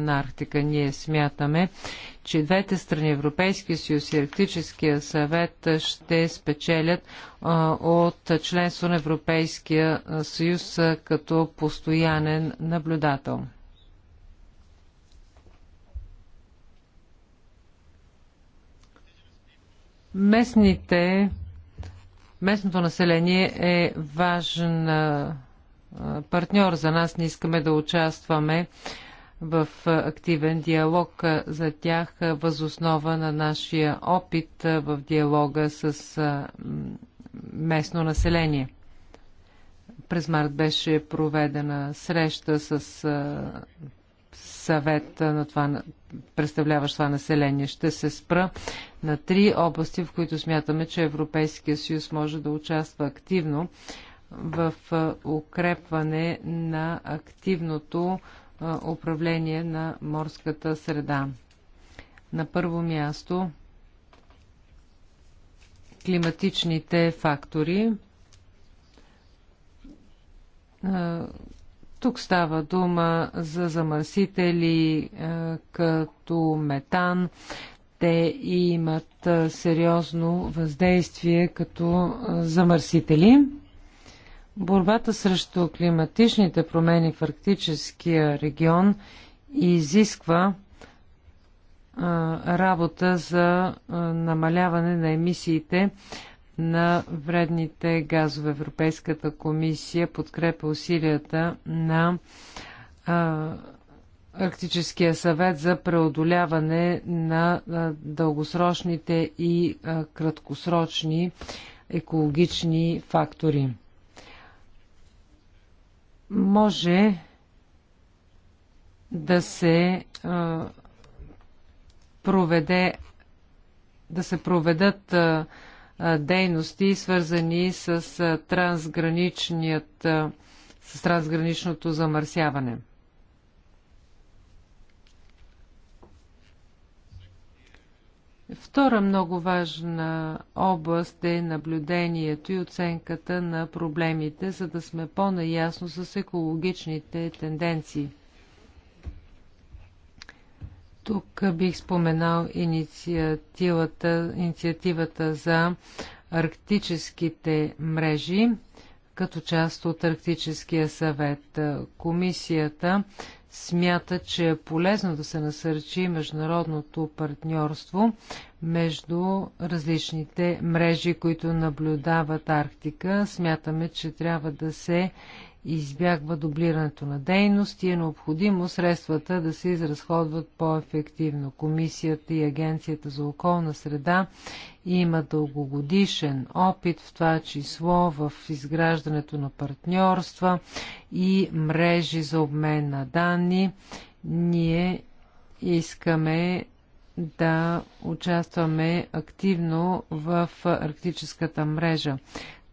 на Арктика. Ние смятаме, че двете страни, Европейския съюз и Арктическия съвет, ще спечелят от членство на Европейския съюз като постоянен наблюдател. Местните, местното население е важен партньор за нас. Не искаме да участваме в активен диалог за тях възоснова на нашия опит в диалога с местно население. През март беше проведена среща с съвет на това, представляващ това население. Ще се спра на три области, в които смятаме, че Европейския съюз може да участва активно в укрепване на активното управление на морската среда. На първо място климатичните фактори. Тук става дума за замърсители като метан. Те имат сериозно въздействие като замърсители. Борбата срещу климатичните промени в арктическия регион изисква а, работа за а, намаляване на емисиите на вредните газове. Европейската комисия подкрепя усилията на а, Арктическия съвет за преодоляване на дългосрочните и краткосрочни екологични фактори може да се проведе да се проведат дейности, свързани с, трансграничният, с трансграничното замърсяване. Втора много важна област е наблюдението и оценката на проблемите, за да сме по-наясно с екологичните тенденции. Тук бих споменал инициативата, инициативата за арктическите мрежи като част от Арктическия съвет. Комисията смята, че е полезно да се насърчи международното партньорство между различните мрежи, които наблюдават Арктика. Смятаме, че трябва да се избягва дублирането на дейност и е необходимо средствата да се изразходват по-ефективно. Комисията и Агенцията за околна среда има дългогодишен опит в това число в изграждането на партньорства и мрежи за обмен на данни. Ние искаме да участваме активно в арктическата мрежа.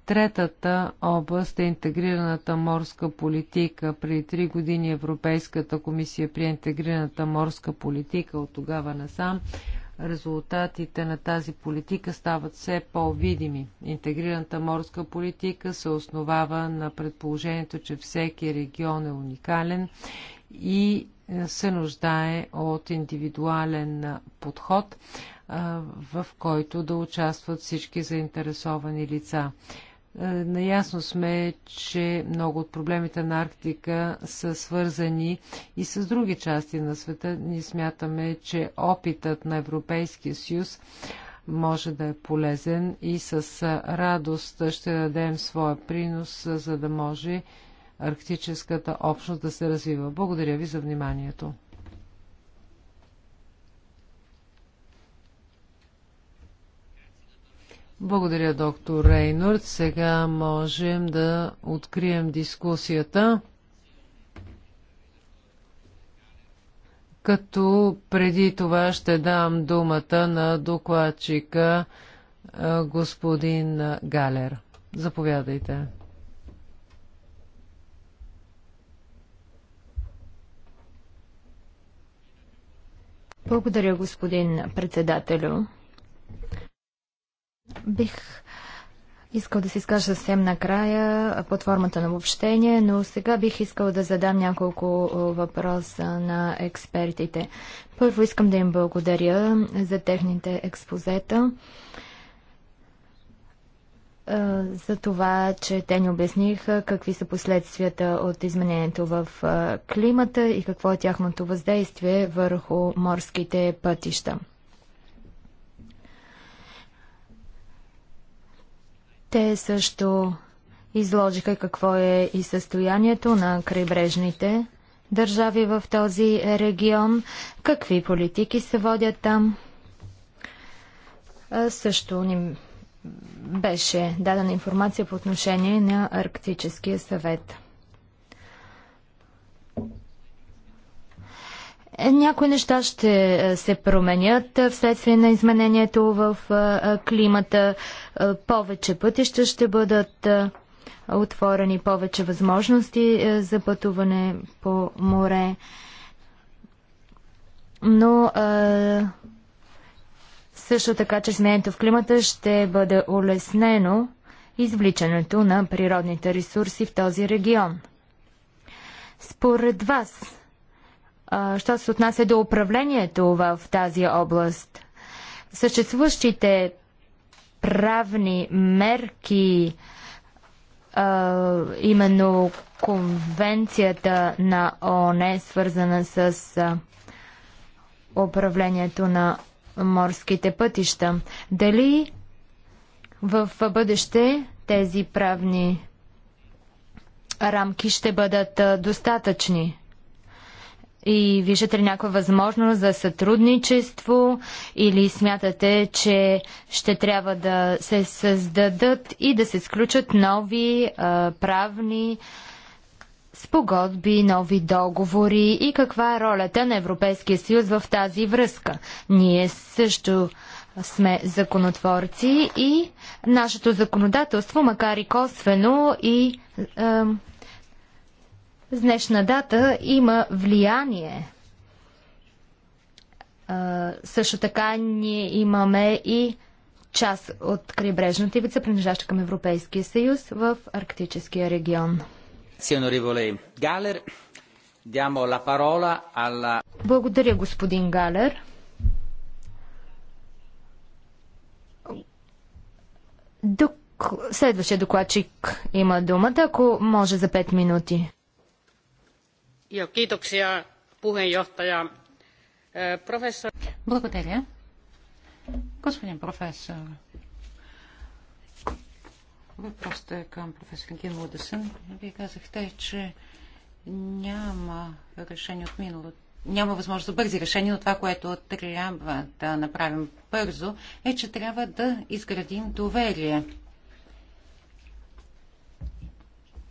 Третата област е интегрираната морска политика. При три години Европейската комисия при интегрираната морска политика от тогава насам. Резултатите на тази политика стават все по-видими. Интегрираната морска политика се основава на предположението, че всеки регион е уникален и се нуждае от индивидуален подход, в който да участват всички заинтересовани лица. Е, наясно сме, че много от проблемите на Арктика са свързани и с други части на света. Ние смятаме, че опитът на Европейския съюз може да е полезен и с радост ще дадем своя принос, за да може арктическата общност да се развива. Благодаря ви за вниманието. Благодаря, доктор Рейнорд. Сега можем да открием дискусията. Като преди това ще дам думата на докладчика господин Галер. Заповядайте. Благодаря, господин председателю. Бих искал да се изкажа съвсем накрая под формата на общение, но сега бих искал да задам няколко въпроса на експертите. Първо искам да им благодаря за техните експозета за това, че те ни обясниха какви са последствията от изменението в климата и какво е тяхното въздействие върху морските пътища. Те също изложиха какво е и състоянието на крайбрежните държави в този регион, какви политики се водят там. Също ни беше дадена информация по отношение на Арктическия съвет. Е, някои неща ще е, се променят е, вследствие на изменението в климата. Повече пътища ще бъдат отворени, повече възможности за пътуване по море. Но също така, че изменението в климата ще бъде улеснено извличането на природните ресурси в този регион. Според вас, що се отнася до управлението в тази област. Съществуващите правни мерки, а, именно конвенцията на ООН, свързана с а, управлението на морските пътища. Дали в бъдеще тези правни рамки ще бъдат достатъчни? И виждате ли някаква възможност за сътрудничество или смятате, че ще трябва да се създадат и да се сключат нови а, правни спогодби, нови договори и каква е ролята на Европейския съюз в тази връзка? Ние също сме законотворци и нашето законодателство, макар и косвено и с днешна дата има влияние. А, също така ние имаме и част от крайбрежната ивица, принадлежаща към Европейския съюз в Арктическия регион. Благодаря, господин Галер. Док... Следващия докладчик има думата, ако може за 5 минути. Благодаря. Господин професор, въпросът е към професор Гин Лудесън. Вие казахте, че няма решение от миналото. Няма възможност за бързи решения, но това, което трябва да направим бързо, е, че трябва да изградим доверие.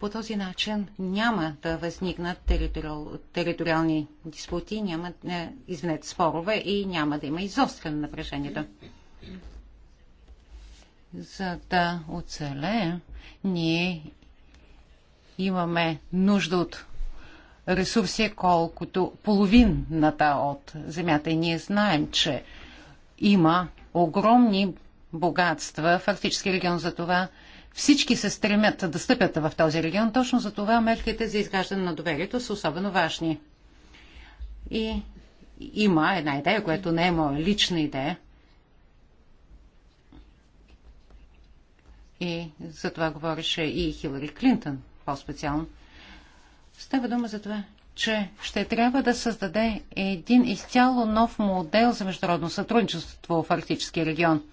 По този начин няма да възникнат териториал, териториални диспути, няма, не, извинете, спорове и няма да има изостряне на напрежението. За да оцелеем, ние имаме нужда от ресурси, колкото половината от земята. И ние знаем, че има огромни богатства в регион. За това всички се стремят да стъпят в този регион. Точно за това мерките за изграждане на доверието са особено важни. И има една идея, която не е моя лична идея. И за това говореше и Хилари Клинтон по-специално. Става дума за това, че ще трябва да създаде един изцяло нов модел за международно сътрудничество в Арктическия регион –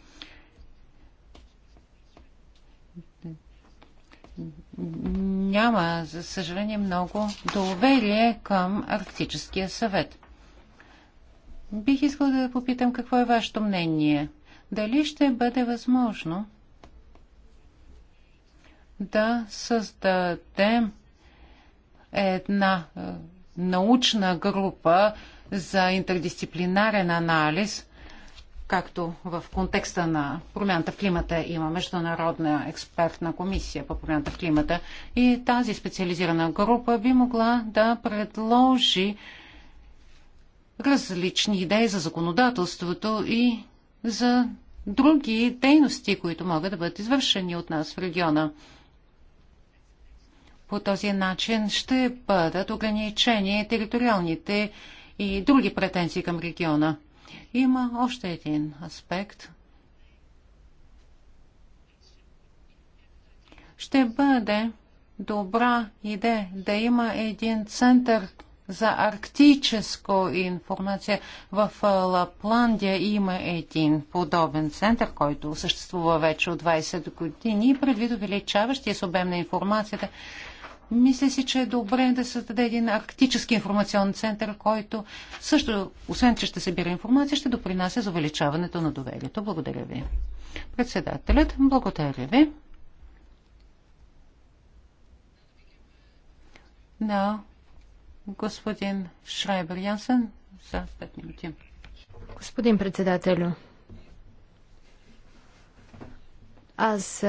няма, за съжаление, много доверие към Арктическия съвет. Бих искал да попитам какво е вашето мнение. Дали ще бъде възможно да създадем една е, научна група за интердисциплинарен анализ както в контекста на промяната в климата има Международна експертна комисия по промяната в климата и тази специализирана група би могла да предложи различни идеи за законодателството и за други дейности, които могат да бъдат извършени от нас в региона. По този начин ще бъдат ограничени териториалните и други претенции към региона. Има още един аспект. Ще бъде добра идея да има един център за арктическо информация. В Лапландия има един подобен център, който съществува вече от 20 години и предвид увеличаващия с обем на информацията, мисля си, че е добре да създаде един арктически информационен център, който също, освен че ще събира информация, ще допринася за увеличаването на доверието. Благодаря ви. Председателят, благодаря ви. На господин Шрайбер Янсен, за 5 минути. Господин председателю, аз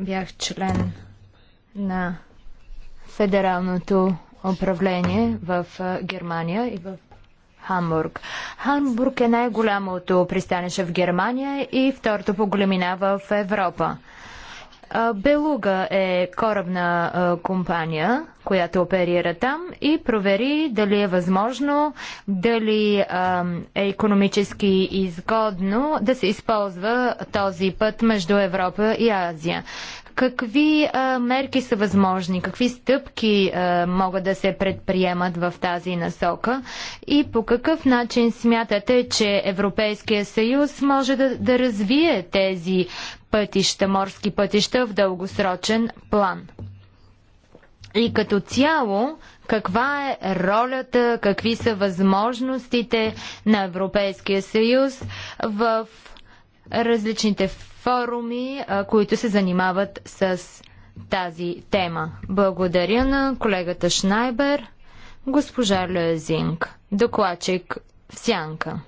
бях член на федералното управление в Германия и в Хамбург. Хамбург е най-голямото пристанище в Германия и второто по големина в Европа. Белуга е корабна компания, която оперира там и провери дали е възможно, дали е економически изгодно да се използва този път между Европа и Азия. Какви а, мерки са възможни? Какви стъпки а, могат да се предприемат в тази насока? И по какъв начин смятате, че Европейския съюз може да, да развие тези пътища, морски пътища в дългосрочен план? И като цяло, каква е ролята, какви са възможностите на Европейския съюз в различните форуми, които се занимават с тази тема. Благодаря на колегата Шнайбер, госпожа Лезинг, докладчик в Сянка.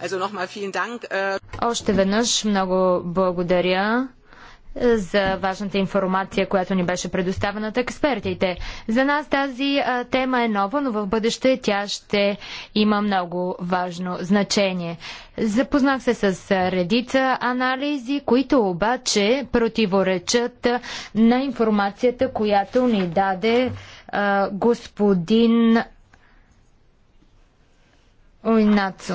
Äh Още веднъж много благодаря за важната информация, която ни беше предоставена от експертите. За нас тази а, тема е нова, но в бъдеще тя ще има много важно значение. Запознах се с редица анализи, които обаче противоречат на информацията, която ни даде а, господин Ойнацо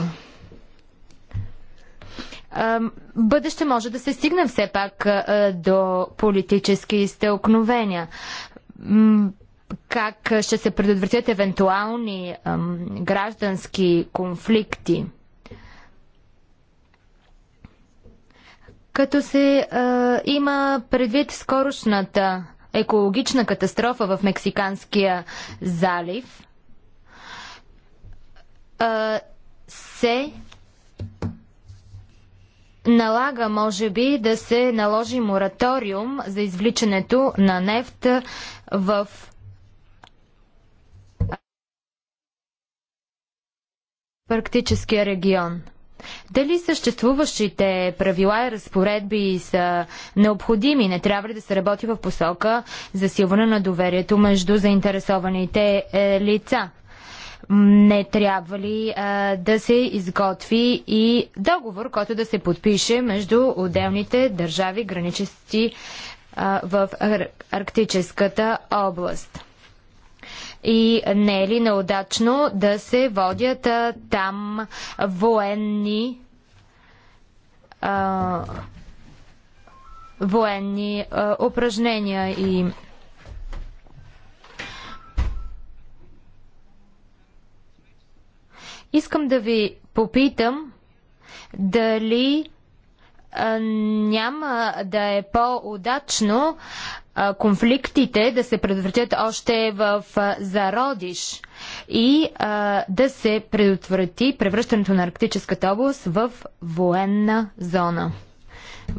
бъдеще може да се стигне все пак до политически стълкновения. Как ще се предотвратят евентуални граждански конфликти? Като се има предвид скорошната екологична катастрофа в Мексиканския залив, се налага, може би, да се наложи мораториум за извличането на нефт в практическия регион. Дали съществуващите правила и разпоредби са необходими? Не трябва ли да се работи в посока засилване на доверието между заинтересованите е, лица? не трябва ли а, да се изготви и договор, който да се подпише между отделните държави, граничести а, в Арктическата област? И не е ли неудачно да се водят а, там военни а, военни а, упражнения и Искам да ви попитам дали а, няма да е по-удачно конфликтите да се предотвратят още в а, зародиш и а, да се предотврати превръщането на Арктическата област в военна зона.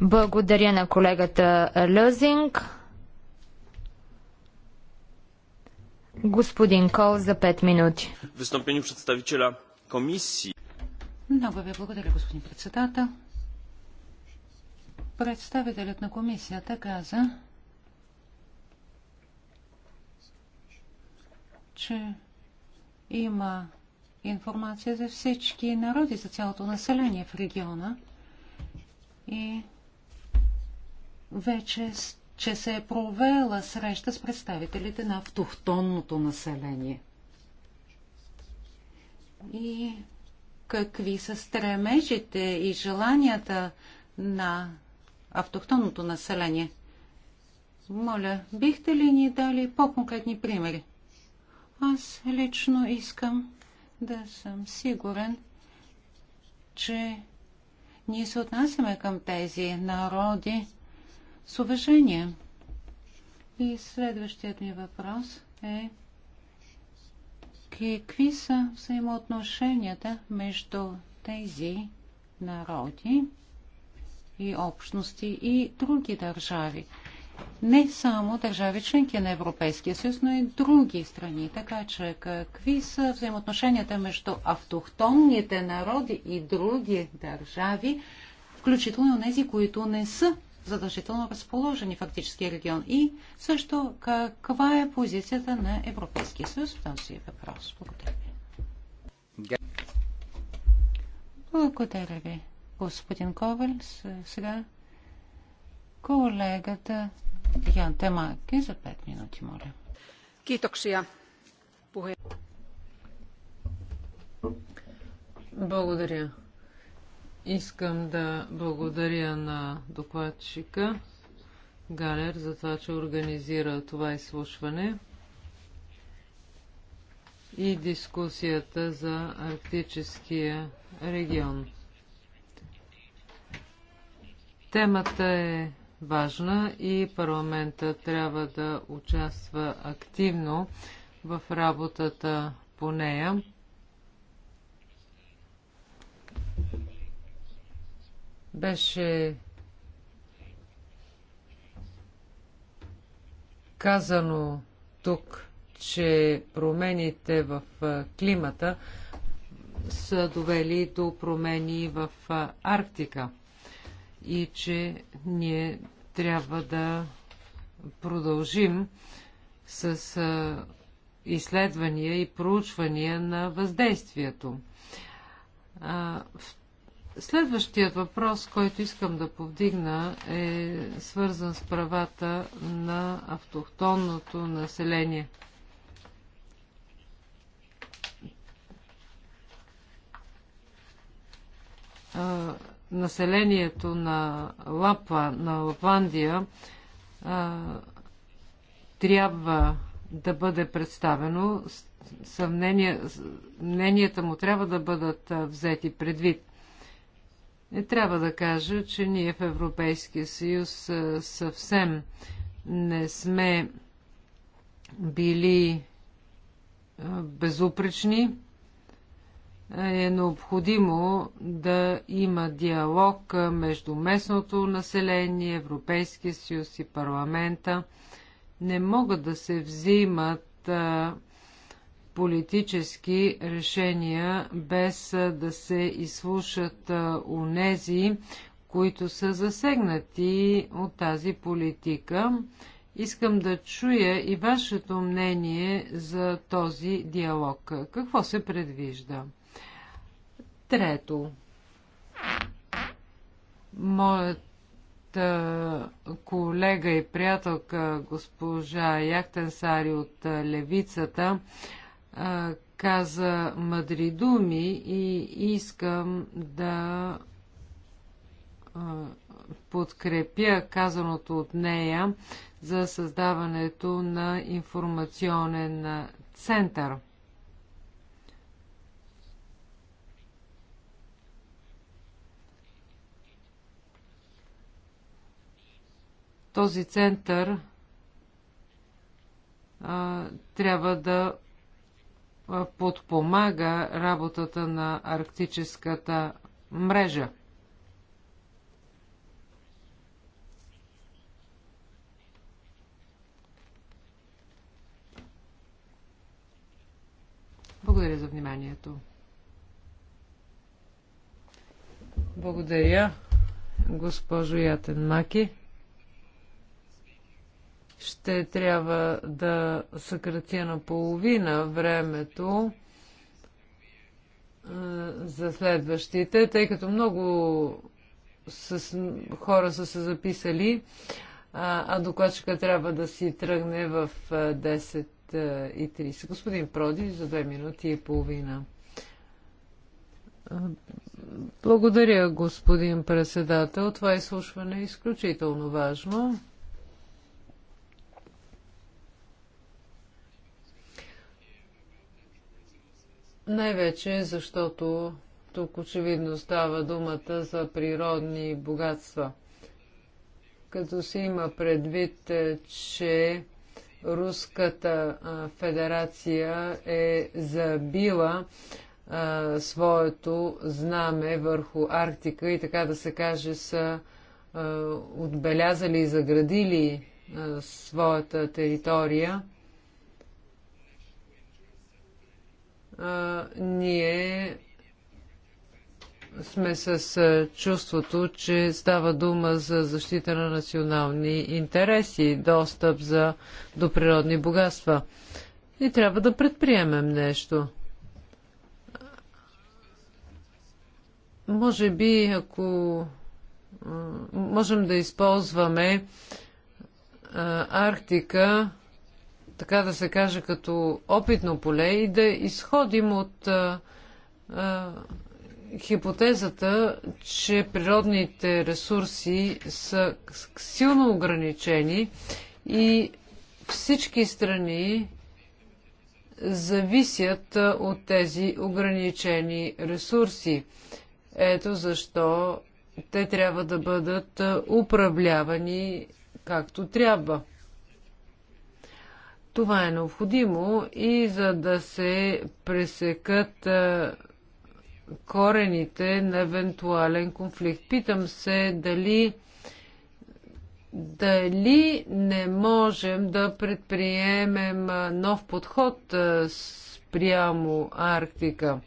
Благодаря на колегата Лъзинг. Господин Кол за 5 минути. Выступление представителя Комисии. Много ви благодаря, господин председател. Представителят на комисията каза, че има информация за всички народи, за цялото население в региона и вече че се е провела среща с представителите на автохтонното население – и какви са стремежите и желанията на автохтонното население. Моля, бихте ли ни дали по-конкретни примери? Аз лично искам да съм сигурен, че ние се отнасяме към тези народи с уважение. И следващият ми въпрос е какви са взаимоотношенията между тези народи и общности и други държави. Не само държави членки на Европейския съюз, но и други страни. Така че какви са взаимоотношенията между автохтонните народи и други държави, включително тези, които не са задължително разположени фактически регион? И също каква е позицията на Европейския съюз в този въпрос? Благодаря ви. Благодаря ви, господин Ковалс. Сега колегата Ян Темаки за 5 минути, моля. Китоксия. Благодаря, Искам да благодаря на докладчика Галер за това, че организира това изслушване и дискусията за арктическия регион. Темата е важна и парламента трябва да участва активно в работата по нея. Беше казано тук, че промените в климата са довели до промени в Арктика и че ние трябва да продължим с изследвания и проучвания на въздействието. Следващият въпрос, който искам да повдигна, е свързан с правата на автохтонното население. населението на Лапа, на Лапландия, трябва да бъде представено. Съмнение, мненията му трябва да бъдат взети предвид. Е, трябва да кажа, че ние в Европейския съюз е, съвсем не сме били е, безупречни. Е необходимо да има диалог между местното население, Европейския съюз и парламента. Не могат да се взимат а, политически решения, без да се изслушат унези, които са засегнати от тази политика. Искам да чуя и вашето мнение за този диалог. Какво се предвижда? Трето. Моята колега и приятелка госпожа Яхтенсари от Левицата а, каза мъдри думи и искам да а, подкрепя казаното от нея за създаването на информационен център. Този център а, трябва да подпомага работата на арктическата мрежа. Благодаря за вниманието. Благодаря, госпожо Ятен Маки ще трябва да съкратя наполовина времето за следващите, тъй като много с, хора са се записали, а, а докладчика трябва да си тръгне в 10.30. Господин Проди, за 2 минути и половина. Благодаря, господин председател. Това изслушване е изключително важно. Най-вече защото тук очевидно става думата за природни богатства. Като се има предвид, е, че Руската федерация е забила а, своето знаме върху Арктика и така да се каже са а, отбелязали и заградили а, своята територия – а, ние сме с чувството, че става дума за защита на национални интереси, достъп за, до природни богатства. И трябва да предприемем нещо. Може би, ако можем да използваме Арктика така да се каже, като опитно поле и да изходим от а, а, хипотезата, че природните ресурси са силно ограничени и всички страни зависят от тези ограничени ресурси. Ето защо те трябва да бъдат управлявани както трябва. Това е необходимо и за да се пресекат корените на евентуален конфликт. Питам се дали дали не можем да предприемем нов подход спрямо Арктика.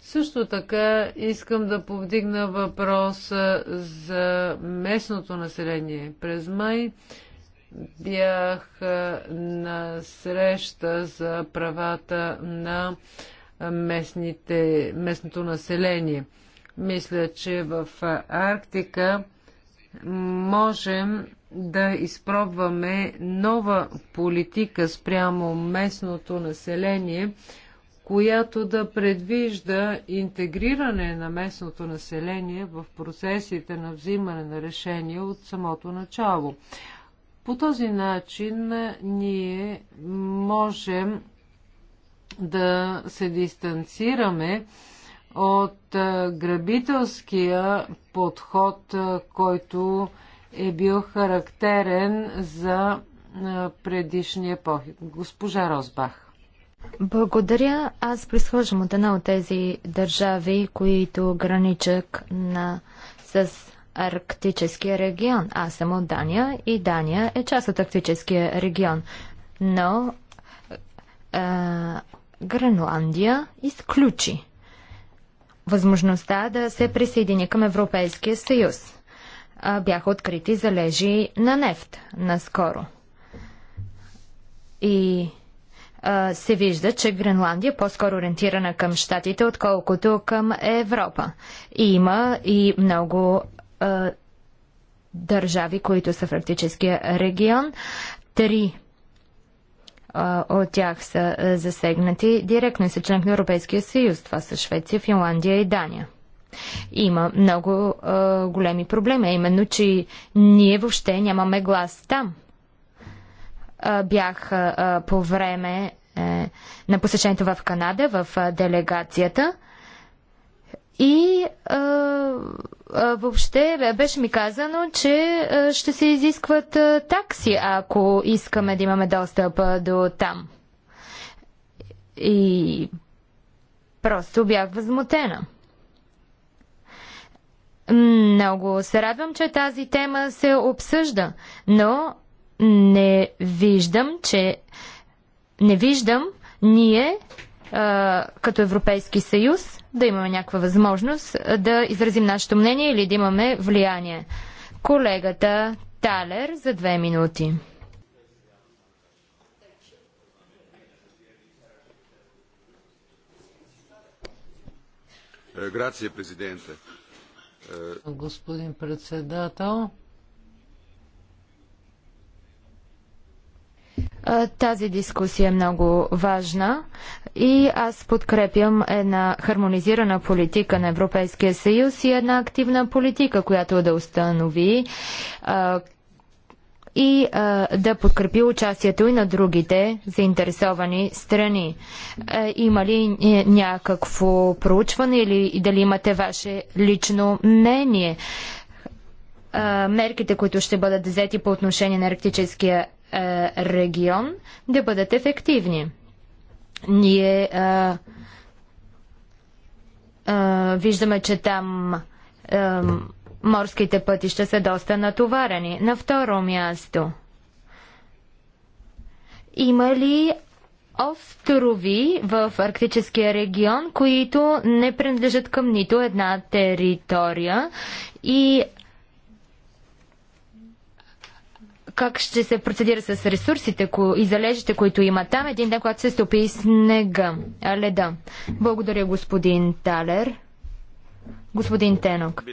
Също така искам да повдигна въпроса за местното население. През май бях на среща за правата на местните, местното население. Мисля, че в Арктика можем да изпробваме нова политика спрямо местното население, която да предвижда интегриране на местното население в процесите на взимане на решения от самото начало. По този начин ние можем да се дистанцираме от грабителския подход, който е бил характерен за предишния епохи. Госпожа Розбах. Благодаря. Аз присхождам от една от тези държави, които граничат на, с Арктическия регион. Аз съм от Дания и Дания е част от Арктическия регион. Но а, Гренландия изключи възможността да се присъедини към Европейския съюз. А, бяха открити залежи на нефт наскоро. И а, се вижда, че Гренландия е по-скоро ориентирана към щатите, отколкото към Европа. И има и много държави, които са в арктическия регион. Три от тях са засегнати директно и са член на Европейския съюз. Това са Швеция, Финландия и Дания. Има много а, големи проблеми, а именно, че ние въобще нямаме глас там. А, бях а, по време е, на посещението в Канада, в а, делегацията. И а, а, въобще беше ми казано, че а, ще се изискват а, такси, ако искаме да имаме достъп а, до там. И просто бях възмутена. Много се радвам, че тази тема се обсъжда, но не виждам, че не виждам ние а, като Европейски съюз да имаме някаква възможност да изразим нашето мнение или да имаме влияние. Колегата Талер за две минути. Е, е, Господин председател, Тази дискусия е много важна и аз подкрепям една хармонизирана политика на Европейския съюз и една активна политика, която да установи и а, да подкрепи участието и на другите заинтересовани страни. А, има ли някакво проучване или дали имате ваше лично мнение? мерките, които ще бъдат взети по отношение на арктическия е, регион да бъдат ефективни. Ние а, е, а, е, виждаме, че там а, морските пътища са доста натоварени. На второ място. Има ли острови в арктическия регион, които не принадлежат към нито една територия и как ще се процедира с ресурсите ко... и залежите, които има там, един ден, когато се стопи снега, а леда. Благодаря, господин Талер. Господин Тенок.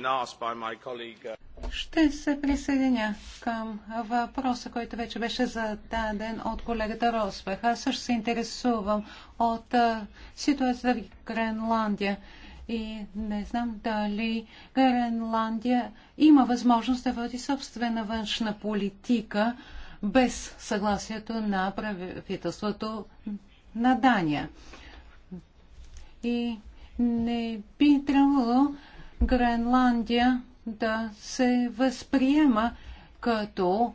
Ще се присъединя към въпроса, който вече беше зададен от колегата Росбех. Аз също се интересувам от ситуацията в Гренландия и не знам дали Гренландия има възможност да води собствена външна политика без съгласието на правителството на Дания. И не би трябвало Гренландия да се възприема като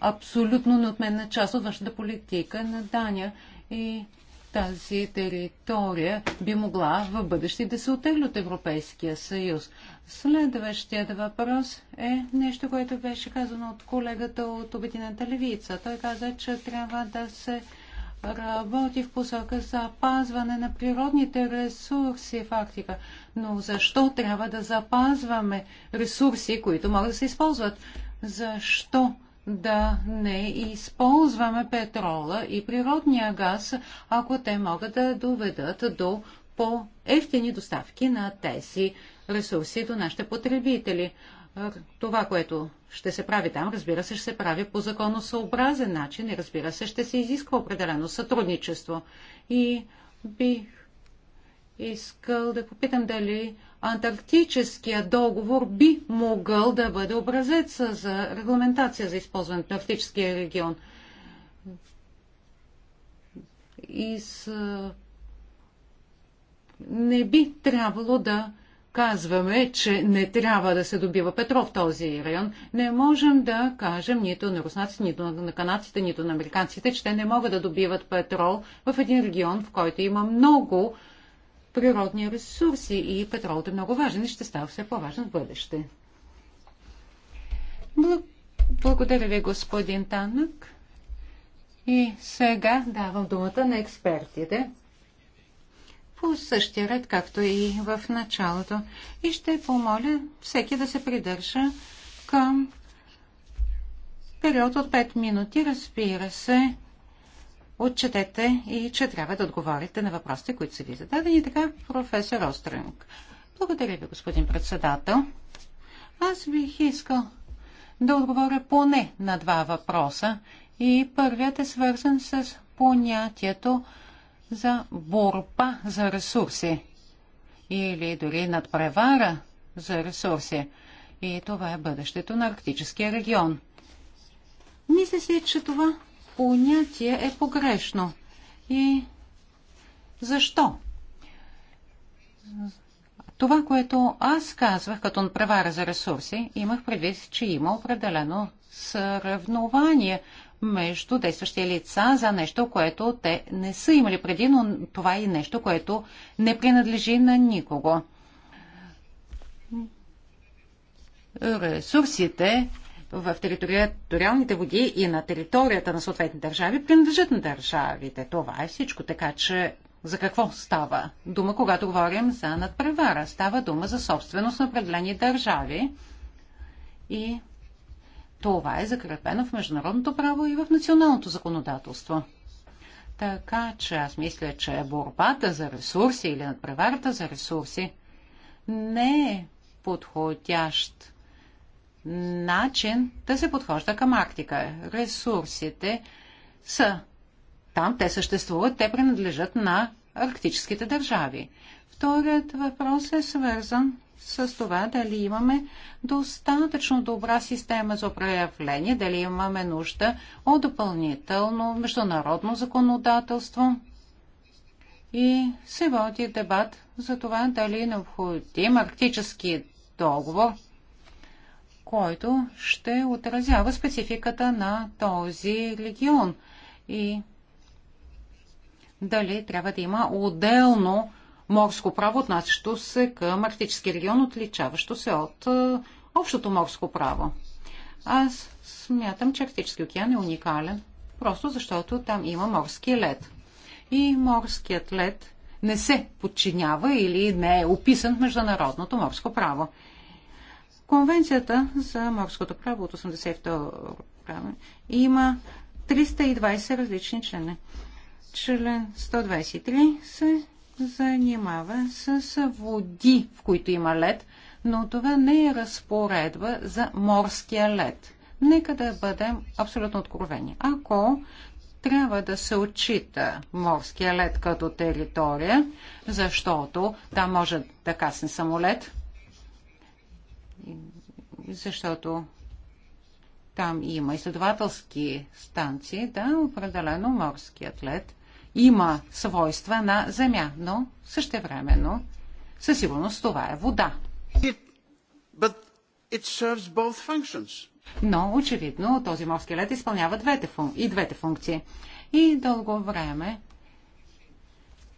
абсолютно неотменна част от външната политика на Дания. И тази територия би могла в бъдеще да се отегли от Европейския съюз. Следващият въпрос е нещо, което беше казано от колегата от Обединената левица. Той каза, че трябва да се работи в посока запазване на природните ресурси в Арктика. Но защо трябва да запазваме ресурси, които могат да се използват? Защо да не използваме петрола и природния газ, ако те могат да доведат до по-ефтини доставки на тези ресурси до нашите потребители. Това, което ще се прави там, разбира се, ще се прави по законосъобразен начин и разбира се, ще се изисква определено сътрудничество. И бих искал да попитам дали Антарктическия договор би могъл да бъде образец за регламентация за използването на Арктическия регион. И с... Не би трябвало да казваме, че не трябва да се добива петрол в този район, не можем да кажем нито на руснаците, нито на канадците, нито на американците, че те не могат да добиват петрол в един регион, в който има много природни ресурси и петролът е много важен и ще става все по-важен в бъдеще. Благодаря ви, господин Танък. И сега давам думата на експертите по същия ред, както и в началото. И ще помоля всеки да се придържа към период от 5 минути. Разбира се, отчетете и че трябва да отговорите на въпросите, които са ви зададени. Така, професор Остренг. Благодаря ви, господин председател. Аз бих искал да отговоря поне на два въпроса. И първият е свързан с понятието за борба за ресурси или дори надпревара за ресурси. И това е бъдещето на Арктическия регион. Мисля си, че това понятие е погрешно. И защо? Това, което аз казвах като превара за ресурси, имах предвид, че има определено сравнование между действащи лица за нещо, което те не са имали преди, но това е нещо, което не принадлежи на никого. Ресурсите в териториалните води и на територията на съответните държави принадлежат на държавите. Това е всичко. Така че за какво става дума, когато говорим за надпревара? Става дума за собственост на определени държави и това е закрепено в международното право и в националното законодателство. Така че аз мисля, че борбата за ресурси или надпреварата за ресурси не е подходящ начин да се подхожда към Арктика. Ресурсите са там, те съществуват, те принадлежат на арктическите държави. Вторият въпрос е свързан с това дали имаме достатъчно добра система за проявление, дали имаме нужда от допълнително международно законодателство. И се води дебат за това дали е необходим арктически договор – който ще отразява спецификата на този регион и дали трябва да има отделно морско право, отнасящо се към арктически регион, отличаващо се от общото морско право. Аз смятам, че Арктически океан е уникален, просто защото там има морски лед. И морският лед не се подчинява или не е описан в международното морско право. Конвенцията за морското право от 82 право има 320 различни члена. Член 123 се занимава с води, в които има лед, но това не е разпоредба за морския лед. Нека да бъдем абсолютно откровени. Ако трябва да се отчита морския лед като територия, защото там може да касне самолет, защото там има изследователски станции, да, определено морски атлет има свойства на земя, но същевременно със сигурност това е вода. Но очевидно този морски лед изпълнява двете и двете функции. И дълго време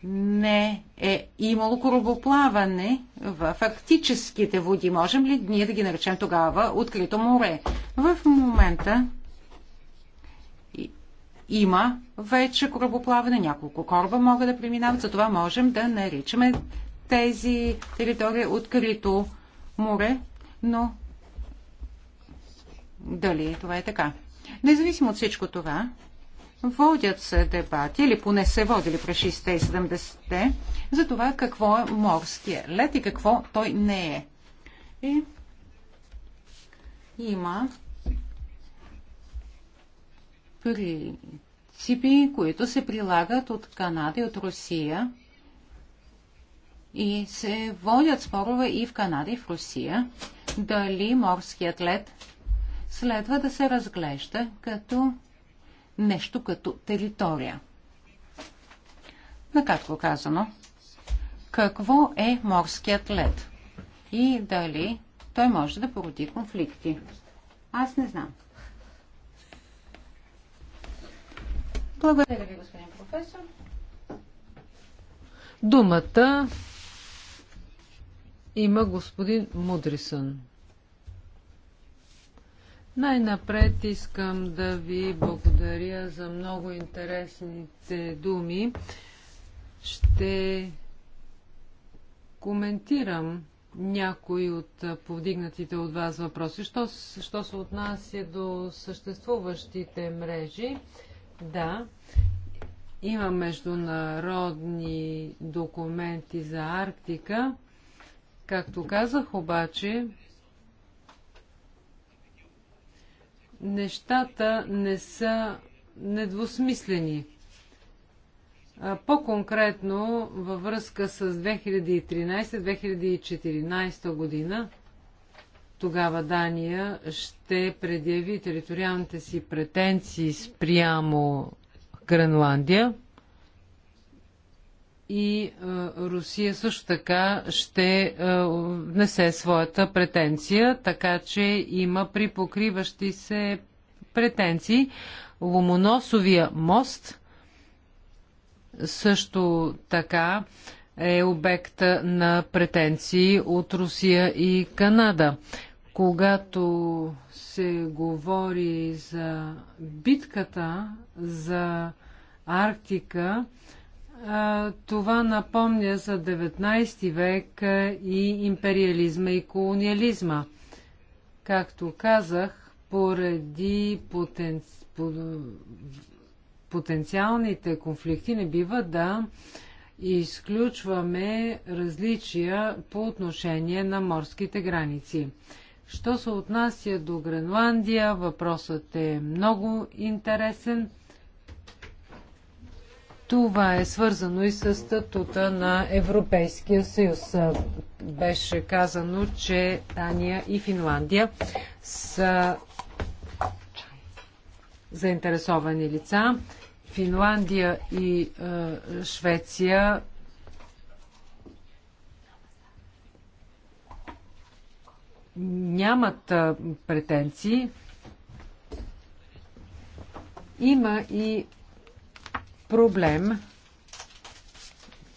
не е имало корабоплаване в фактическите води. Можем ли ние да ги наречем тогава открито море? В момента има вече корабоплаване, няколко кораба могат да преминават, затова можем да наричаме тези територии открито море, но дали това е така? Независимо от всичко това, Водят се дебати, или поне се водили през 60-те и 70-те, за това какво е морския лед и какво той не е. И има принципи, които се прилагат от Канада и от Русия и се водят спорове и в Канада и в Русия дали морският лед следва да се разглежда като нещо като територия. Накратко казано, какво е морският лед и дали той може да породи конфликти? Аз не знам. Благодаря ви, господин професор. Думата има господин Мудрисън. Най-напред искам да ви благодаря за много интересните думи. Ще коментирам някои от повдигнатите от вас въпроси. Що, що се отнася до съществуващите мрежи? Да, има международни документи за Арктика. Както казах обаче, нещата не са недвусмислени. По-конкретно във връзка с 2013-2014 година, тогава Дания ще предяви териториалните си претенции спрямо Гренландия и е, Русия също така ще е, внесе своята претенция, така че има припокриващи се претенции. Ломоносовия мост също така е обект на претенции от Русия и Канада. Когато се говори за битката за Арктика, това напомня за 19 век и империализма и колониализма. Както казах, поради потен... потенциалните конфликти не бива да изключваме различия по отношение на морските граници. Що се отнася до Гренландия, въпросът е много интересен – това е свързано и с статута на Европейския съюз. Беше казано, че Дания и Финландия са заинтересовани лица. Финландия и е, Швеция нямат е, претенции. Има и проблем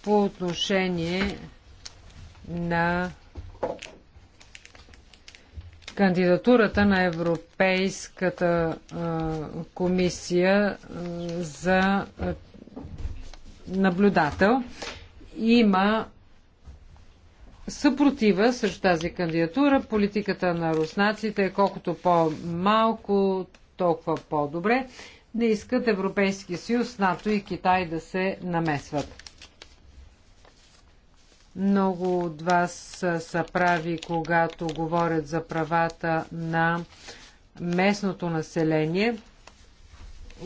по отношение на кандидатурата на Европейската комисия за наблюдател. Има съпротива срещу тази кандидатура. Политиката на руснаците е колкото по-малко, толкова по-добре не искат Европейския съюз, НАТО и Китай да се намесват. Много от вас са прави, когато говорят за правата на местното население.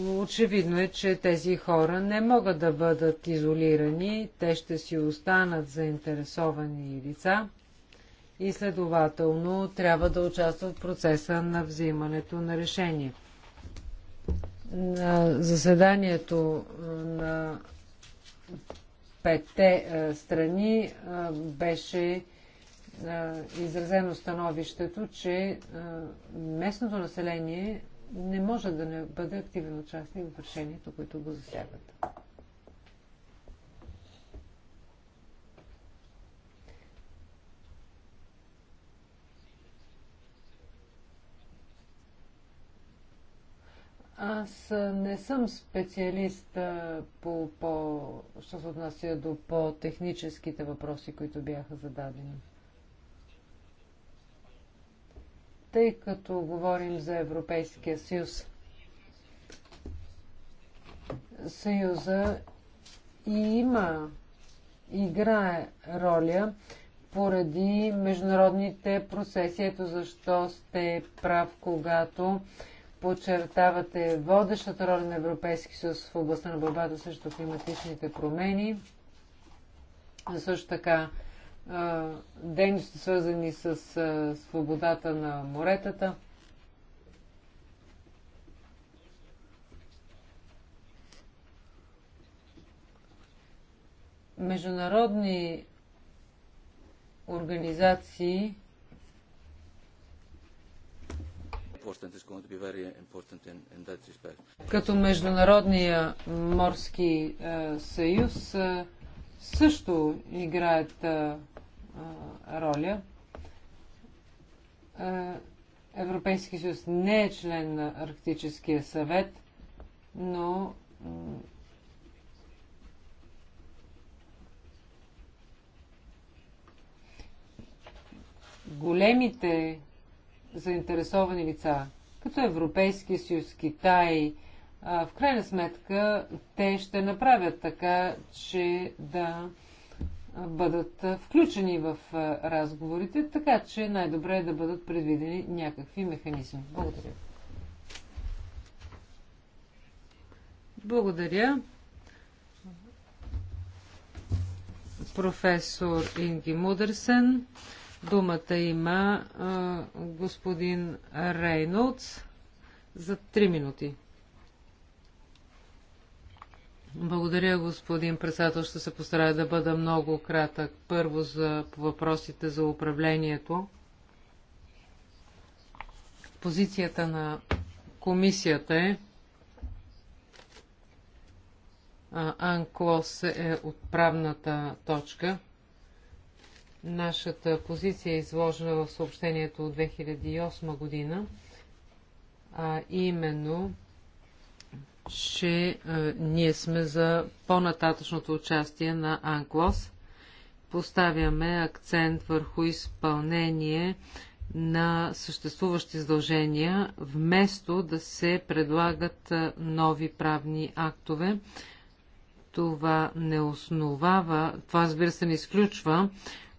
Очевидно е, че тези хора не могат да бъдат изолирани, те ще си останат заинтересовани лица и следователно трябва да участват в процеса на взимането на решение на заседанието на петте страни беше изразено становището, че местното население не може да не бъде активен участник в решението, които го засягат. Аз не съм специалист по, по що се отнася до по-техническите въпроси, които бяха зададени. Тъй като говорим за Европейския съюз, съюза и има, играе роля поради международните процеси. Ето защо сте прав, когато подчертавате водещата роля на Европейски съюз в областта на борбата срещу климатичните промени. също така дейности, свързани с свободата на моретата. Международни организации Като Международния морски е, съюз е, също играят е, роля. Европейски съюз не е член на Арктическия съвет, но големите заинтересовани лица, като Европейския съюз, Китай. А, в крайна сметка, те ще направят така, че да бъдат включени в разговорите, така че най-добре е да бъдат предвидени някакви механизми. Благодаря. Благодаря. Професор Инги Мудърсен. Думата има а, господин Рейнолдс за 3 минути. Благодаря, господин председател. Ще се постарая да бъда много кратък. Първо за въпросите за управлението. Позицията на комисията е Анклос е отправната точка – Нашата позиция е изложена в съобщението от 2008 година, а именно, че а, ние сме за по-нататъчното участие на Анклос. Поставяме акцент върху изпълнение на съществуващи задължения, вместо да се предлагат нови правни актове. Това не основава, това разбира се не изключва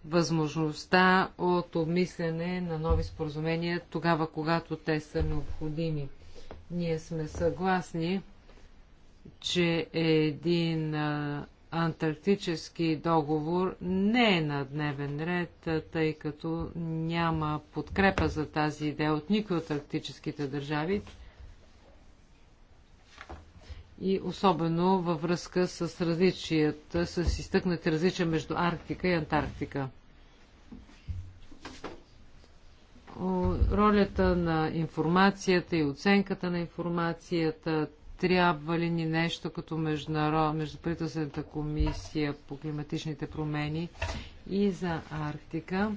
възможността от обмислене на нови споразумения тогава, когато те са необходими. Ние сме съгласни, че един антарктически договор не е на дневен ред, тъй като няма подкрепа за тази идея от никой от арктическите държави и особено във връзка с различията, с изтъкнати различия между Арктика и Антарктика. Ролята на информацията и оценката на информацията, трябва ли ни нещо като Междуправителствената комисия по климатичните промени и за Арктика.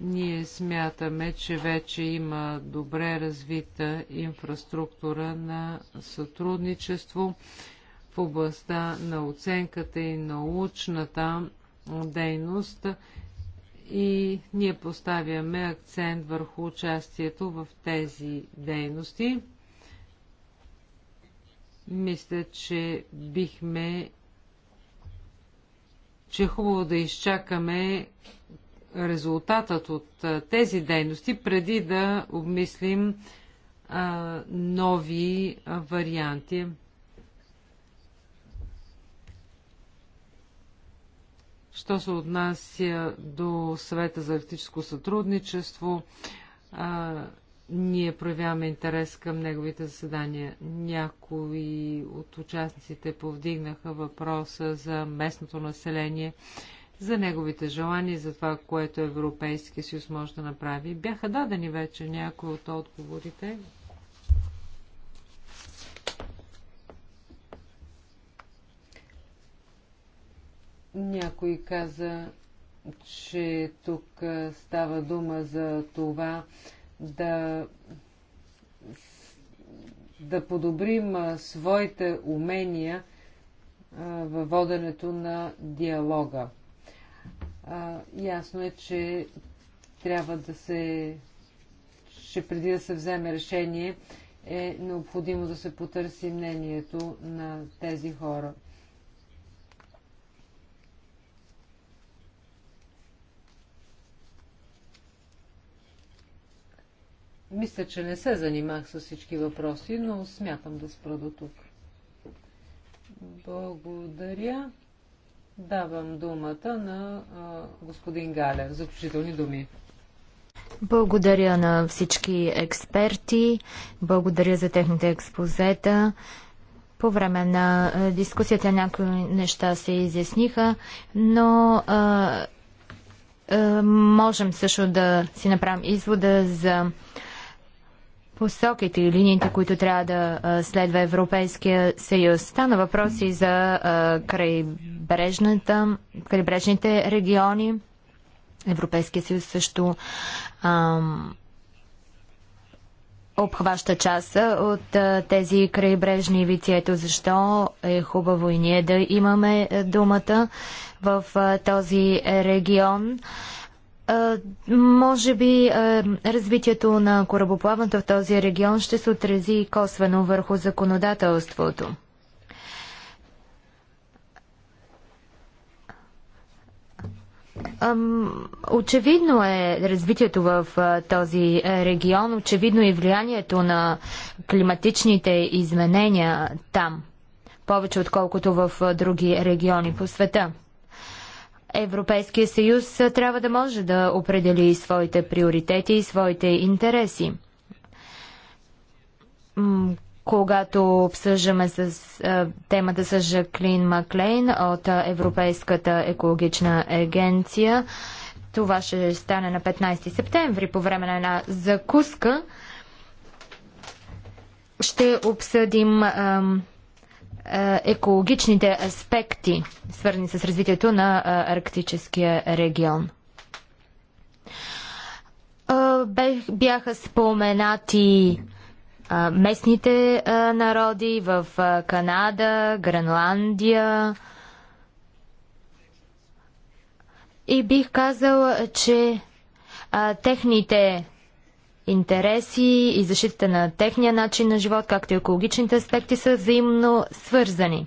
Ние смятаме, че вече има добре развита инфраструктура на сътрудничество в областта на оценката и научната дейност и ние поставяме акцент върху участието в тези дейности. Мисля, че бихме че е хубаво да изчакаме резултатът от тези дейности, преди да обмислим а, нови варианти. Що се отнася до съвета за арктическо сътрудничество, а, ние проявяваме интерес към неговите заседания. Някои от участниците повдигнаха въпроса за местното население. А, за неговите желания и за това, което Европейския съюз може да направи. Бяха дадени вече някои от отговорите. Някой каза, че тук става дума за това да, да подобрим своите умения във воденето на диалога. А, ясно е, че трябва да се, че преди да се вземе решение, е необходимо да се потърси мнението на тези хора. Мисля, че не се занимах с всички въпроси, но смятам да спра до тук. Благодаря. Давам думата на а, господин Галев. Заключителни думи. Благодаря на всички експерти. Благодаря за техните експозета. По време на дискусията някои неща се изясниха, но а, а, можем също да си направим извода за а, посоките и линиите, които трябва да следва Европейския съюз. Стана въпроси за крайбрежните региони. Европейския съюз също ам, обхваща част от а, тези крайбрежни вици. Ето защо е хубаво и ние да имаме думата в а, този регион може би развитието на корабоплаването в този регион ще се отрази косвено върху законодателството. Очевидно е развитието в този регион, очевидно е и влиянието на климатичните изменения там, повече отколкото в други региони по света. Европейския съюз трябва да може да определи своите приоритети и своите интереси. Когато обсъждаме с темата с Жаклин Маклейн от Европейската екологична агенция, това ще стане на 15 септември по време на една закуска. Ще обсъдим е, екологичните аспекти, свързани с развитието на е, арктическия регион. Е, бяха споменати местните народи в Канада, Гренландия. И бих казал, че техните интереси и защитата на техния начин на живот, както и екологичните аспекти са взаимно свързани.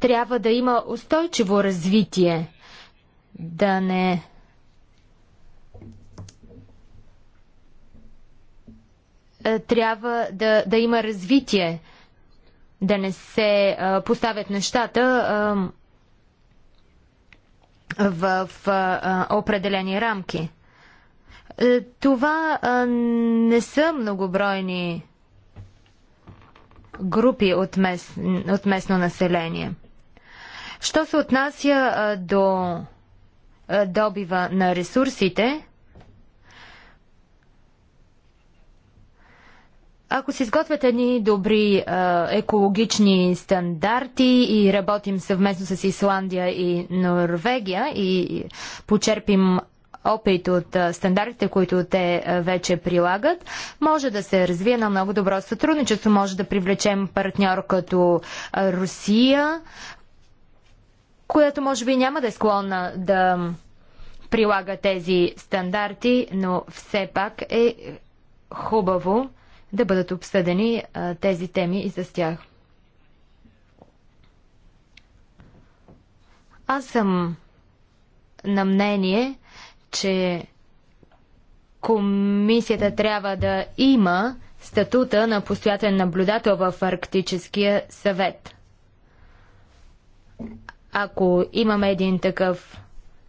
Трябва да има устойчиво развитие, да не трябва да, да има развитие, да не се а, поставят нещата а, в определени рамки. Е, това не са многобройни групи от, мес, от местно население. Що се отнася до добива на ресурсите, Ако се изготвят едни добри а, екологични стандарти и работим съвместно с Исландия и Норвегия и почерпим опит от а, стандартите, които те а, вече прилагат, може да се развие на много добро сътрудничество, може да привлечем партньор като а, Русия, която може би няма да е склонна да прилага тези стандарти, но все пак е хубаво да бъдат обсъдени а, тези теми и с тях. Аз съм на мнение, че комисията трябва да има статута на постоятен наблюдател в Арктическия съвет. Ако имаме един такъв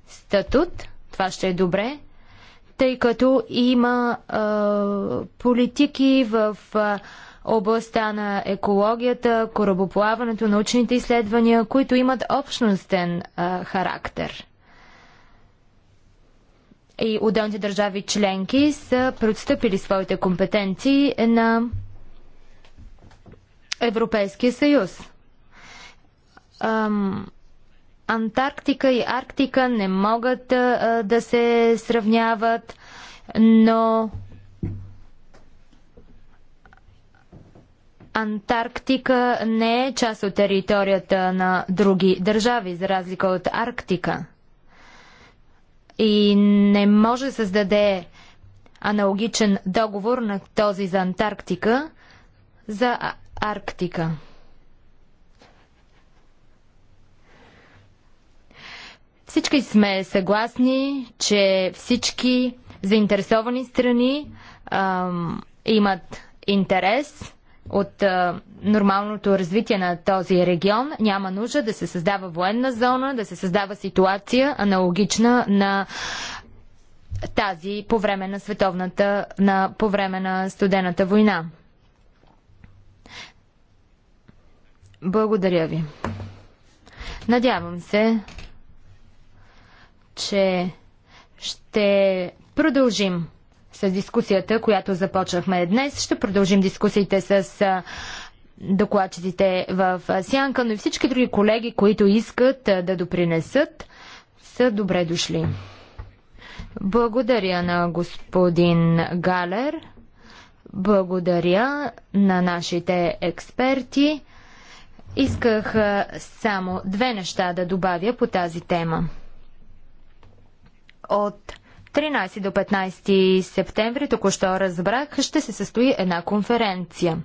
статут, това ще е добре, тъй като има политики в областта на екологията, корабоплаването, научните изследвания, които имат общностен а, характер. И отделните държави членки са предстъпили своите компетенции на Европейския съюз. Антарктика и Арктика не могат а, да се сравняват, но Антарктика не е част от територията на други държави, за разлика от Арктика. И не може да създаде аналогичен договор на този за Антарктика за Арктика. Всички сме съгласни, че всички заинтересовани страни а, имат интерес от а, нормалното развитие на този регион. Няма нужда да се създава военна зона, да се създава ситуация аналогична на тази по време на световната, на, по време на студената война. Благодаря ви. Надявам се че ще продължим с дискусията, която започнахме днес. Ще продължим дискусиите с докладчиците в Сянка, но и всички други колеги, които искат да допринесат, са добре дошли. Благодаря на господин Галер. Благодаря на нашите експерти. Исках само две неща да добавя по тази тема. От 13 до 15 септември, току-що разбрах, ще се състои една конференция.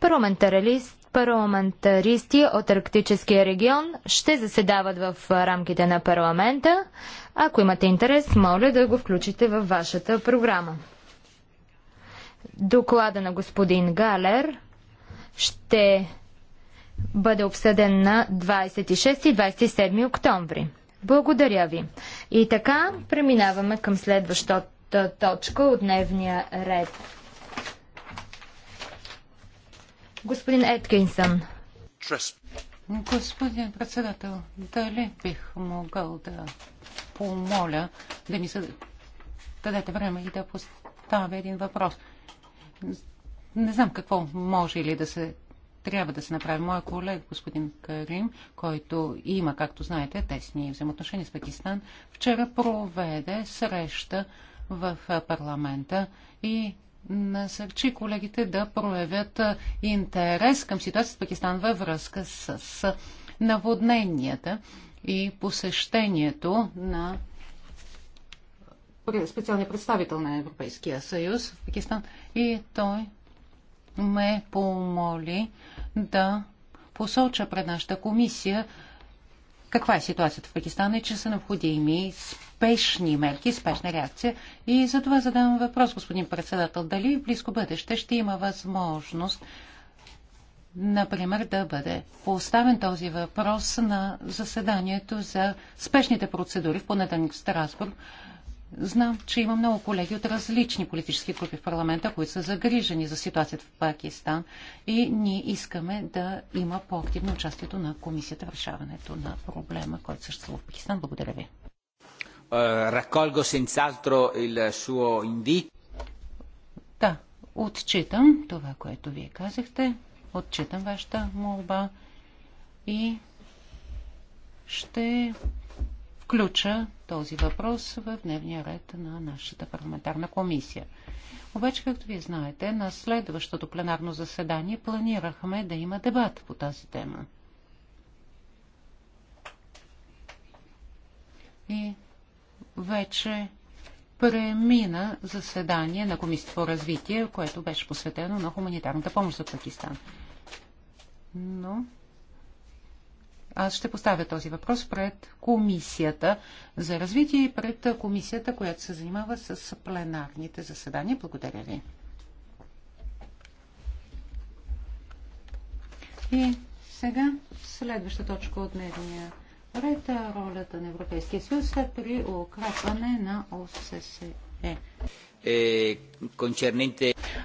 Парламентарист парламентаристи от Арктическия регион ще заседават в рамките на парламента. Ако имате интерес, моля да го включите във вашата програма. Доклада на господин Галер ще бъде обсъден на 26 и 27 октомври. Благодаря ви. И така преминаваме към следващата точка от дневния ред. Господин Еткинсън. Господин председател, дали бих могъл да помоля да ми дадете време и да поставя един въпрос. Не знам какво може ли да се трябва да се направи. Моя колега господин Карим, който има, както знаете, тесни взаимоотношения с Пакистан, вчера проведе среща в парламента и насърчи колегите да проявят интерес към ситуацията в Пакистан във връзка с наводненията и посещението на специалния представител на Европейския съюз в Пакистан и той ме помоли да посоча пред нашата комисия каква е ситуацията в Пакистан и че са необходими спешни мерки, спешна реакция. И за това задавам въпрос, господин председател, дали в близко бъдеще ще има възможност, например, да бъде поставен този въпрос на заседанието за спешните процедури в понеделник в Страсбург, Знам, че има много колеги от различни политически групи в парламента, които са загрижени за ситуацията в Пакистан и ние искаме да има по-активно участието на комисията в решаването на проблема, който съществува в Пакистан. Благодаря ви. Е, да, отчитам това, което вие казахте. Отчитам вашата молба и ще включа този въпрос в дневния ред на нашата парламентарна комисия. Обаче, както вие знаете, на следващото пленарно заседание планирахме да има дебат по тази тема. И вече премина заседание на Комисията по развитие, което беше посветено на хуманитарната помощ за Пакистан. Но аз ще поставя този въпрос пред комисията за развитие и пред комисията, която се занимава с пленарните заседания. Благодаря ви. И сега следваща точка от дневния ред е ролята на Европейския съюз при укрепване на ОССЕ. Е,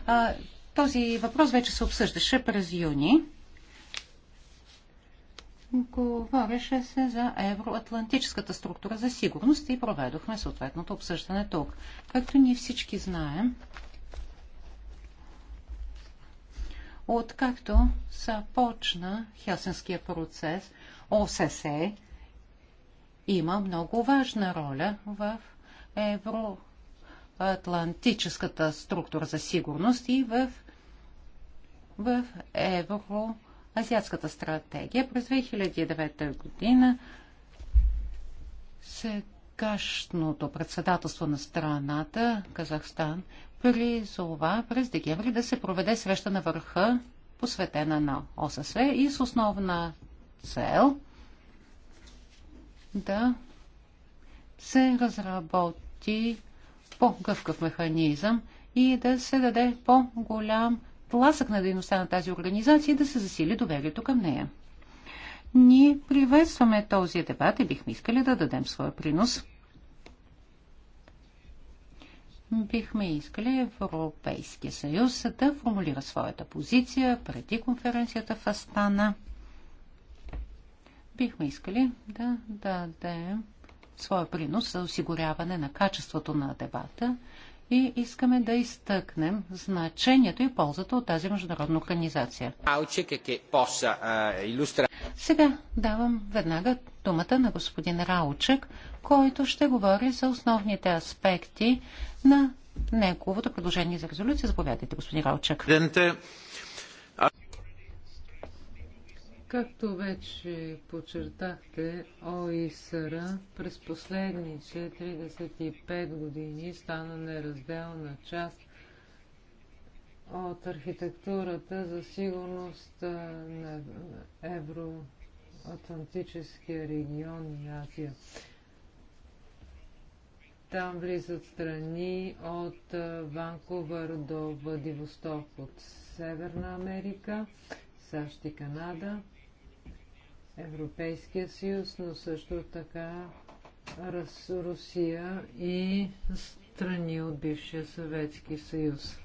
А, този въпрос вече се обсъждаше през юни говореше се за евроатлантическата структура за сигурност и проведохме съответното обсъждане тук. Както ние всички знаем, откакто започна Хелсинския процес, ОССЕ има много важна роля в евроатлантическата структура за сигурност и в, в евроатлантическата азиатската стратегия през 2009 година. Сегашното председателство на страната, Казахстан, призова през декември да се проведе среща на върха, посветена на ОССЕ и с основна цел да се разработи по-гъвкав механизъм и да се даде по-голям тласък на дейността на тази организация и да се засили доверието към нея. Ние приветстваме този дебат и бихме искали да дадем своя принос. Бихме искали Европейския съюз да формулира своята позиция преди конференцията в Астана. Бихме искали да дадем своя принос за осигуряване на качеството на дебата и искаме да изтъкнем значението и ползата от тази международна организация. Е, Сега давам веднага думата на господин Раучек, който ще говори за основните аспекти на неговото предложение за резолюция. Заповядайте, господин Раучек. Както вече подчертахте, ОИСР през последните 35 години стана неразделна част от архитектурата за сигурност на Евроатлантическия регион и Азия. Там влизат страни от Ванкувър до Владивосток, от Северна Америка, САЩ и Канада – Европейския съюз, но също така Русия и страни от бившия Съветски съюз.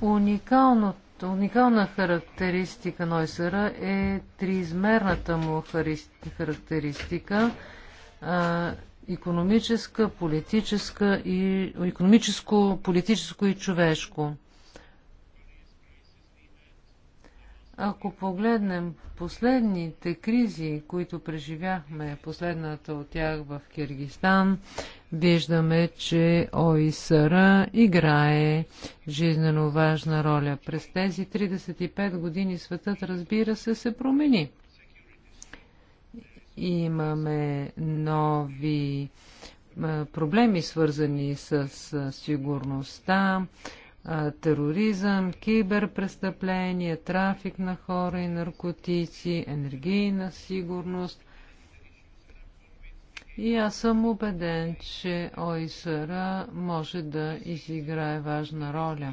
Уникалното Уникална характеристика Нойсера е триизмерната му характеристика а, економическа, политическа и економическо, политическо и човешко. Ако погледнем последните кризи, които преживяхме, последната от тях в Киргистан, виждаме, че ОИСР играе жизненно важна роля. През тези 35 години светът, разбира се, се промени. Имаме нови проблеми, свързани с сигурността, тероризъм, киберпрестъпления, трафик на хора и наркотици, енергийна сигурност. И аз съм убеден, че ОИСР може да изиграе важна роля.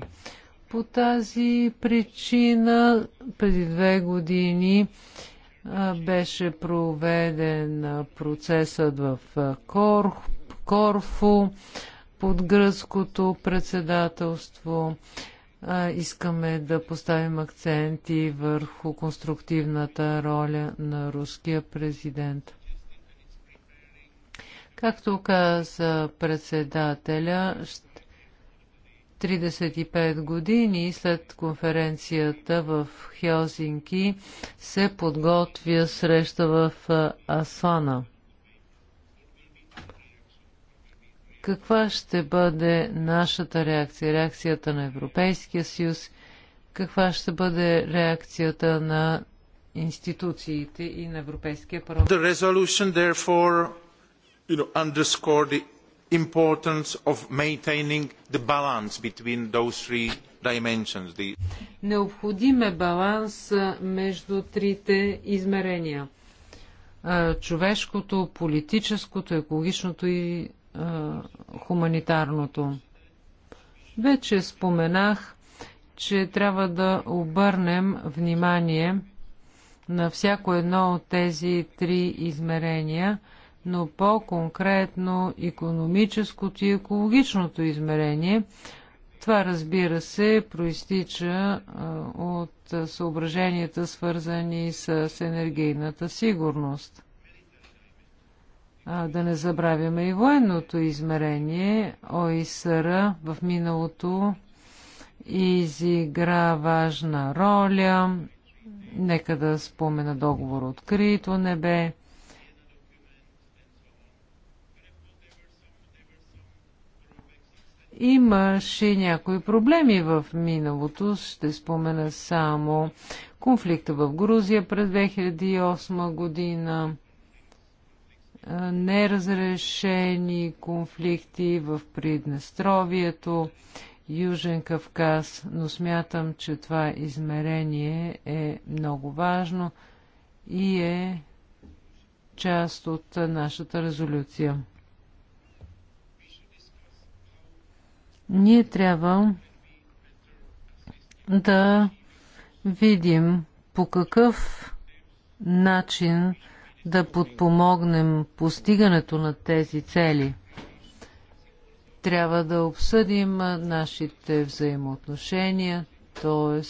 По тази причина преди две години беше проведен процесът в Корфу под гръцкото председателство. Искаме да поставим акценти върху конструктивната роля на руския президент. Както каза председателя, 35 години след конференцията в Хелсинки се подготвя среща в Асана. каква ще бъде нашата реакция, реакцията на Европейския съюз, каква ще бъде реакцията на институциите и на Европейския парламент. Необходим е баланс между трите измерения. Човешкото, политическото, екологичното и хуманитарното. Вече споменах, че трябва да обърнем внимание на всяко едно от тези три измерения, но по-конкретно економическото и екологичното измерение. Това, разбира се, проистича от съображенията, свързани с енергийната сигурност. А, да не забравяме и военното измерение. ОИСР в миналото изигра важна роля. Нека да спомена договор открито небе. Имаше някои проблеми в миналото. Ще спомена само конфликта в Грузия през 2008 година неразрешени конфликти в Приднестровието, Южен Кавказ, но смятам, че това измерение е много важно и е част от нашата резолюция. Ние трябва да видим по какъв начин да подпомогнем постигането на тези цели. Трябва да обсъдим нашите взаимоотношения, т.е.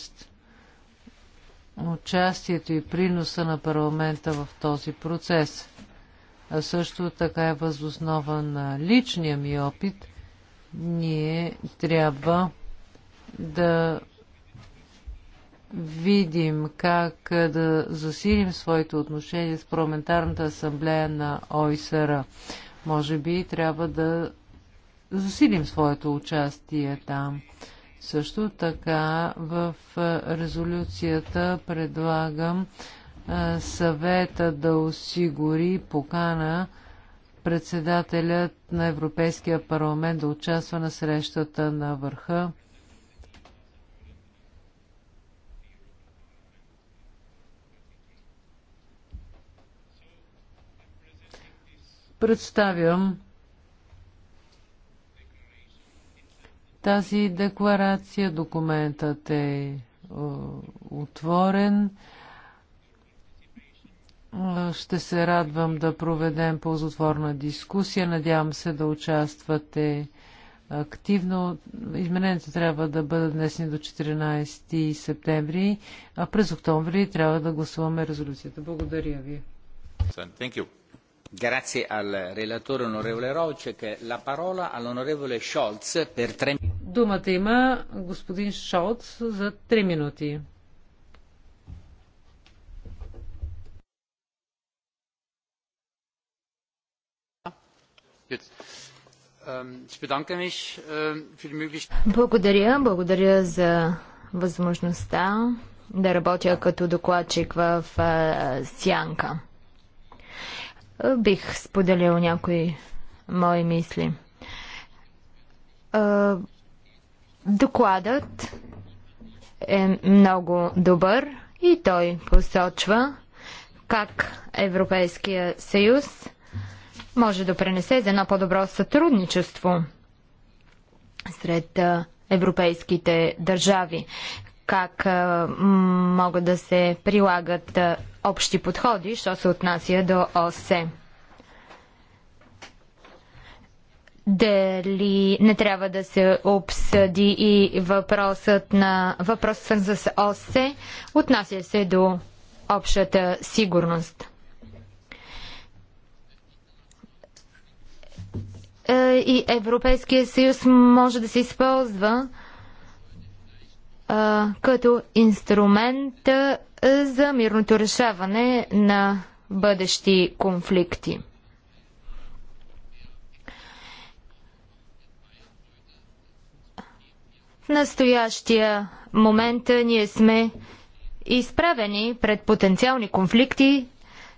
участието и приноса на парламента в този процес. А също така е възоснова на личния ми опит. Ние трябва да видим как е, да засилим своите отношения с парламентарната асамблея на ОИСР. Може би трябва да засилим своето участие там. Също така в е, резолюцията предлагам е, съвета да осигури покана председателят на Европейския парламент да участва на срещата на върха представям тази декларация. Документът е, е отворен. Ще се радвам да проведем ползотворна дискусия. Надявам се да участвате активно. Измененията трябва да бъдат днесни до 14 септември, а през октомври трябва да гласуваме резолюцията. Благодаря ви. Grazie al relatore onorevole la parola all'onorevole Scholz per tre Думата има господин Шолц за три минути. Ähm, ähm, благодаря, благодаря за възможността да работя като докладчик в Сянка бих споделил някои мои мисли. Докладът е много добър и той посочва как Европейския съюз може да пренесе за едно по-добро сътрудничество сред европейските държави, как могат да се прилагат общи подходи, що се отнася до ОСЕ. Дали не трябва да се обсъди и въпросът на въпросът за ОСЕ, отнася се до общата сигурност. Е, и Европейския съюз може да се използва е, като инструмент за мирното решаване на бъдещи конфликти. В настоящия момент ние сме изправени пред потенциални конфликти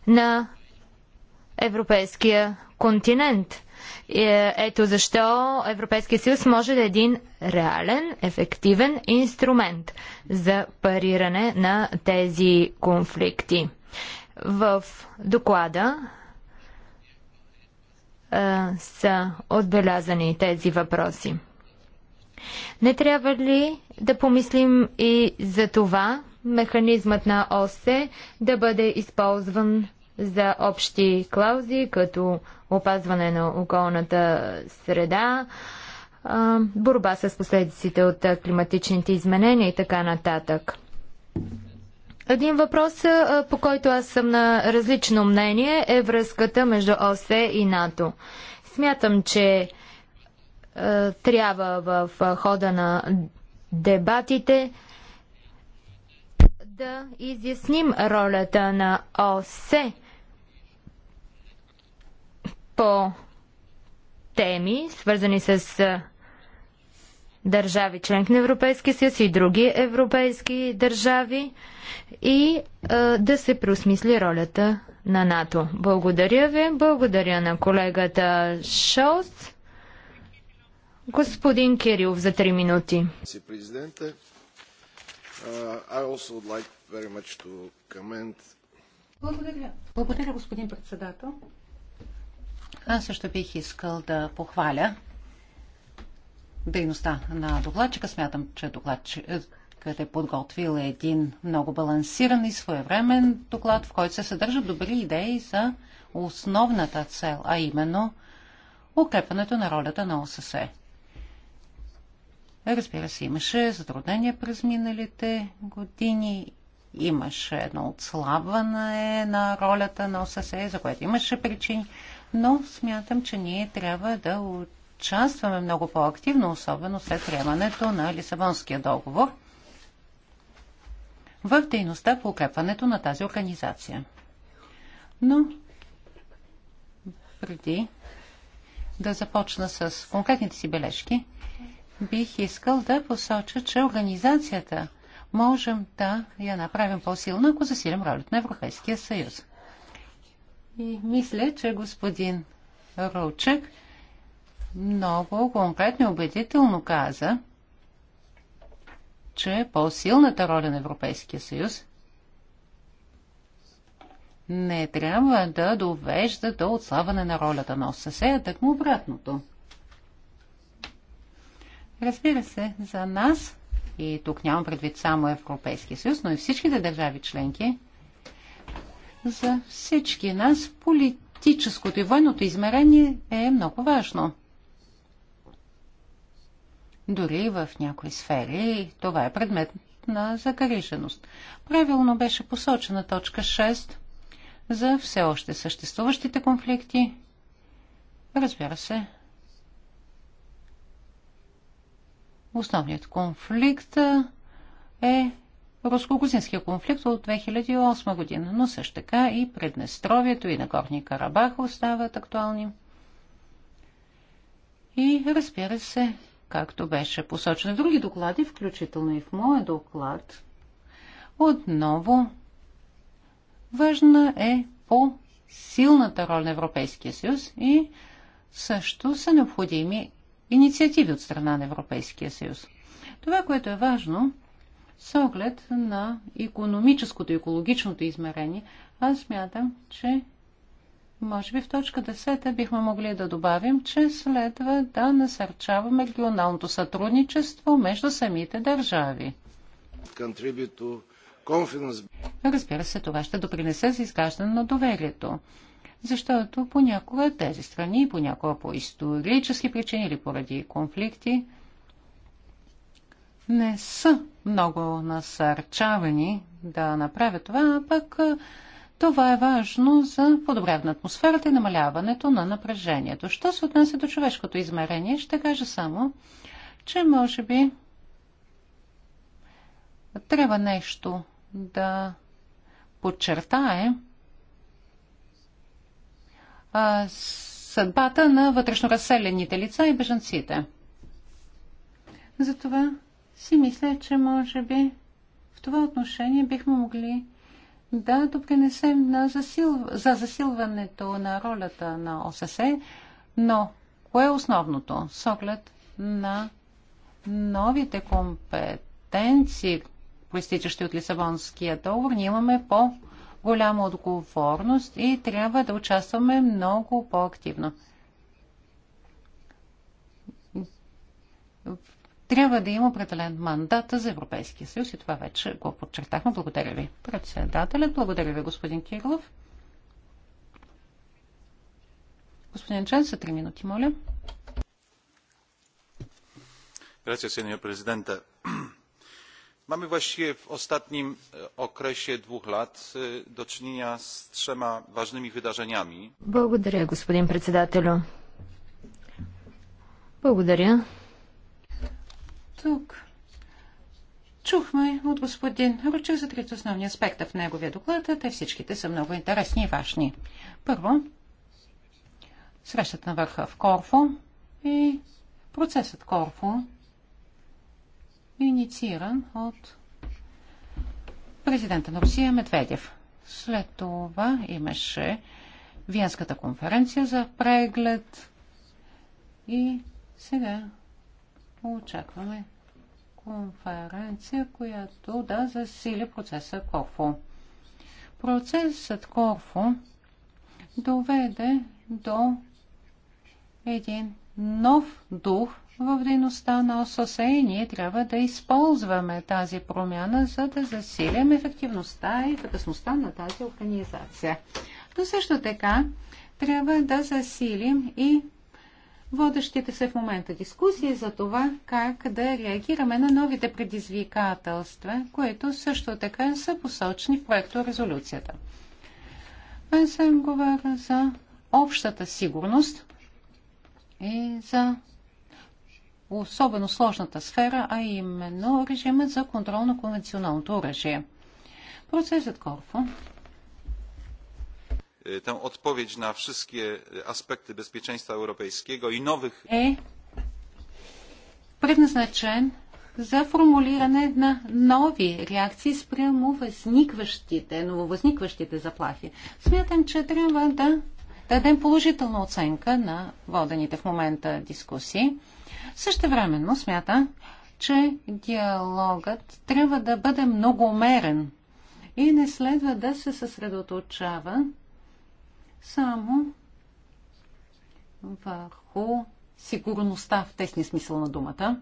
на европейския континент. Е, ето защо Европейския съюз може да е един реален, ефективен инструмент за париране на тези конфликти. В доклада а, е, са отбелязани тези въпроси. Не трябва ли да помислим и за това механизмът на ОСЕ да бъде използван за общи клаузи, като опазване на околната среда, борба с последиците от климатичните изменения и така нататък. Един въпрос, по който аз съм на различно мнение, е връзката между ОСЕ и НАТО. Смятам, че е, трябва в хода на дебатите да изясним ролята на ОСЕ по теми, свързани с държави членки на Европейския съюз и други европейски държави и а, да се преосмисли ролята на НАТО. Благодаря ви, благодаря на колегата Шоус, Господин Кирилов за 3 минути. Благодаря. Благодаря, господин председател. Аз също бих искал да похваля дейността на докладчика. Смятам, че докладчикът е подготвил един много балансиран и своевремен доклад, в който се съдържат добри идеи за основната цел, а именно укрепването на ролята на ОССЕ. Разбира се, имаше затруднения през миналите години, имаше едно отслабване на ролята на ОССЕ, за което имаше причини, но смятам, че ние трябва да участваме много по-активно, особено след приемането на Лисабонския договор в дейността по укрепването на тази организация. Но преди да започна с конкретните си бележки, бих искал да посоча, че организацията можем да я направим по-силна, ако засилим ролята на Европейския съюз. И мисля, че господин Ручек много конкретно и убедително каза, че по-силната роля на Европейския съюз не трябва да довежда до отслабване на ролята на ОССЕ, а так му обратното. Разбира се, за нас, и тук нямам предвид само Европейския съюз, но и всичките държави членки – за всички нас политическото и военното измерение е много важно. Дори в някои сфери това е предмет на загриженост. Правилно беше посочена точка 6 за все още съществуващите конфликти. Разбира се, основният конфликт е руско-грузинския конфликт от 2008 година, но също така и Преднестровието и Нагорни Карабах остават актуални. И разбира се, както беше посочено в други доклади, включително и в моя доклад, отново важна е по-силната роля на Европейския съюз и също са необходими инициативи от страна на Европейския съюз. Това, което е важно, с оглед на економическото и екологичното измерение, аз мятам, че може би в точка 10 бихме могли да добавим, че следва да насърчаваме регионалното сътрудничество между самите държави. Разбира се, това ще допринесе за изграждане на доверието. Защото понякога тези страни, понякога по исторически причини или поради конфликти, не са много насърчавани да направят това, а пък това е важно за подобряване на атмосферата и намаляването на напрежението. Що се отнася до човешкото измерение, ще кажа само, че може би трябва нещо да подчертае съдбата на вътрешно разселените лица и бежанците. Затова си мисля, че може би в това отношение бихме могли да допринесем на засил... за засилването на ролята на ОССЕ, но кое е основното с оглед на новите компетенции, проистичащи от Лисабонския договор, ние имаме по-голяма отговорност и трябва да участваме много по-активно трябва да има определен мандат за Европейския съюз и това вече го подчертахме. Благодаря ви, председателят. Благодаря ви, господин Кирилов. Господин Чен, за три минути, моля. Gracias, señor presidente. Mamy właściwie w ostatnim e, okresie dwóch lat e, do czynienia z trzema ważnymi wydarzeniami. Благодаря, господин председателю. Благодаря. Тук чухме от господин Ручев за трите основни аспекта в неговия доклад, а те всичките са много интересни и важни. Първо, срещата на върха в Корфо и процесът Корфо, иницииран от президента на Русия Медведев. След това имаше Виенската конференция за преглед и сега очакваме конференция, която да засили процеса Корфо. Процесът Корфо доведе до един нов дух в дейността на ОССЕ и ние трябва да използваме тази промяна, за да засилим ефективността и ефикасността на тази организация. Но също така трябва да засилим и водещите се в момента дискусии за това как да реагираме на новите предизвикателства, които също така са посочени в проекто резолюцията. Аз съм говоря за общата сигурност и за особено сложната сфера, а именно режимът за контрол на конвенционалното оръжие. Процесът Корфо tę odpowiedź na wszystkie aspekty bezpieczeństwa europejskiego i nowych. E предназначен за формулиране на нови реакции спрямо възникващите, нововъзникващите заплахи. Смятам, че трябва да дадем положителна оценка на водените в момента дискусии. Същевременно смятам, че диалогът трябва да бъде много умерен и не следва да се съсредоточава само върху сигурността в тесния смисъл на думата.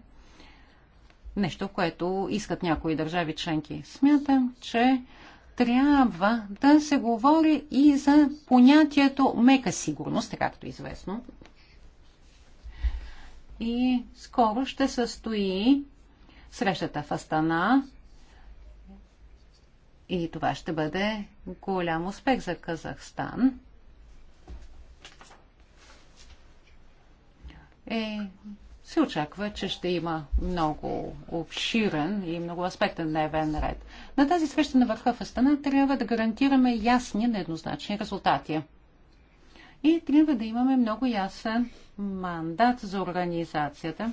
Нещо, което искат някои държави членки. Смятам, че трябва да се говори и за понятието мека сигурност, така както е известно. И скоро ще състои срещата в Астана и това ще бъде голям успех за Казахстан. е, се очаква, че ще има много обширен и аспектен дневен ред. На тази среща на върха в Астана трябва да гарантираме ясни, нееднозначни резултати. И трябва да имаме много ясен мандат за организацията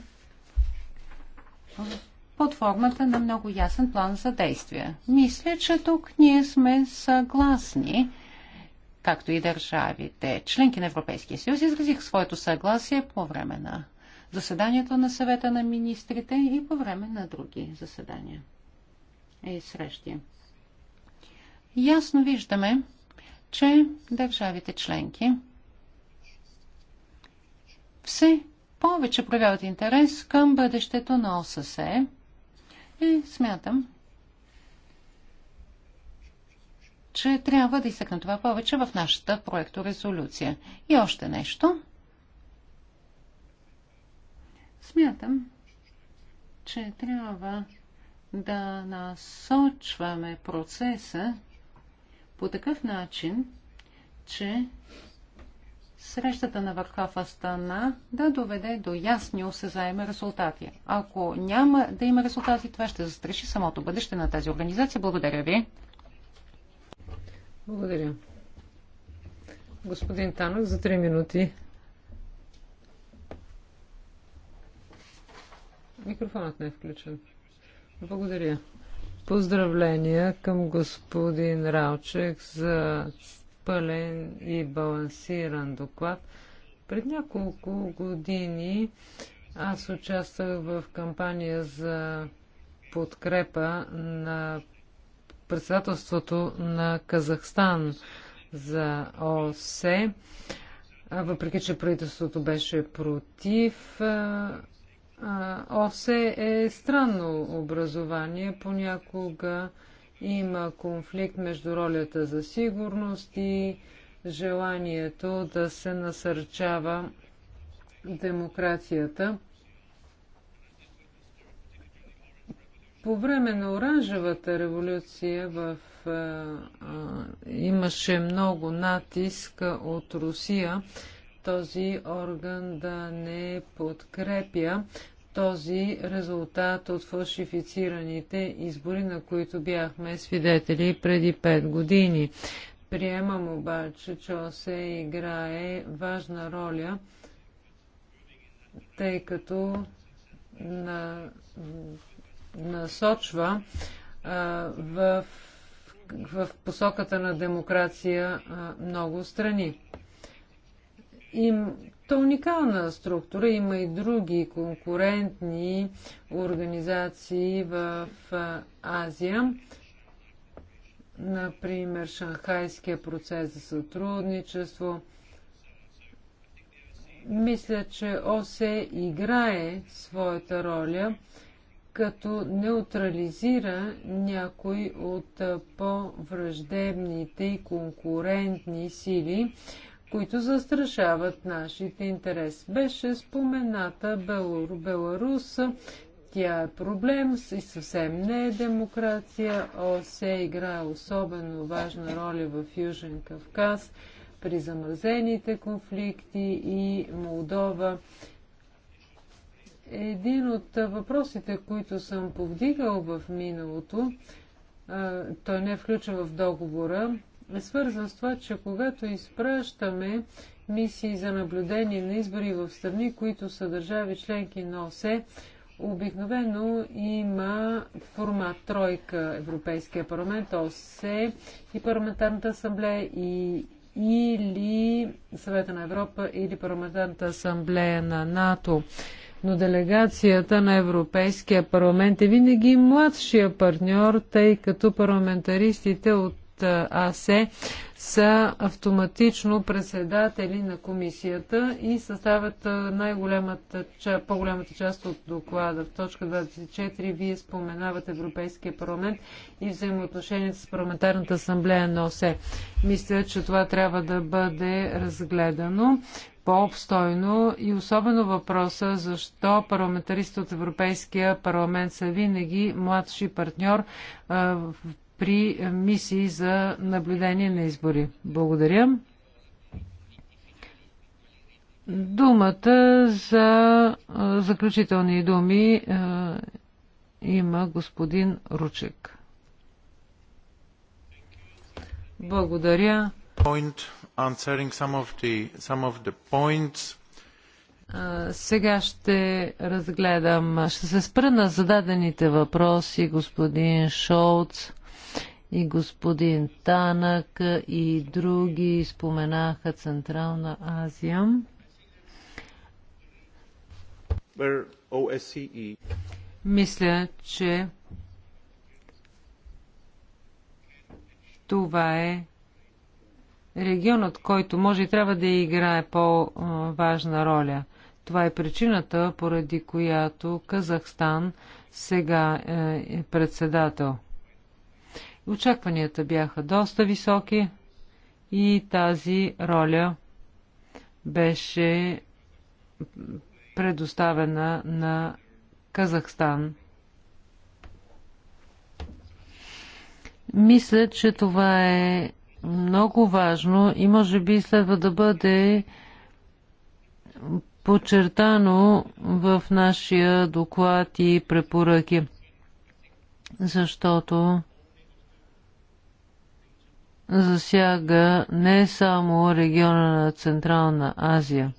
под формата на много ясен план за действие. Мисля, че тук ние сме съгласни както и държавите членки на Европейския съюз, изразих своето съгласие по време на заседанието на съвета на министрите и по време на други заседания и срещи. Ясно виждаме, че държавите членки все повече проявяват интерес към бъдещето на ОССЕ и смятам, че трябва да изсъкна това повече в нашата проекторезолюция. И още нещо. Смятам, че трябва да насочваме процеса по такъв начин, че срещата на върха в Астана да доведе до ясни осезаеми резултати. Ако няма да има резултати, това ще застраши самото бъдеще на тази организация. Благодаря ви. Благодаря. Господин Танов, за 3 минути. Микрофонът не е включен. Благодаря. Поздравления към господин Ралчек за пълен и балансиран доклад. Пред няколко години аз участвах в кампания за подкрепа на председателството на Казахстан за ОСЕ. Въпреки, че правителството беше против, ОСЕ е странно образование. Понякога има конфликт между ролята за сигурност и желанието да се насърчава демокрацията. По време на Оранжевата революция в, а, а, имаше много натиск от Русия този орган да не подкрепя този резултат от фалшифицираните избори, на които бяхме свидетели преди 5 години. Приемам обаче, че ОСЕ играе важна роля, тъй като на насочва в, в посоката на демокрация много страни. Им, то е уникална структура. Има и други конкурентни организации в Азия. Например, Шанхайския процес за сътрудничество. Мисля, че ОСЕ играе своята роля като неутрализира някои от по-враждебните и конкурентни сили, които застрашават нашите интерес. Беше спомената Белор, Беларус. Тя е проблем и съвсем не е демокрация. ОСЕ играе особено важна роля в Южен Кавказ при замразените конфликти и Молдова един от въпросите, които съм повдигал в миналото, той не е включен в договора, е свързан с това, че когато изпращаме мисии за наблюдение на избори в страни, които са държави членки на ОСЕ, обикновено има формат тройка Европейския парламент, ОСЕ и Парламентарната асамблея и или Съвета на Европа или Парламентарната асамблея на НАТО но делегацията на Европейския парламент е винаги младшия партньор, тъй като парламентаристите от АСЕ са автоматично председатели на комисията и съставят най-голямата, по-голямата част от доклада. В точка 24 вие споменавате Европейския парламент и взаимоотношенията с Парламентарната асамблея на ОСЕ. Мисля, че това трябва да бъде разгледано по-обстойно и особено въпроса защо парламентаристите от Европейския парламент са винаги младши партньор в при мисии за наблюдение на избори. Благодаря. Думата за заключителни думи има господин Ручек. Благодаря. Сега ще разгледам, ще се спра на зададените въпроси, господин Шолц и господин Танък и други споменаха Централна Азия. Мисля, че това е регионът, който може и трябва да играе по-важна роля. Това е причината, поради която Казахстан сега е председател. Очакванията бяха доста високи и тази роля беше предоставена на Казахстан. Мисля, че това е много важно и може би следва да бъде подчертано в нашия доклад и препоръки, защото засяга не само региона на Централна Азия.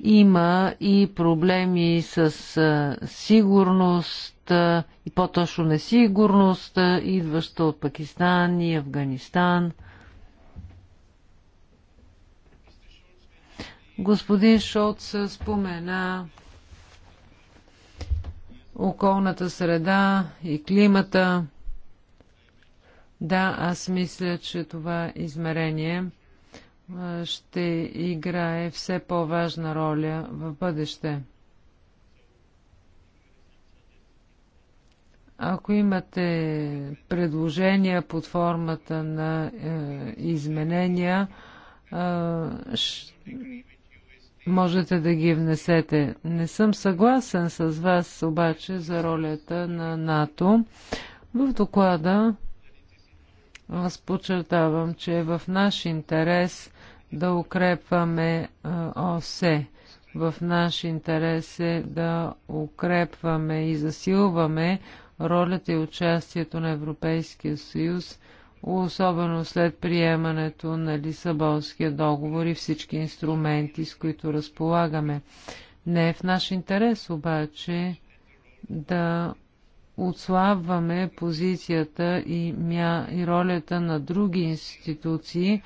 Има и проблеми с сигурност и по-точно несигурност, идваща от Пакистан и Афганистан. Господин се спомена околната среда и климата. Да, аз мисля, че това измерение ще играе все по-важна роля в бъдеще. Ако имате предложения под формата на е, изменения, е, можете да ги внесете. Не съм съгласен с вас обаче за ролята на НАТО. В доклада аз подчертавам, че е в наш интерес да укрепваме ОСЕ. В наш интерес е да укрепваме и засилваме ролята и участието на Европейския съюз – особено след приемането на Лисабонския договор и всички инструменти, с които разполагаме. Не е в наш интерес обаче да отслабваме позицията и, мя, и ролята на други институции,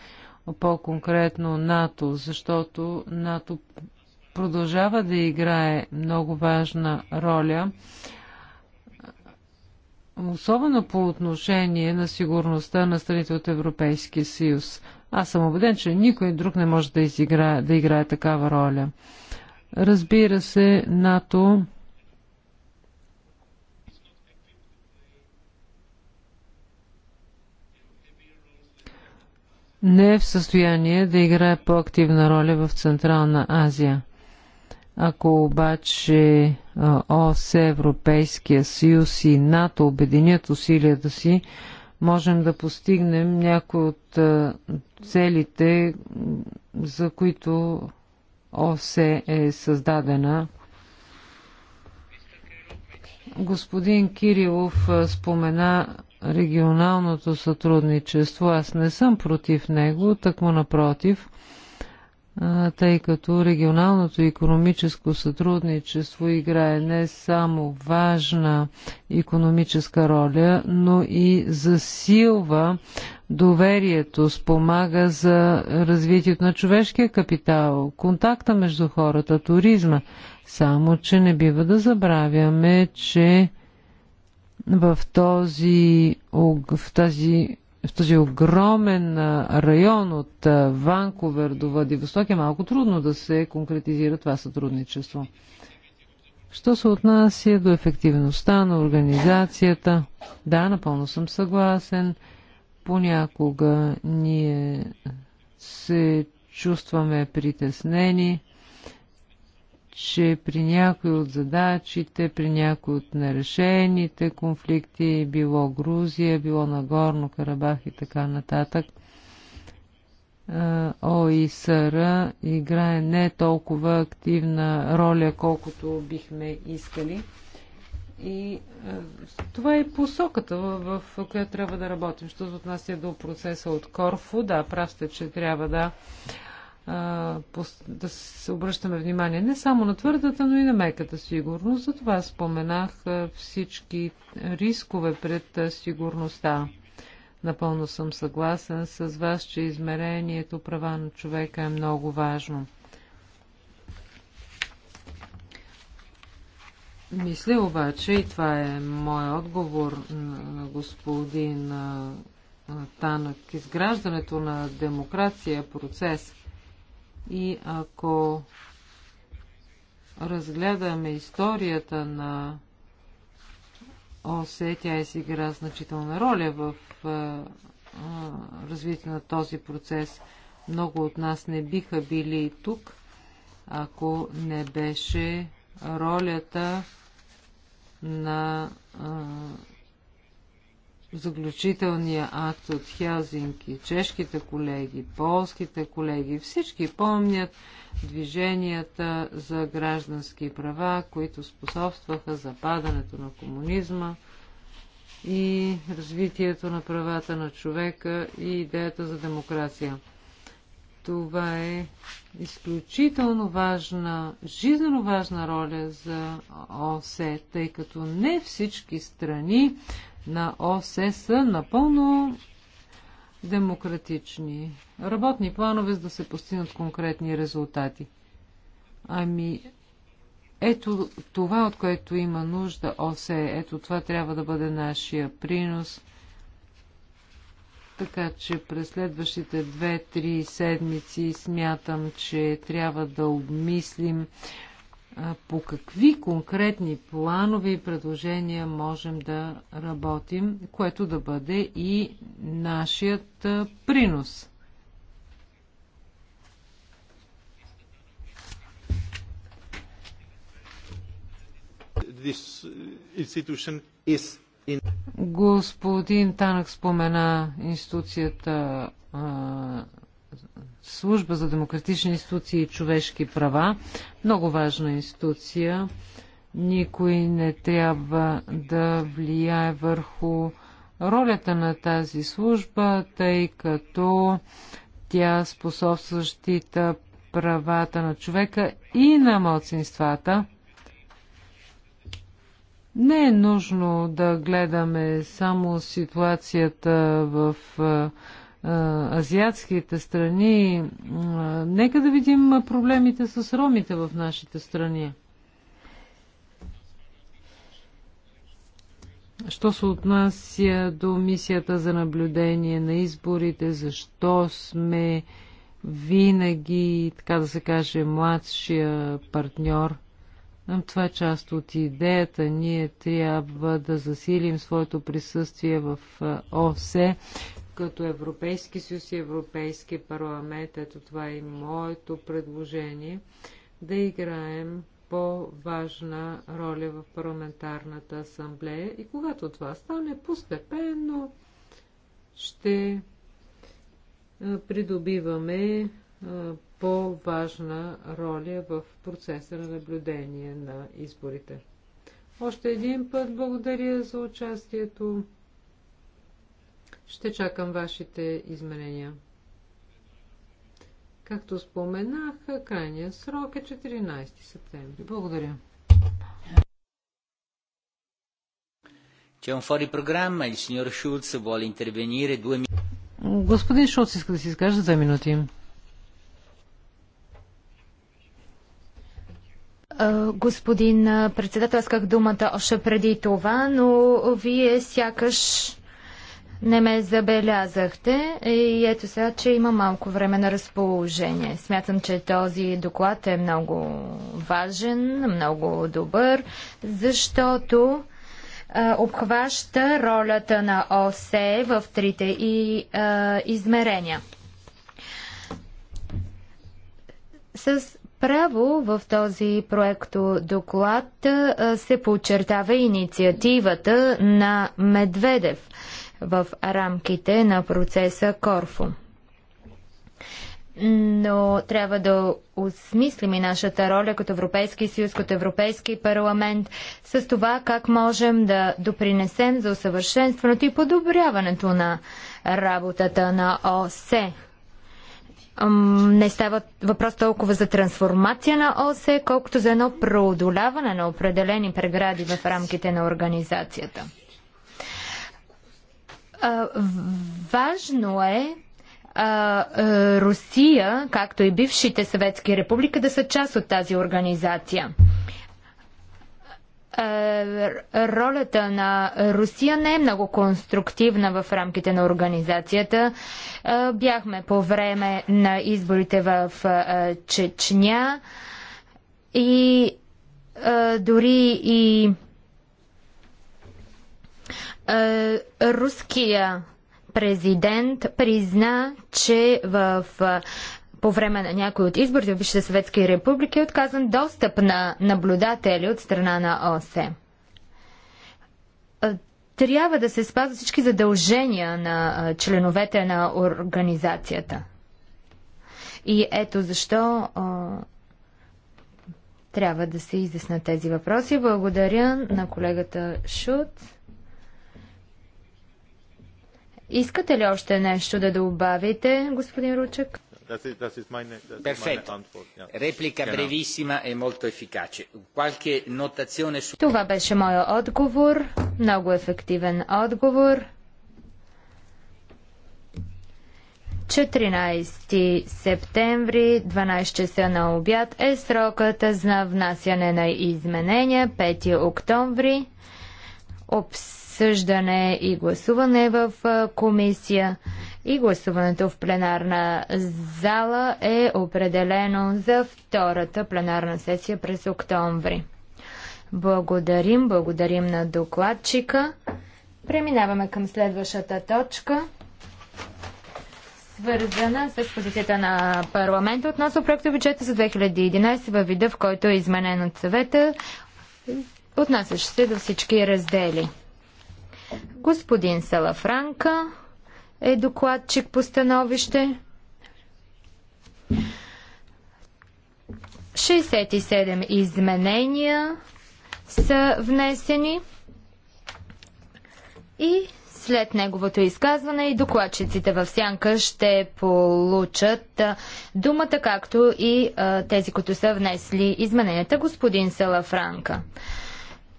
по-конкретно НАТО, защото НАТО продължава да играе много важна роля особено по отношение на сигурността на страните от Европейския съюз. Аз съм убеден, че никой друг не може да, изигра, да играе такава роля. Разбира се, НАТО не е в състояние да играе по-активна роля в Централна Азия. Ако обаче ОС, Европейския съюз и НАТО обединят усилията си, можем да постигнем някои от целите, за които ОС е създадена. Господин Кирилов спомена регионалното сътрудничество. Аз не съм против него, так му напротив тъй като регионалното економическо сътрудничество играе не само важна економическа роля, но и засилва доверието, спомага за развитието на човешкия капитал, контакта между хората, туризма. Само, че не бива да забравяме, че в, този, в тази в този огромен район от Ванковер до Владивосток е малко трудно да се конкретизира това сътрудничество. Що се отнася до ефективността на организацията, да, напълно съм съгласен. Понякога ние се чувстваме притеснени че при някои от задачите, при някои от нерешените конфликти, било Грузия, било Нагорно Карабах и така нататък, ОИСР играе не толкова активна роля, колкото бихме искали. И това е посоката, в, в която трябва да работим. Що се отнася до процеса от Корфу, да, прав че трябва да да се обръщаме внимание не само на твърдата, но и на меката сигурност. Затова споменах всички рискове пред сигурността. Напълно съм съгласен с вас, че измерението права на човека е много важно. Мисля обаче, и това е мой отговор на господин Танък, изграждането на демокрация процес – и ако разгледаме историята на ОСЕ, тя изигра е значителна роля в развитие на този процес. Много от нас не биха били и тук, ако не беше ролята на заключителния акт от Хелзинки, чешките колеги, полските колеги, всички помнят движенията за граждански права, които способстваха западането на комунизма и развитието на правата на човека и идеята за демокрация. Това е изключително важна, жизненно важна роля за ОСЕ, тъй като не всички страни на ОСЕ са напълно демократични. Работни планове, за да се постигнат конкретни резултати. Ами, ето това, от което има нужда ОСЕ, ето това трябва да бъде нашия принос. Така че през следващите 2-3 седмици смятам, че трябва да обмислим по какви конкретни планови и предложения можем да работим, което да бъде и нашият принос. Uh, Господин Танък спомена институцията служба за демократични институции и човешки права. Много важна институция. Никой не трябва да влияе върху ролята на тази служба, тъй като тя способства защита правата на човека и на младсинствата. Не е нужно да гледаме само ситуацията в азиатските страни. Нека да видим проблемите с ромите в нашите страни. Що се отнася до мисията за наблюдение на изборите, защо сме винаги, така да се каже, младшия партньор – това е част от идеята. Ние трябва да засилим своето присъствие в ОСЕ, като Европейски съюз и Европейски парламент, ето това е и моето предложение, да играем по-важна роля в парламентарната асамблея и когато това стане постепенно, ще придобиваме по-важна роля в процеса на наблюдение на изборите. Още един път благодаря за участието. Ще чакам вашите изменения. Както споменах, крайният срок е 14 септември. Благодаря. Господин Шулц иска да си изкаже две минути. Господин председател, исках думата още преди това, но вие сякаш не ме забелязахте и ето сега, че има малко време на разположение. Смятам, че този доклад е много важен, много добър, защото а, обхваща ролята на ОСЕ в трите и а, измерения. С право в този проект доклад се подчертава инициативата на Медведев – в рамките на процеса Корфу. Но трябва да осмислим и нашата роля като Европейски съюз, като Европейски парламент, с това как можем да допринесем за усъвършенстването и подобряването на работата на ОСЕ не става въпрос толкова за трансформация на ОСЕ, колкото за едно преодоляване на определени прегради в рамките на организацията. Важно е Русия, както и бившите съветски републики, да са част от тази организация. Ролята на Русия не е много конструктивна в рамките на организацията. Бяхме по време на изборите в Чечня и дори и е, руския президент призна, че в по време на някои от изборите в Бившите съветски републики е отказан достъп на наблюдатели от страна на ОСЕ. Трябва да се спазват всички задължения на е, членовете на организацията. И ето защо а, е, трябва да се изяснат тези въпроси. Благодаря на колегата Шут. Искате ли още нещо да добавите, господин Ручек? Реплика бревисима e molto efficace. Това беше моя отговор. Много ефективен отговор. 14 септември, 12 часа на обяд е срокът за внасяне на изменения. 5 октомври. Обс обсъждане и гласуване в комисия и гласуването в пленарна зала е определено за втората пленарна сесия през октомври. Благодарим, благодарим на докладчика. Преминаваме към следващата точка, свързана с позицията на парламента относно проекта бюджета за 2011 във вида, в който е изменен от съвета, отнасящ се до всички раздели. Господин Салафранка е докладчик по становище. 67 изменения са внесени и след неговото изказване и докладчиците в сянка ще получат думата, както и а, тези, които са внесли измененията, господин Салафранка. Франка.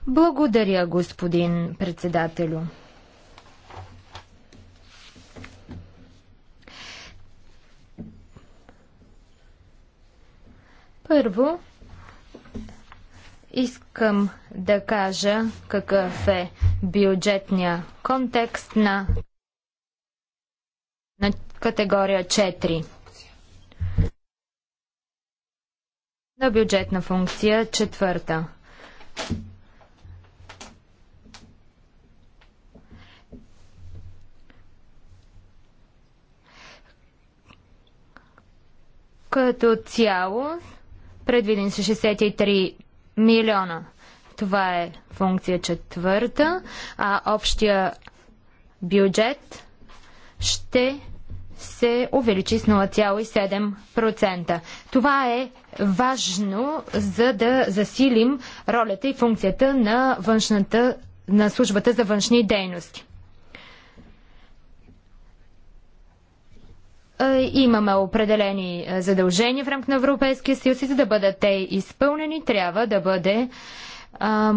Благодаря, господин председателю. Първо, искам да кажа какъв е бюджетния контекст на, на категория 4. На бюджетна функция четвърта. Като цяло, предвиден са 63 милиона. Това е функция четвърта, а общия бюджет ще се увеличи с 0,7%. Това е важно, за да засилим ролята и функцията на външната на службата за външни дейности. Е, имаме определени е, задължения в рамка на Европейския съюз и за да бъдат те изпълнени, трябва да бъде а,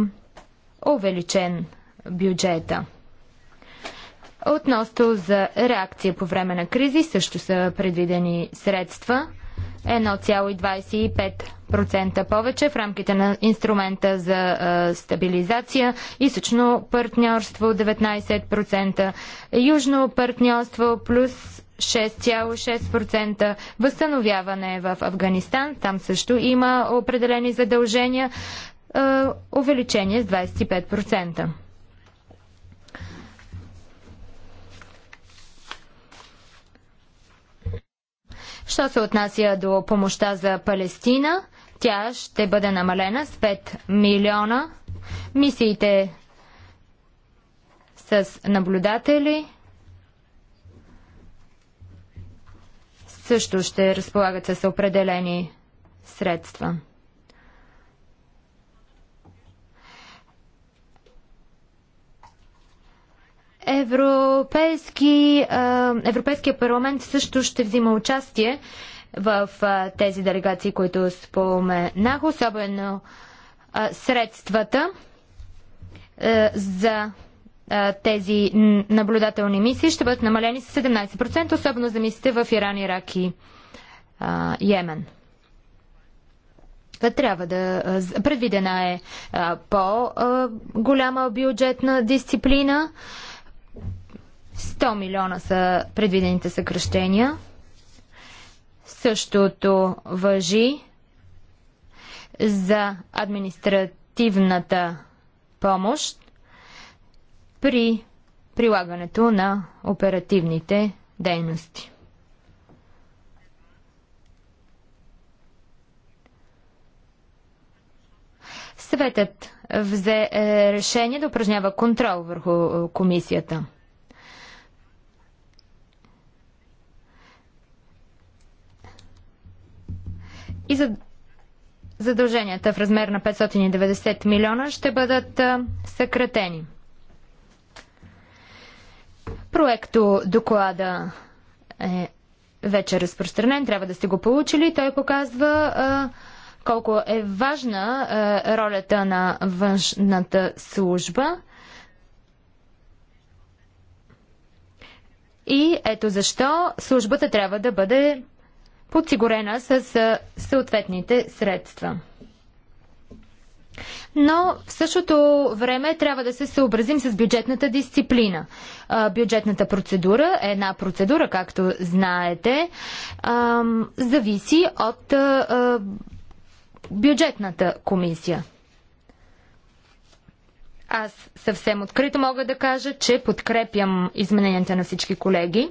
увеличен бюджета. Относно за реакция по време на кризи също са предвидени средства. 1,25% повече в рамките на инструмента за а, е, стабилизация, източно партньорство 19%, южно партньорство плюс 6,6% възстановяване в Афганистан. Там също има определени задължения. увеличение с 25%. Що се отнася до помощта за Палестина, тя ще бъде намалена с 5 милиона. Мисиите с наблюдатели също ще разполагат с определени средства. Европейски, Европейския парламент също ще взима участие в тези делегации, които споменах, особено средствата за тези наблюдателни мисии ще бъдат намалени с 17%, особено за мисиите в Иран, Ирак и а, Йемен. Трябва да. Предвидена е по-голяма бюджетна дисциплина. 100 милиона са предвидените съкръщения. Същото въжи за административната помощ при прилагането на оперативните дейности. Съветът взе е, решение да упражнява контрол върху е, комисията. И задълженията в размер на 590 милиона ще бъдат е, съкратени. Проекто доклада е вече разпространен, трябва да сте го получили. Той показва а, колко е важна а, ролята на външната служба. И ето защо службата трябва да бъде подсигурена с съответните средства. Но в същото време трябва да се съобразим с бюджетната дисциплина. Бюджетната процедура е една процедура, както знаете, зависи от бюджетната комисия. Аз съвсем открито мога да кажа, че подкрепям измененията на всички колеги.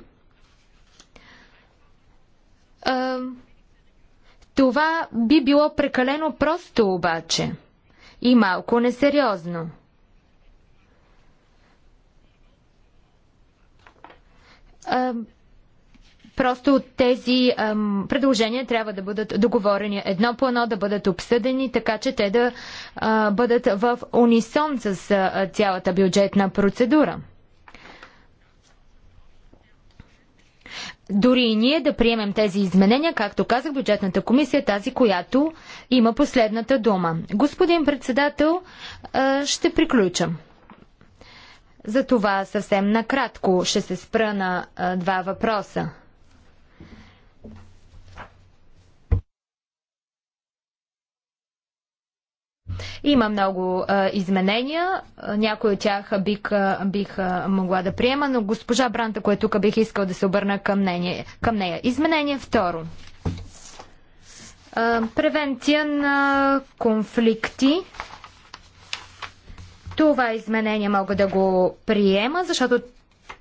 Това би било прекалено просто обаче – и малко несериозно. А, просто тези ам, предложения трябва да бъдат договорени едно по едно, да бъдат обсъдени, така че те да а, бъдат в унисон с а, цялата бюджетна процедура. дори и ние да приемем тези изменения, както казах, бюджетната комисия е тази, която има последната дума. Господин председател, ще приключам. За това съвсем накратко ще се спра на два въпроса. Има много а, изменения. Някои от тях бих, бих могла да приема, но госпожа Бранта, която тук бих искал да се обърна към, нея. към нея. Изменение второ. А, превенция на конфликти. Това изменение мога да го приема, защото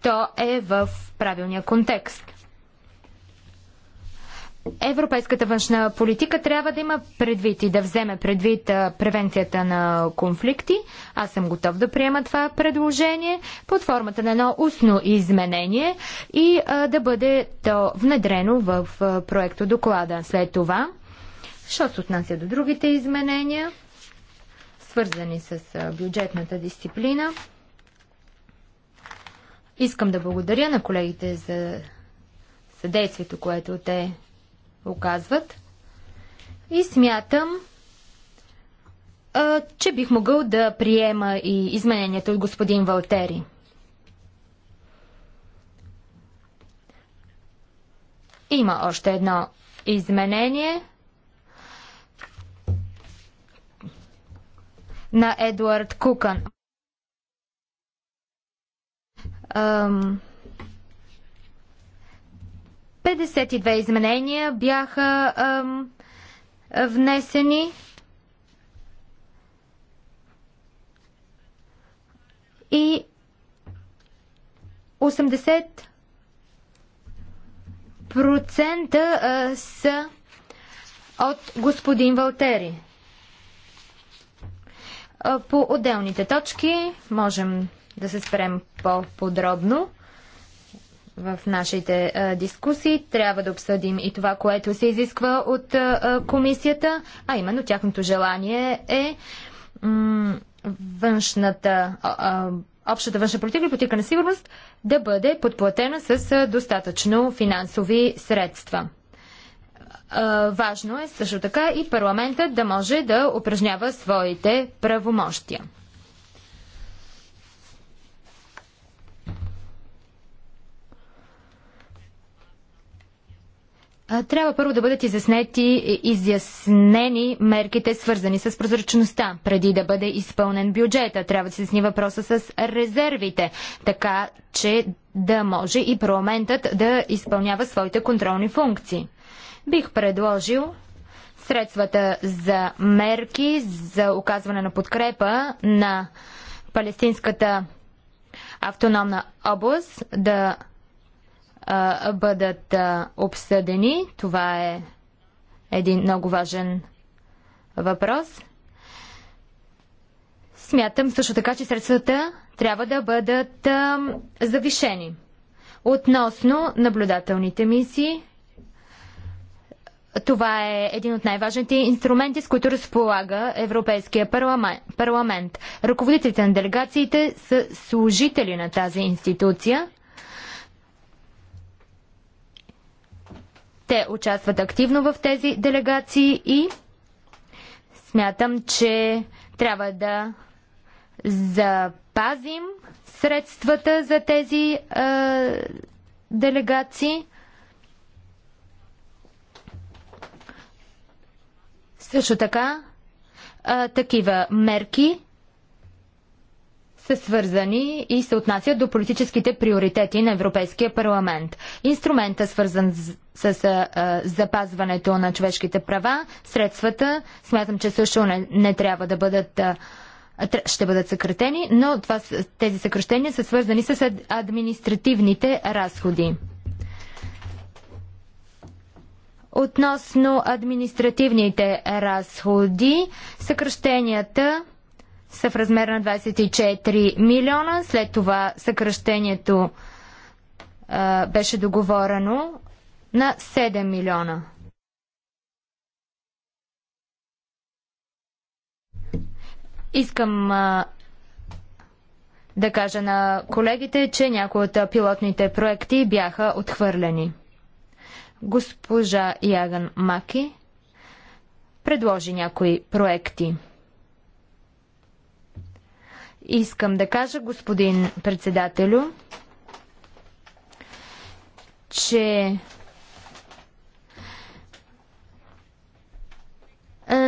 то е в правилния контекст. Европейската външна политика трябва да има предвид и да вземе предвид превенцията на конфликти. Аз съм готов да приема това предложение под формата на едно устно изменение и а, да бъде то внедрено в проекто доклада. След това, що се отнася до другите изменения, свързани с бюджетната дисциплина, искам да благодаря на колегите за съдействието, което те оказват. И смятам, а, че бих могъл да приема и измененията от господин Валтери. Има още едно изменение на Едуард Кукан. Um... 52 изменения бяха ам, внесени. И 80% са от господин Валтери. По отделните точки можем да се спрем по-подробно в нашите а, дискусии. Трябва да обсъдим и това, което се изисква от а, комисията, а именно тяхното желание е външната, а, общата външна политика и политика на сигурност да бъде подплатена с достатъчно финансови средства. Важно е също така и парламента да може да упражнява своите правомощия. Трябва първо да бъдат изяснети, изяснени мерките, свързани с прозрачността, преди да бъде изпълнен бюджета. Трябва да се изясни въпроса с резервите, така че да може и парламентът да изпълнява своите контролни функции. Бих предложил средствата за мерки за оказване на подкрепа на палестинската автономна област да а, бъдат а, обсъдени. Това е един много важен въпрос. Смятам също така, че средствата трябва да бъдат а, завишени. Относно наблюдателните мисии, това е един от най-важните инструменти, с които разполага Европейския парламент. Ръководителите на делегациите са служители на тази институция – Те участват активно в тези делегации и смятам, че трябва да запазим средствата за тези е, делегации. Също така, е, такива мерки са свързани и се отнасят до политическите приоритети на Европейския парламент. Инструмента, свързан с, с, а, запазването на човешките права, средствата, смятам, че също не, не трябва да бъдат ще бъдат съкратени, но това, тези съкръщения са свързани с административните разходи. Относно административните разходи, съкръщенията са в размер на 24 милиона. След това съкръщението а, беше договорено на 7 милиона. Искам а, да кажа на колегите, че някои от пилотните проекти бяха отхвърлени. Госпожа Яган Маки предложи някои проекти. Искам да кажа, господин председателю, че е,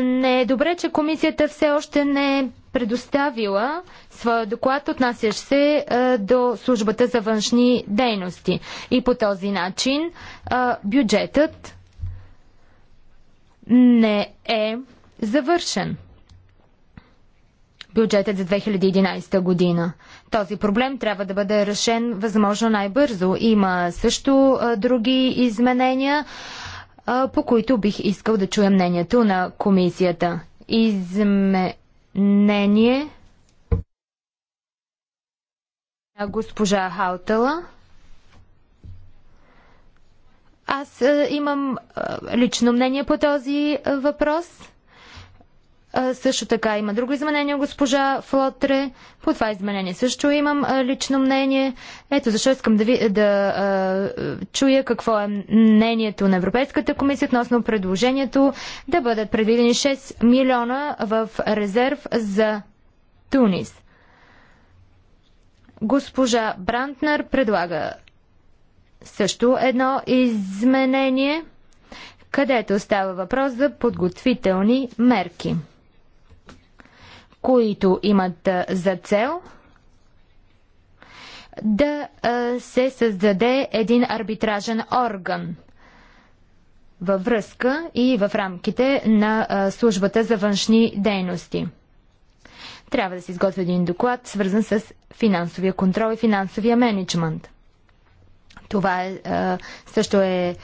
не е добре, че комисията все още не е предоставила своя доклад, отнасящ се е, до службата за външни дейности. И по този начин е, бюджетът не е завършен бюджетът за 2011 година. Този проблем трябва да бъде решен възможно най-бързо. Има също други изменения, по които бих искал да чуя мнението на комисията. Изменение на госпожа Хаутала. Аз имам лично мнение по този въпрос. Също така има друго изменение, госпожа Флотре. По това изменение също имам лично мнение. Ето защо искам да, ви, да а, чуя какво е мнението на Европейската комисия относно предложението да бъдат предвидени 6 милиона в резерв за Тунис. Госпожа Брантнер предлага също едно изменение, където става въпрос за подготвителни мерки които имат за цел да се създаде един арбитражен орган във връзка и в рамките на службата за външни дейности. Трябва да се изготви един доклад, свързан с финансовия контрол и финансовия менеджмент. Това е, също е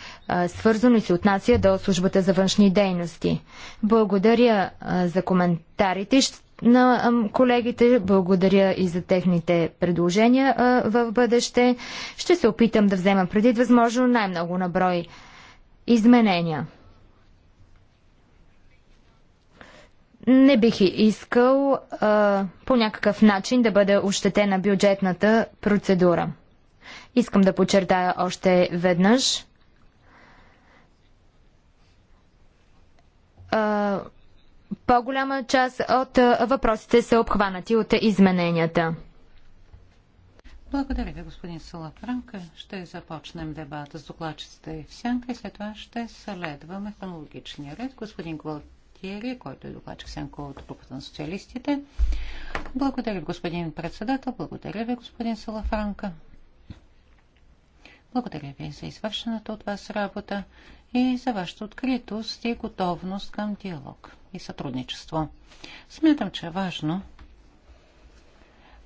свързано и се отнася до службата за външни дейности. Благодаря за коментарите на колегите. Благодаря и за техните предложения в бъдеще. Ще се опитам да взема преди възможно най-много наброй изменения. Не бих искал а, по някакъв начин да бъде ощетена бюджетната процедура. Искам да подчертая още веднъж. А, по-голяма част от въпросите са обхванати от измененията. Благодаря ви, господин Салафранка. Ще започнем дебата с докладчицата и сянка и след това ще следваме хронологичния ред. Господин Гвалтиери, който е докладчик сянка от групата на социалистите. Благодаря ви, господин председател. Благодаря ви, господин Салафранка. Благодаря ви за извършената от вас работа и за вашата откритост и готовност към диалог и сътрудничество. Смятам, че е важно,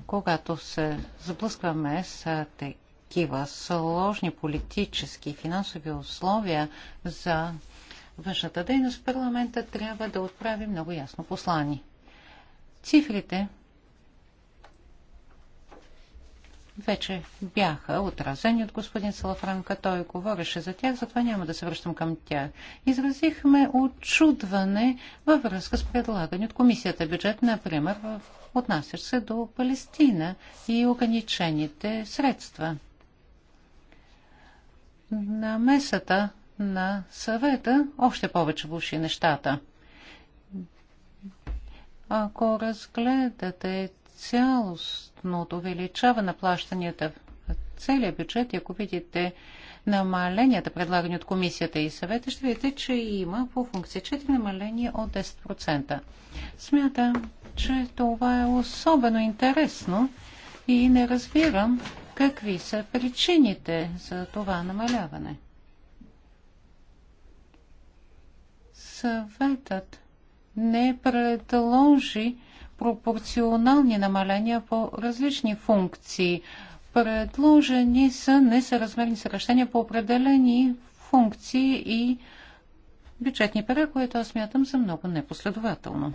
когато се заблъскваме с такива сложни политически и финансови условия за външната дейност, парламента трябва да отправи много ясно послание. Цифрите, вече бяха отразени от господин Салафранка. Той говореше за тях, затова няма да се връщам към тях. Изразихме очудване във връзка с предлагане от комисията бюджет, например, отнасящ се до Палестина и ограничените средства. Намесата на съвета още повече влуши нещата. Ако разгледате цялостното увеличаване на плащанията в целия бюджет, и ако видите намаленията, предлагани от комисията и съвета, ще видите, че има по функция 4 намаления от 10%. Смятам, че това е особено интересно и не разбирам какви са причините за това намаляване. Съветът не предложи пропорционални намаления по различни функции. Предложени са несъразмерни съкращения по определени функции и бюджетни пера, което аз смятам за много непоследователно.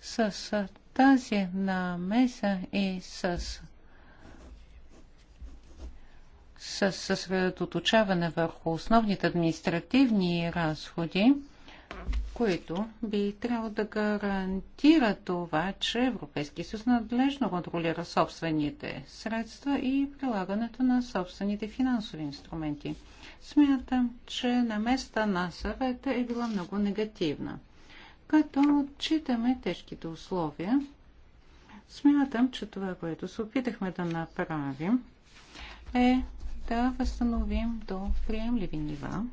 С тази намеса и с със съсредоточаване върху основните административни разходи, които би трябвало да гарантира това, че Европейския съюз надлежно контролира собствените средства и прилагането на собствените финансови инструменти. Смятам, че места на съвета е била много негативна. Като отчитаме тежките условия, смятам, че това, което се опитахме да направим, е да възстановим до приемливи нива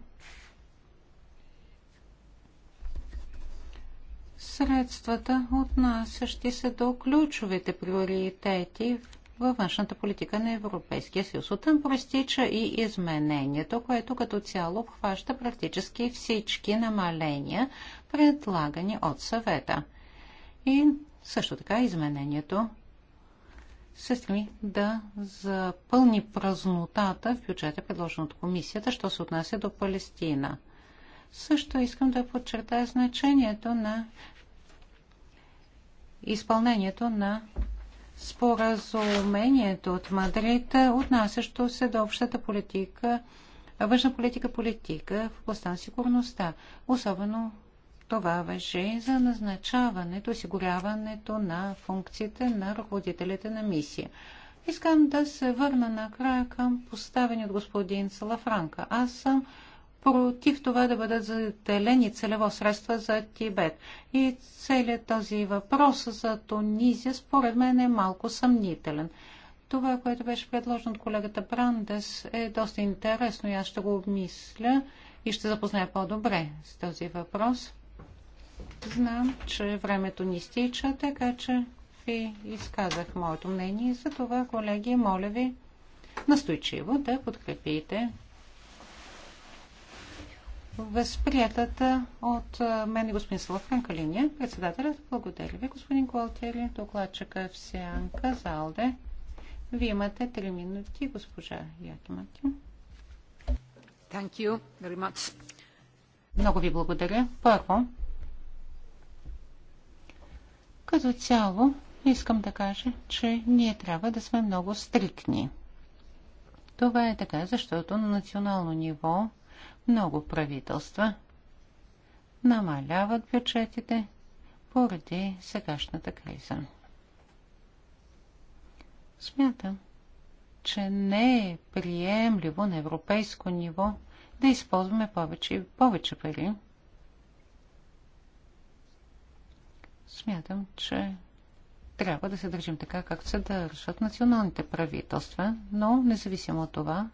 средствата, отнасящи се до ключовите приоритети във външната политика на Европейския съюз. Оттам простича и изменението, което като цяло обхваща практически всички намаления, предлагани от съвета. И също така изменението се стреми да запълни празнотата в бюджета, предложен от комисията, що се отнася до Палестина. Също искам да подчертая значението на изпълнението на споразумението от Мадрид, отнасящо се до общата политика, външна политика, политика в областта на сигурността. Особено това въже за назначаването, осигуряването на функциите на ръководителите на мисия. Искам да се върна накрая към поставени от господин Салафранка. Аз съм против това да бъдат заделени целево средства за Тибет. И целият този въпрос за Тунизия според мен е малко съмнителен. Това, което беше предложено от колегата Брандес е доста интересно и аз ще го обмисля и ще запозная по-добре с този въпрос. Знам, че времето ни стича, така че ви изказах моето мнение и за това, колеги, моля ви настойчиво да подкрепите възприятата от мен и господин Слав линия. Председателят, благодаря ви, господин Колтери, докладчика в Сянка, Залде. Вие имате 3 минути, госпожа Якимаки. Thank you very much. Много ви благодаря. Първо, като цяло, искам да кажа, че ние трябва да сме много стрикни. Това е така, защото на национално ниво много правителства намаляват бюджетите поради сегашната криза. Смятам, че не е приемливо на европейско ниво да използваме повече и повече пари. Смятам, че трябва да се държим така, както се държат националните правителства, но независимо от това,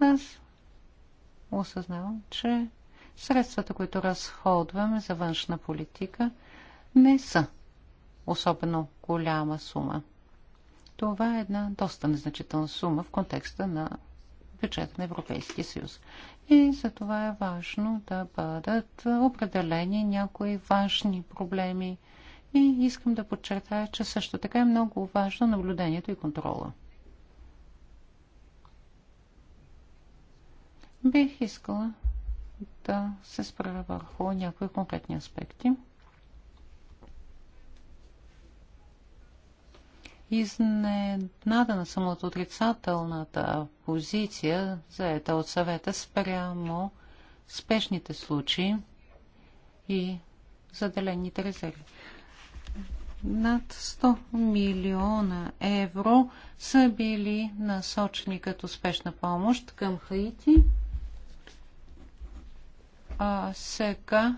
аз осъзнавам, че средствата, които разходваме за външна политика, не са особено голяма сума. Това е една доста незначителна сума в контекста на бюджета на Европейския съюз. И за това е важно да бъдат определени някои важни проблеми. И искам да подчертая, че също така е много важно наблюдението и контрола. Бих искала да се спра върху някои конкретни аспекти. Изненадана съм от отрицателната позиция, заета от съвета спрямо спешните случаи и заделените резерви. Над 100 милиона евро са били насочени като спешна помощ към Хаити – а сега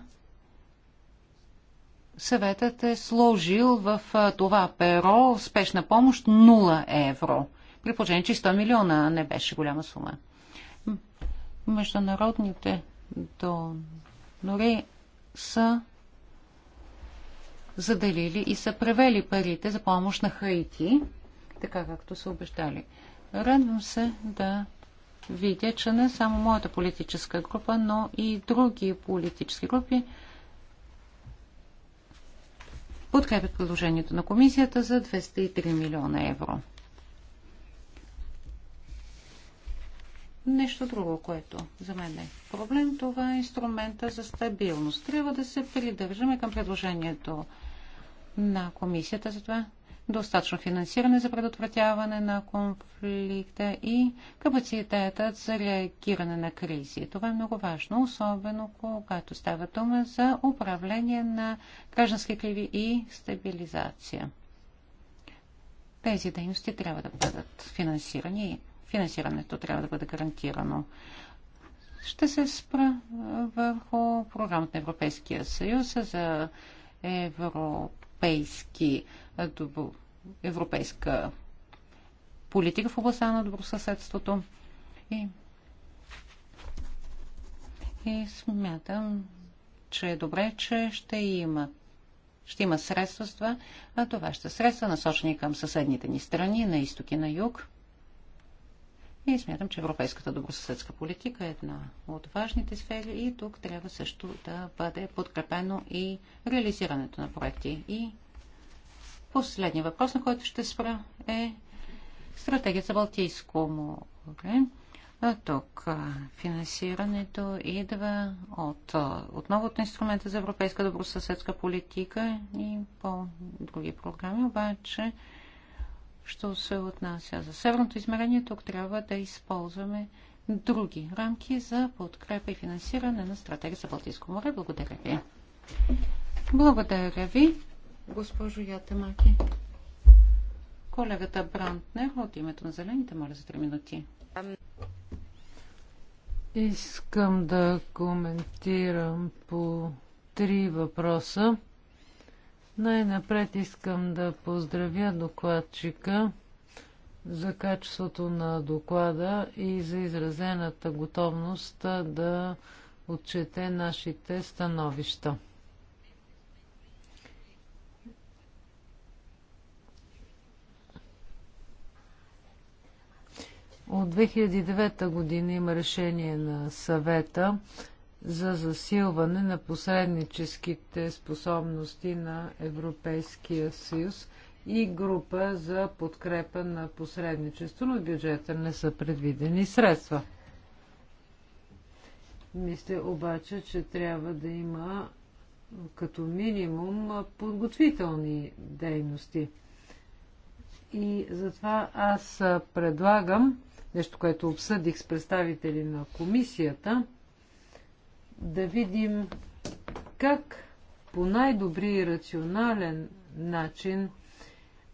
съветът е сложил в това перо спешна помощ 0 евро. При положение, че 100 милиона не беше голяма сума. Международните донори са заделили и са превели парите за помощ на Хаити, така както са обещали. Радвам се да видя, че не само моята политическа група, но и други политически групи подкрепят предложението на комисията за 203 милиона евро. Нещо друго, което за мен е проблем, това е инструмента за стабилност. Трябва да се придържаме към предложението на комисията за това достатъчно финансиране за предотвратяване на конфликта и капацитетът за реагиране на кризи. Това е много важно, особено когато става дума за управление на граждански криви и стабилизация. Тези дейности трябва да бъдат финансирани и финансирането трябва да бъде гарантирано. Ще се спра върху програмата на Европейския съюз за европейски европейска политика в областта на добросъседството. И, и смятам, че е добре, че ще има ще има средства, а това ще средства насочени към съседните ни страни, на изток и на юг. И смятам, че европейската добросъседска политика е една от важните сфери и тук трябва също да бъде подкрепено и реализирането на проекти. И Последният въпрос, на който ще спра, е стратегията за Балтийско море. Тук финансирането идва от, отново от инструмента за европейска добросъседска политика и по други програми, обаче, що се отнася за северното измерение, тук трябва да използваме други рамки за подкрепа и финансиране на стратегия за Балтийско море. Благодаря ви. Благодаря ви госпожо Ятемаки. Колегата Брантнер от името на Зелените, моля за 3 минути. Искам да коментирам по три въпроса. Най-напред искам да поздравя докладчика за качеството на доклада и за изразената готовност да отчете нашите становища. От 2009 година има решение на съвета за засилване на посредническите способности на Европейския съюз и група за подкрепа на посредничество, но в бюджета не са предвидени средства. Мисля обаче, че трябва да има като минимум подготвителни дейности. И затова аз предлагам нещо, което обсъдих с представители на комисията, да видим как по най-добри и рационален начин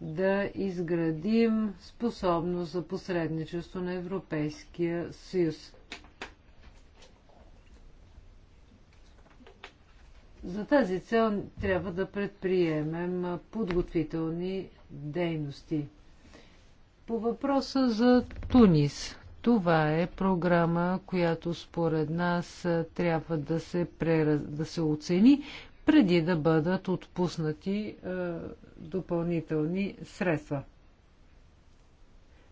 да изградим способност за посредничество на Европейския съюз. За тази цел трябва да предприемем подготвителни дейности. По въпроса за Тунис. Това е програма, която според нас трябва да се, прераз... да се оцени преди да бъдат отпуснати е, допълнителни средства.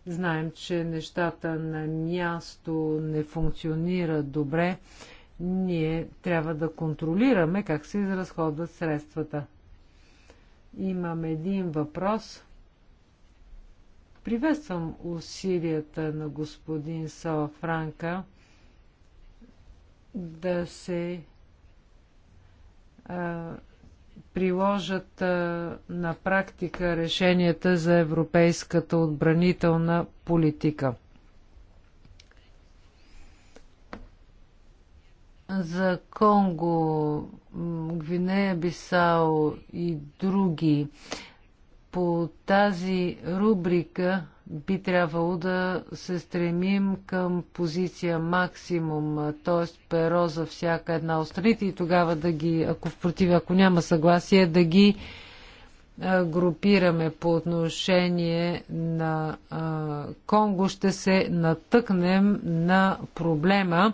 Знаем, че нещата на място не функционират добре. Ние трябва да контролираме как се изразходват средствата. Имам един въпрос – Приветствам усилията на господин Сао Франка да се а, приложат а, на практика решенията за европейската отбранителна политика. За Конго, Гвинея, Бисао и други по тази рубрика би трябвало да се стремим към позиция максимум, т.е. перо за всяка една от страните и тогава да ги, ако в против, ако няма съгласие, да ги групираме по отношение на Конго, ще се натъкнем на проблема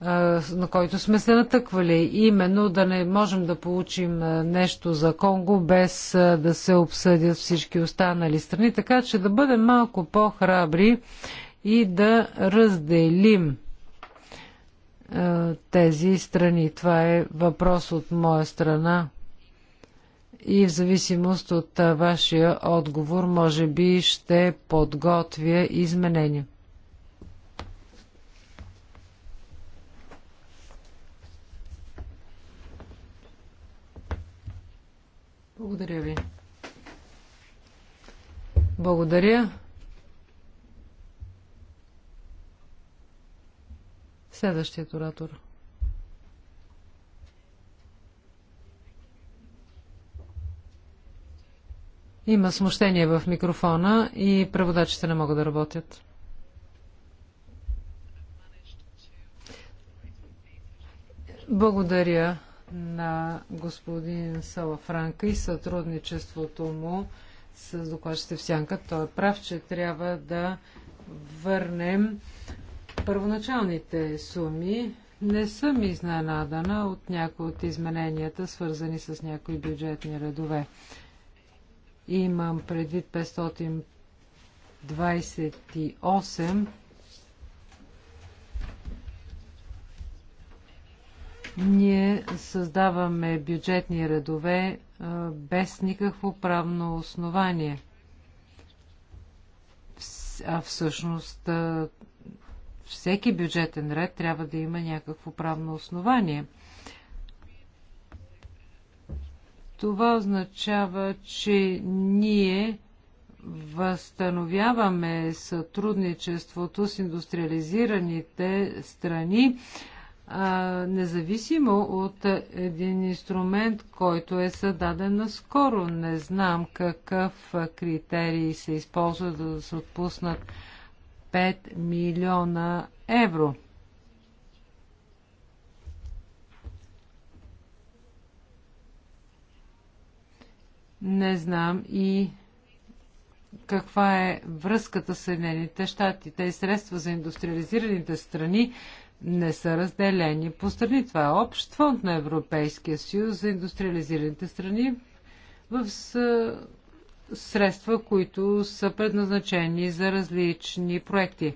на който сме се натъквали. Именно да не можем да получим нещо за Конго без да се обсъдят всички останали страни. Така че да бъдем малко по-храбри и да разделим тези страни. Това е въпрос от моя страна. И в зависимост от вашия отговор, може би ще подготвя изменения. Благодаря ви. Благодаря. Следващият оратор. Има смущение в микрофона и преводачите не могат да работят. Благодаря на господин Салафранка и сътрудничеството му с докладчите в сянка. Той е прав, че трябва да върнем първоначалните суми. Не съм изненадана от някои от измененията, свързани с някои бюджетни редове. Имам предвид 528 Ние създаваме бюджетни редове без никакво правно основание. А всъщност всеки бюджетен ред трябва да има някакво правно основание. Това означава, че ние възстановяваме сътрудничеството с индустриализираните страни а, независимо от един инструмент, който е създаден наскоро. Не знам какъв критерий се използва да се отпуснат 5 милиона евро. Не знам и каква е връзката с Съединените щати. Те средства за индустриализираните страни не са разделени по страни. Това е общ фонд на Европейския съюз за индустриализираните страни в средства, които са предназначени за различни проекти.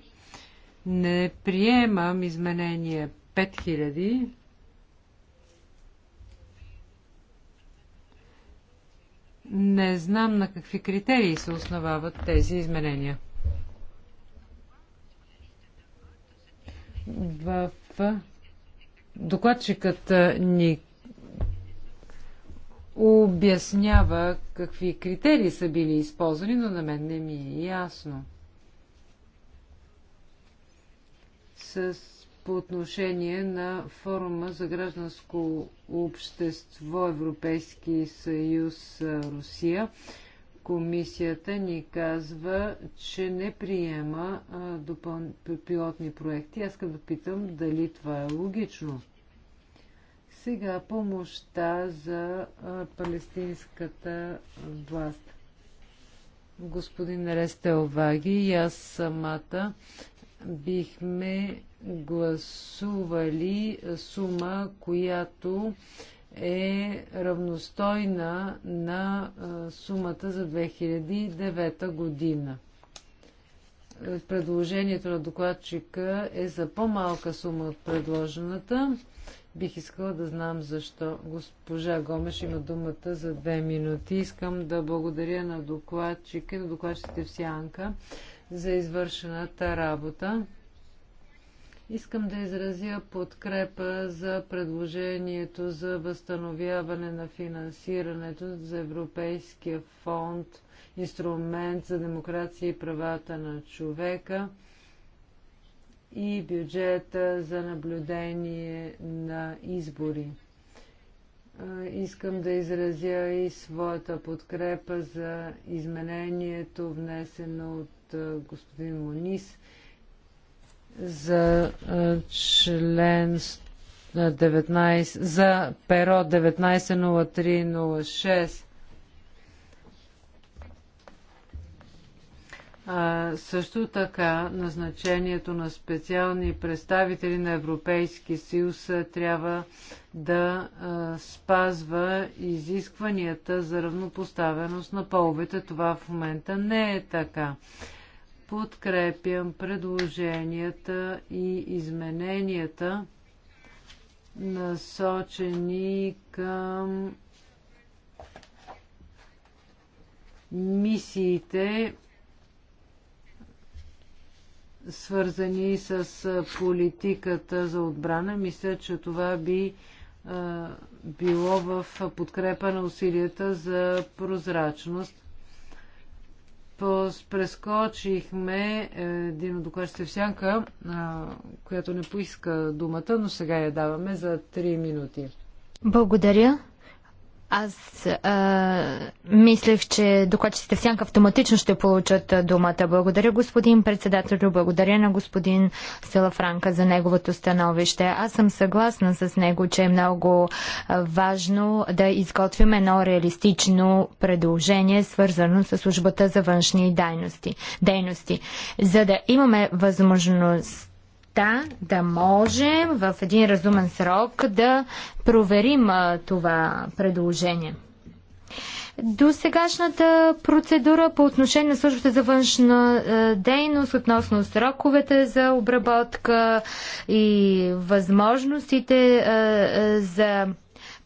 Не приемам изменение 5000 Не знам на какви критерии се основават тези изменения. В докладчикът ни обяснява какви критерии са били използвани, но на мен не ми е ясно. С по отношение на форума за гражданско общество Европейски съюз Русия. Комисията ни казва, че не приема допъл... пилотни проекти. Аз искам да питам дали това е логично. Сега помощта за а, палестинската власт. Господин Рестел Ваги и аз самата бихме гласували сума, която е равностойна на сумата за 2009 година. Е, предложението на докладчика е за по-малка сума от предложената. Бих искала да знам защо. Госпожа Гомеш има думата за две минути. Искам да благодаря на докладчика, и на докладчите в Сянка за извършената работа. Искам да изразя подкрепа за предложението за възстановяване на финансирането за Европейския фонд, инструмент за демокрация и правата на човека и бюджета за наблюдение на избори. Искам да изразя и своята подкрепа за изменението, внесено от господин Монис – за член 19, за перо 190306 А, също така назначението на специални представители на Европейски съюз трябва да а, спазва изискванията за равнопоставеност на половете. Това в момента не е така подкрепям предложенията и измененията, насочени към мисиите, свързани с политиката за отбрана. Мисля, че това би било в подкрепа на усилията за прозрачност прескочихме е, един от докладчите в сянка, която не поиска думата, но сега я даваме за 3 минути. Благодаря. Аз а, мислех, че докладчиците в сянка автоматично ще получат думата. Благодаря господин председател, благодаря на господин Селафранка за неговото становище. Аз съм съгласна с него, че е много важно да изготвим едно реалистично предложение, свързано с службата за външни дейности. дейности за да имаме възможност целта да можем в един разумен срок да проверим това предложение. До сегашната процедура по отношение на службата за външна дейност относно сроковете за обработка и възможностите за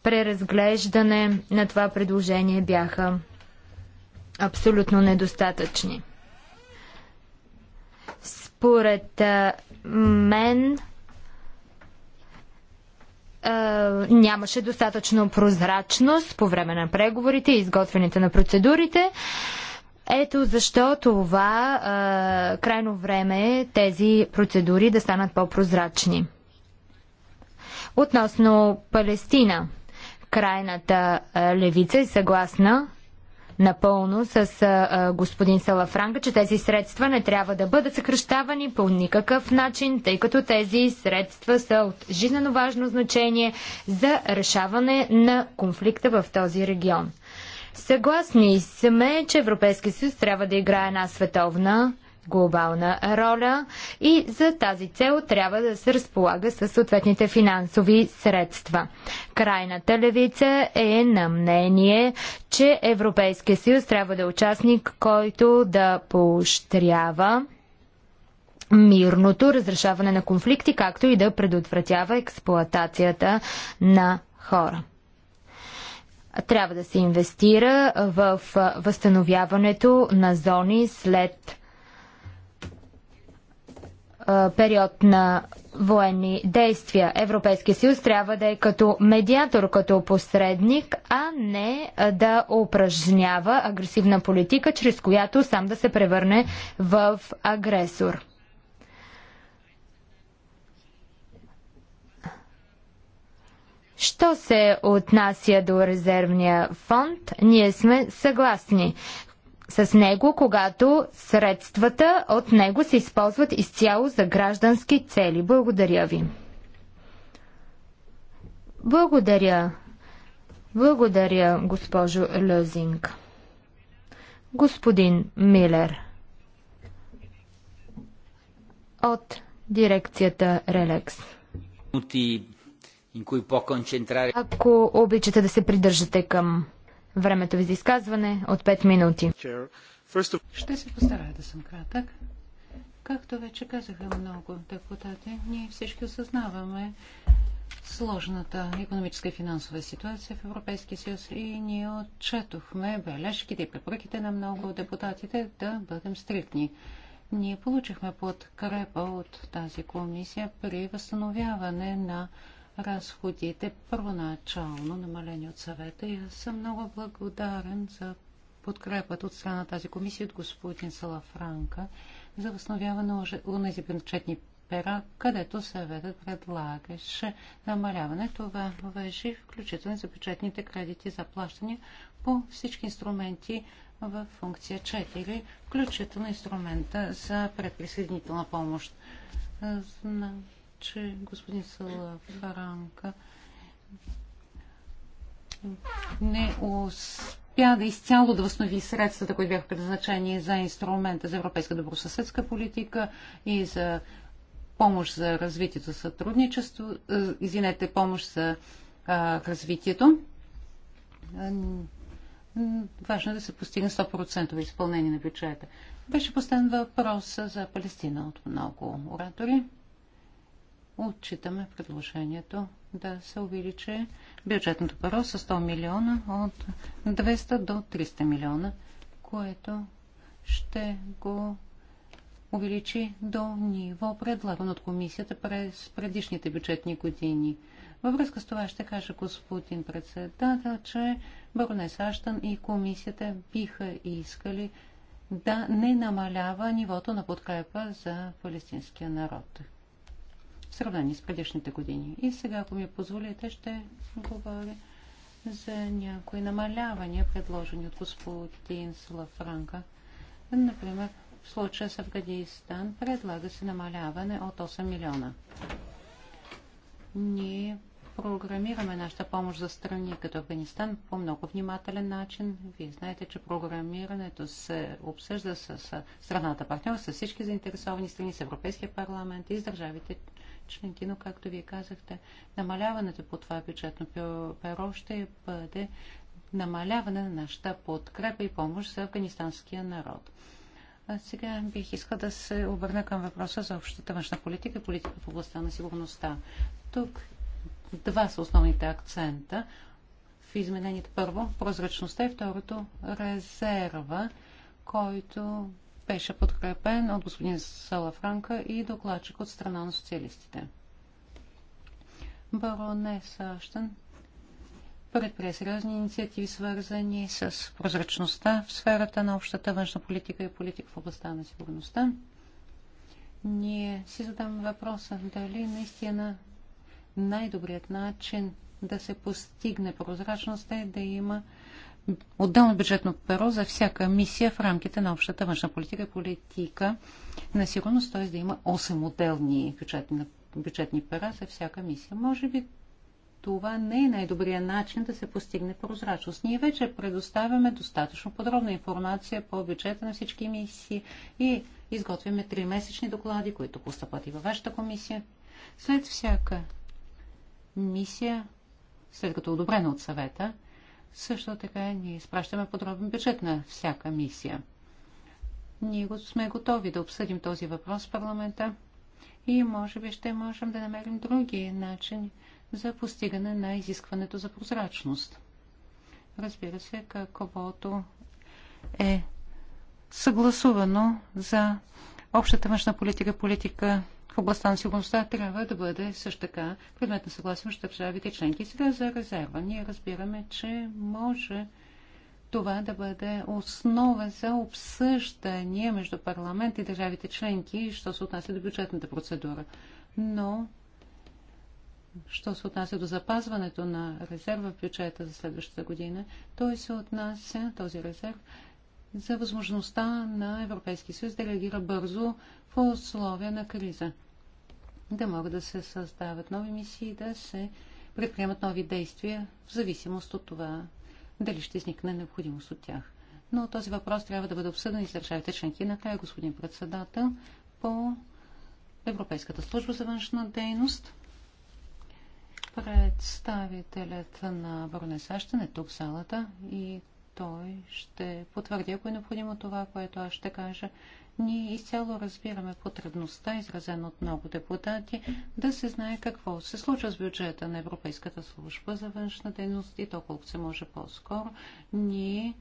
преразглеждане на това предложение бяха абсолютно недостатъчни. Според мен е, нямаше достатъчно прозрачност по време на преговорите и изготвянето на процедурите. Ето защо това е, крайно време е тези процедури да станат по-прозрачни. Относно Палестина, крайната е, левица е съгласна напълно с господин Салафранка, че тези средства не трябва да бъдат съкръщавани по никакъв начин, тъй като тези средства са от жизненно важно значение за решаване на конфликта в този регион. Съгласни сме, че Европейския съюз трябва да играе една световна глобална роля и за тази цел трябва да се разполага с съответните финансови средства. Крайната левица е на мнение, че Европейския съюз трябва да е участник, който да поощрява мирното разрешаване на конфликти, както и да предотвратява експлоатацията на хора. Трябва да се инвестира в възстановяването на зони след период на военни действия. Европейския съюз трябва да е като медиатор, като посредник, а не да упражнява агресивна политика, чрез която сам да се превърне в агресор. Що се отнася до резервния фонд, ние сме съгласни с него, когато средствата от него се използват изцяло за граждански цели. Благодаря ви. Благодаря. Благодаря, госпожо Лозинг. Господин Милер от дирекцията Релекс. Ако обичате да се придържате към времето ви за изказване е от 5 минути. Ще се постарая да съм кратък. Както вече казаха много депутати, ние всички осъзнаваме сложната економическа и финансова ситуация в Европейския съюз и ние отчетохме бележките и препоръките на много от депутатите да бъдем стриктни. Ние получихме подкрепа от тази комисия при възстановяване на разходите, първоначално намалени от съвета. И аз съм много благодарен за подкрепата от страна на тази комисия от господин Салафранка за възстановяване на тези бюджетни пера, където съветът предлагаше намаляване. Това въжи включително за бюджетните кредити за плащане по всички инструменти в функция 4, включително инструмента за предприсъединителна помощ че господин Салафаранка не успя да изцяло да възстанови средствата, които бяха предназначени за инструмента за европейска добросъседска политика и за помощ за развитието сътрудничество, е, извинете, помощ за а, развитието. Важно е да се постигне 100% изпълнение на бюджета. Беше поставен въпрос за Палестина от много оратори отчитаме предложението да се увеличи бюджетното паро с 100 милиона от 200 до 300 милиона, което ще го увеличи до ниво предлагано от комисията през предишните бюджетни години. Във връзка с това ще кажа господин председател, че баронес Аштън и комисията биха искали да не намалява нивото на подкрепа за палестинския народ в сравнение с предишните години. И сега, ако ми позволите, ще говоря за някои намалявания, предложени от господин Салафранка. Например, в случая с Афганистан предлага се намаляване от 8 милиона. Ние програмираме нашата помощ за страни като Афганистан по много внимателен начин. Вие знаете, че програмирането се обсъжда с страната партньор, с всички заинтересовани страни, с Европейския парламент и с държавите членки, но както вие казахте, намаляването по това бюджетно перо ще бъде намаляване на нашата подкрепа и помощ за афганистанския народ. А сега бих искал да се обърна към въпроса за общата външна политика и политика в областта на сигурността. Тук два са основните акцента в изменението. Първо, прозрачността и второто, резерва, който беше подкрепен от господин Салафранка и докладчик от страна на социалистите. Баронеса Аштън предприе сериозни инициативи, свързани с прозрачността в сферата на общата външна политика и политика в областта на сигурността. Ние си задаваме въпроса дали наистина най-добрият начин да се постигне прозрачност е да има отделно бюджетно перо за всяка мисия в рамките на общата външна политика и политика на сигурност, т.е. да има 8 отделни бюджетни, бюджетни пера за всяка мисия. Може би това не е най-добрият начин да се постигне прозрачност. Ние вече предоставяме достатъчно подробна информация по бюджета на всички мисии и изготвяме месечни доклади, които постъпват и във вашата комисия. След всяка мисия, след като е одобрена от съвета, също така ние изпращаме подробен бюджет на всяка мисия. Ние сме готови да обсъдим този въпрос в парламента и може би ще можем да намерим други начини за постигане на изискването за прозрачност. Разбира се, каквото е съгласувано за общата външна политика, политика в областта на сигурността трябва да бъде също така предмет на съгласие между държавите членки. Сега за резерва. Ние разбираме, че може това да бъде основа за обсъждания между парламент и държавите членки, що се отнася до бюджетната процедура. Но, що се отнася до запазването на резерва в бюджета за следващата година, той се отнася, този резерв за възможността на Европейския съюз да реагира бързо в условия на криза. Да могат да се създават нови мисии, да се предприемат нови действия, в зависимост от това дали ще изникне необходимост от тях. Но този въпрос трябва да бъде обсъден и с държавите членки. Накрая, господин председател, по Европейската служба за външна дейност. Представителят на Бронесаща не е тук в залата и той ще потвърди, ако е необходимо това, което аз ще кажа. Ние изцяло разбираме потребността, изразена от много депутати, да се знае какво се случва с бюджета на Европейската служба за външна дейност и то колко се може по-скоро. Ние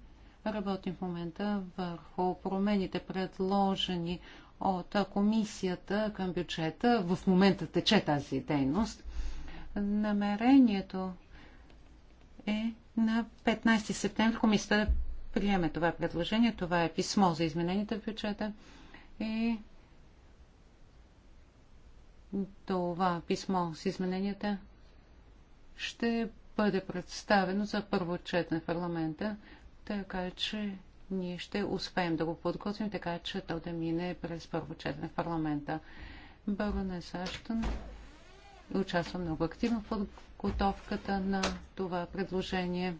работим в момента върху промените, предложени от комисията към бюджета. В момента тече тази дейност. Намерението е на 15 септември комисията да приеме това предложение. Това е писмо за изменените в бюджета. И това писмо с измененията ще бъде представено за първо отчет на парламента, така че ние ще успеем да го подготвим, така че то да мине през първо отчет на парламента. Баронес Аштън участва много активно в подготовката на това предложение.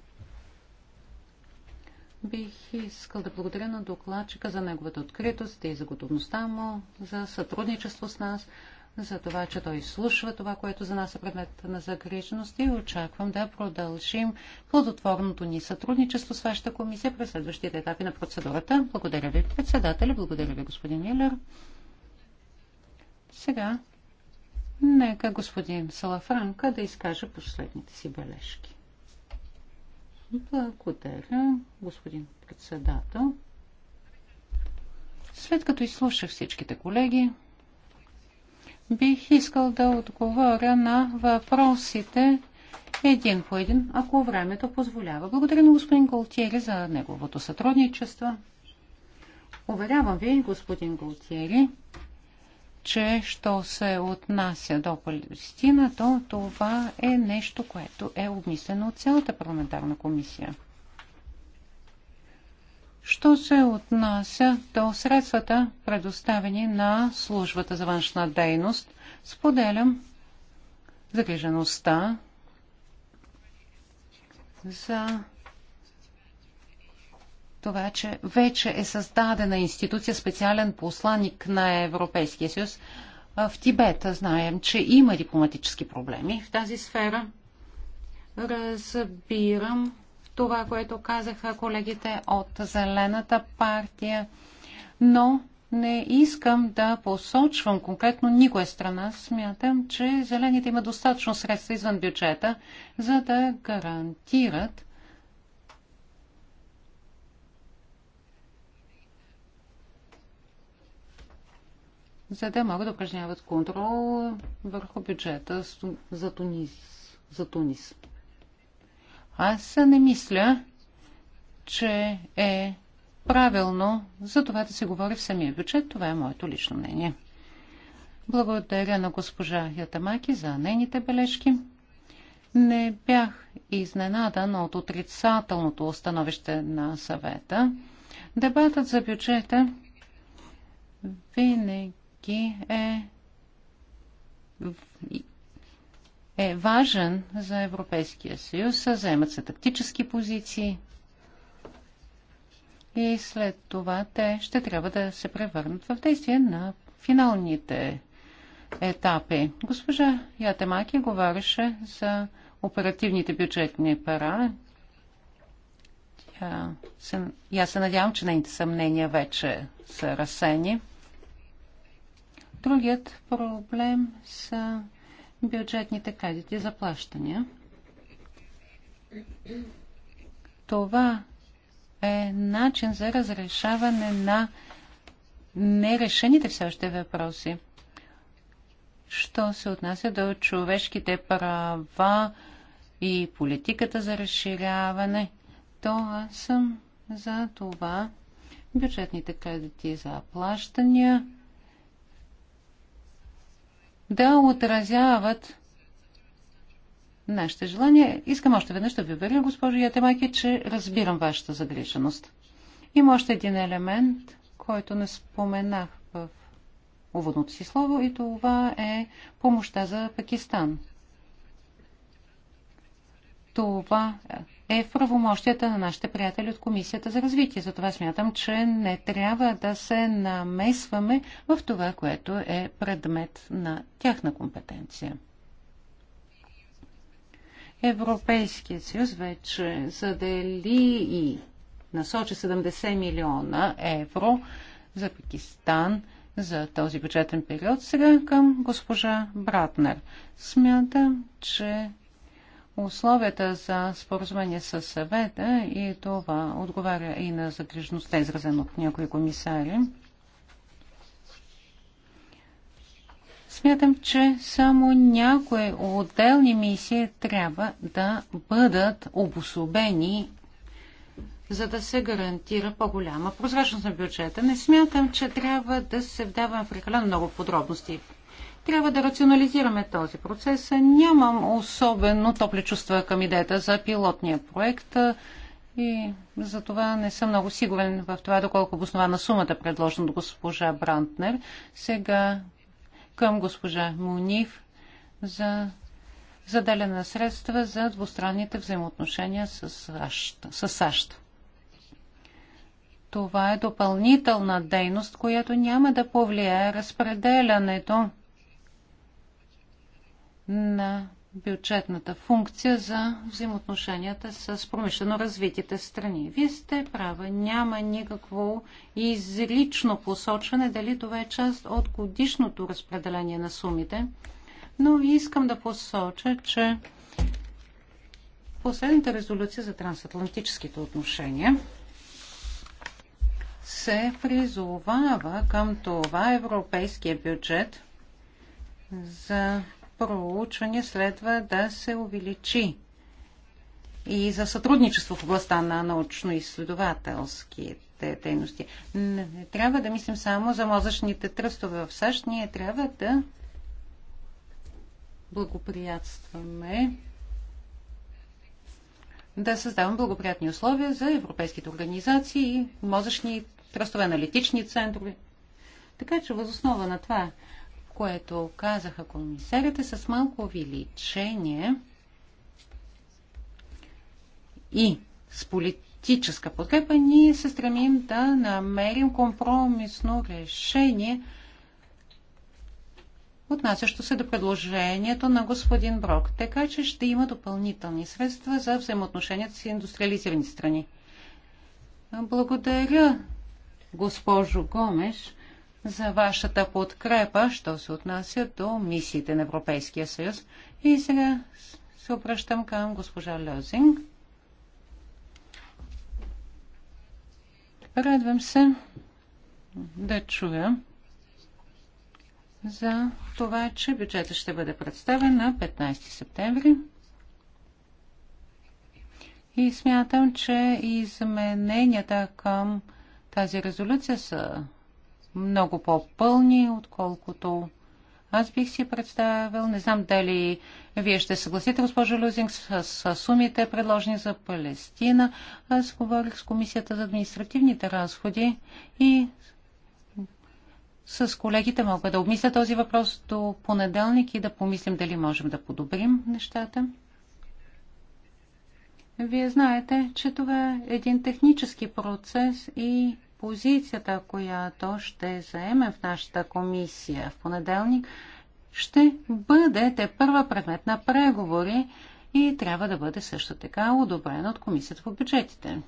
Бих искал да благодаря на докладчика за неговата откритост и за готовността му за сътрудничество с нас, за това, че той слушва това, което за нас е предмет на загриженост и очаквам да продължим плодотворното ни сътрудничество с вашата комисия през следващите етапи на процедурата. Благодаря ви, председателя, благодаря ви, господин Милер. Сега Нека господин Салафранка да изкаже последните си бележки. Благодаря, господин председател. След като изслушах всичките колеги, бих искал да отговоря на въпросите един по един, ако времето позволява. Благодаря на господин Голтиери за неговото сътрудничество. Уверявам ви, господин Голтиери, че що се отнася до Палестина, то това е нещо, което е обмислено от цялата парламентарна комисия. Що се отнася до средствата, предоставени на службата за външна дейност, споделям загрижеността за това, че вече е създадена институция, специален посланник на Европейския съюз в Тибет. Знаем, че има дипломатически проблеми в тази сфера. Разбирам това, което казаха колегите от Зелената партия, но не искам да посочвам конкретно никоя страна. Смятам, че зелените имат достатъчно средства извън бюджета, за да гарантират за да могат да упражняват контрол върху бюджета за Тунис. За Тунис. Аз не мисля, че е правилно за това да се говори в самия бюджет. Това е моето лично мнение. Благодаря на госпожа Ятамаки за нейните бележки. Не бях изненадан от отрицателното установище на съвета. Дебатът за бюджета винаги мерки е, е важен за Европейския съюз. Заемат се тактически позиции и след това те ще трябва да се превърнат в действие на финалните етапи. Госпожа Ятемаки говореше за оперативните бюджетни пара. Тя се, я се надявам, че нейните съмнения вече са разсени. Другият проблем са бюджетните кредити за плащания. Това е начин за разрешаване на нерешените все още въпроси. Що се отнася до човешките права и политиката за разширяване, то аз съм за това бюджетните кредити за плащания – да отразяват нашите желания. Искам още веднъж да ви уверя, госпожо Ятемаки, че разбирам вашата загриженост. Има още един елемент, който не споменах в уводното си слово и това е помощта за Пакистан. Това е в правомощията на нашите приятели от Комисията за развитие. Затова смятам, че не трябва да се намесваме в това, което е предмет на тяхна компетенция. Европейският съюз вече задели и насочи 70 милиона евро за Пакистан за този бюджетен период. Сега към госпожа Братнер. Смятам, че условията за споразумение с съвета и това отговаря и на загрижността, изразено от някои комисари. Смятам, че само някои отделни мисии трябва да бъдат обособени, за да се гарантира по-голяма прозрачност на бюджета. Не смятам, че трябва да се вдавам в прекалено много подробности. Трябва да рационализираме този процес. Нямам особено топли чувства към идеята за пилотния проект и за това не съм много сигурен в това, доколко обоснована сумата, предложена от госпожа Брантнер. Сега към госпожа Мунив за заделяне на средства за двустранните взаимоотношения с САЩ. С САЩ. Това е допълнителна дейност, която няма да повлияе разпределянето на бюджетната функция за взаимоотношенията с промишлено развитите страни. Вие сте права, няма никакво излично посочване дали това е част от годишното разпределение на сумите, но искам да посоча, че последната резолюция за трансатлантическите отношения се призовава към това европейския бюджет за проучване следва да се увеличи и за сътрудничество в областта на научно-изследователските дейности. Не трябва да мислим само за мозъчните тръстове в САЩ. Ние трябва да благоприятстваме да създавам благоприятни условия за европейските организации и мозъчни тръстове аналитични центрове. Така че възоснова на това което казаха комисарите, с малко увеличение и с политическа подкрепа ние се стремим да намерим компромисно решение, отнасящо се до предложението на господин Брок. Така че ще има допълнителни средства за взаимоотношенията с индустриализирани страни. Благодаря, госпожо Гомеш за вашата подкрепа, що се отнася до мисиите на Европейския съюз. И сега се обръщам към госпожа Лозинг. Радвам се да чуя за това, че бюджетът ще бъде представен на 15 септември. И смятам, че измененията към тази резолюция са много по-пълни, отколкото аз бих си представил. Не знам дали вие ще съгласите, госпожо Люзинг, с, с сумите, предложени за Палестина. Аз говорих с Комисията за административните разходи и с колегите мога да обмисля този въпрос до понеделник и да помислим дали можем да подобрим нещата. Вие знаете, че това е един технически процес и позицията, която ще заеме в нашата комисия в понеделник, ще бъде те първа предмет на преговори и трябва да бъде също така одобрена от комисията по бюджетите.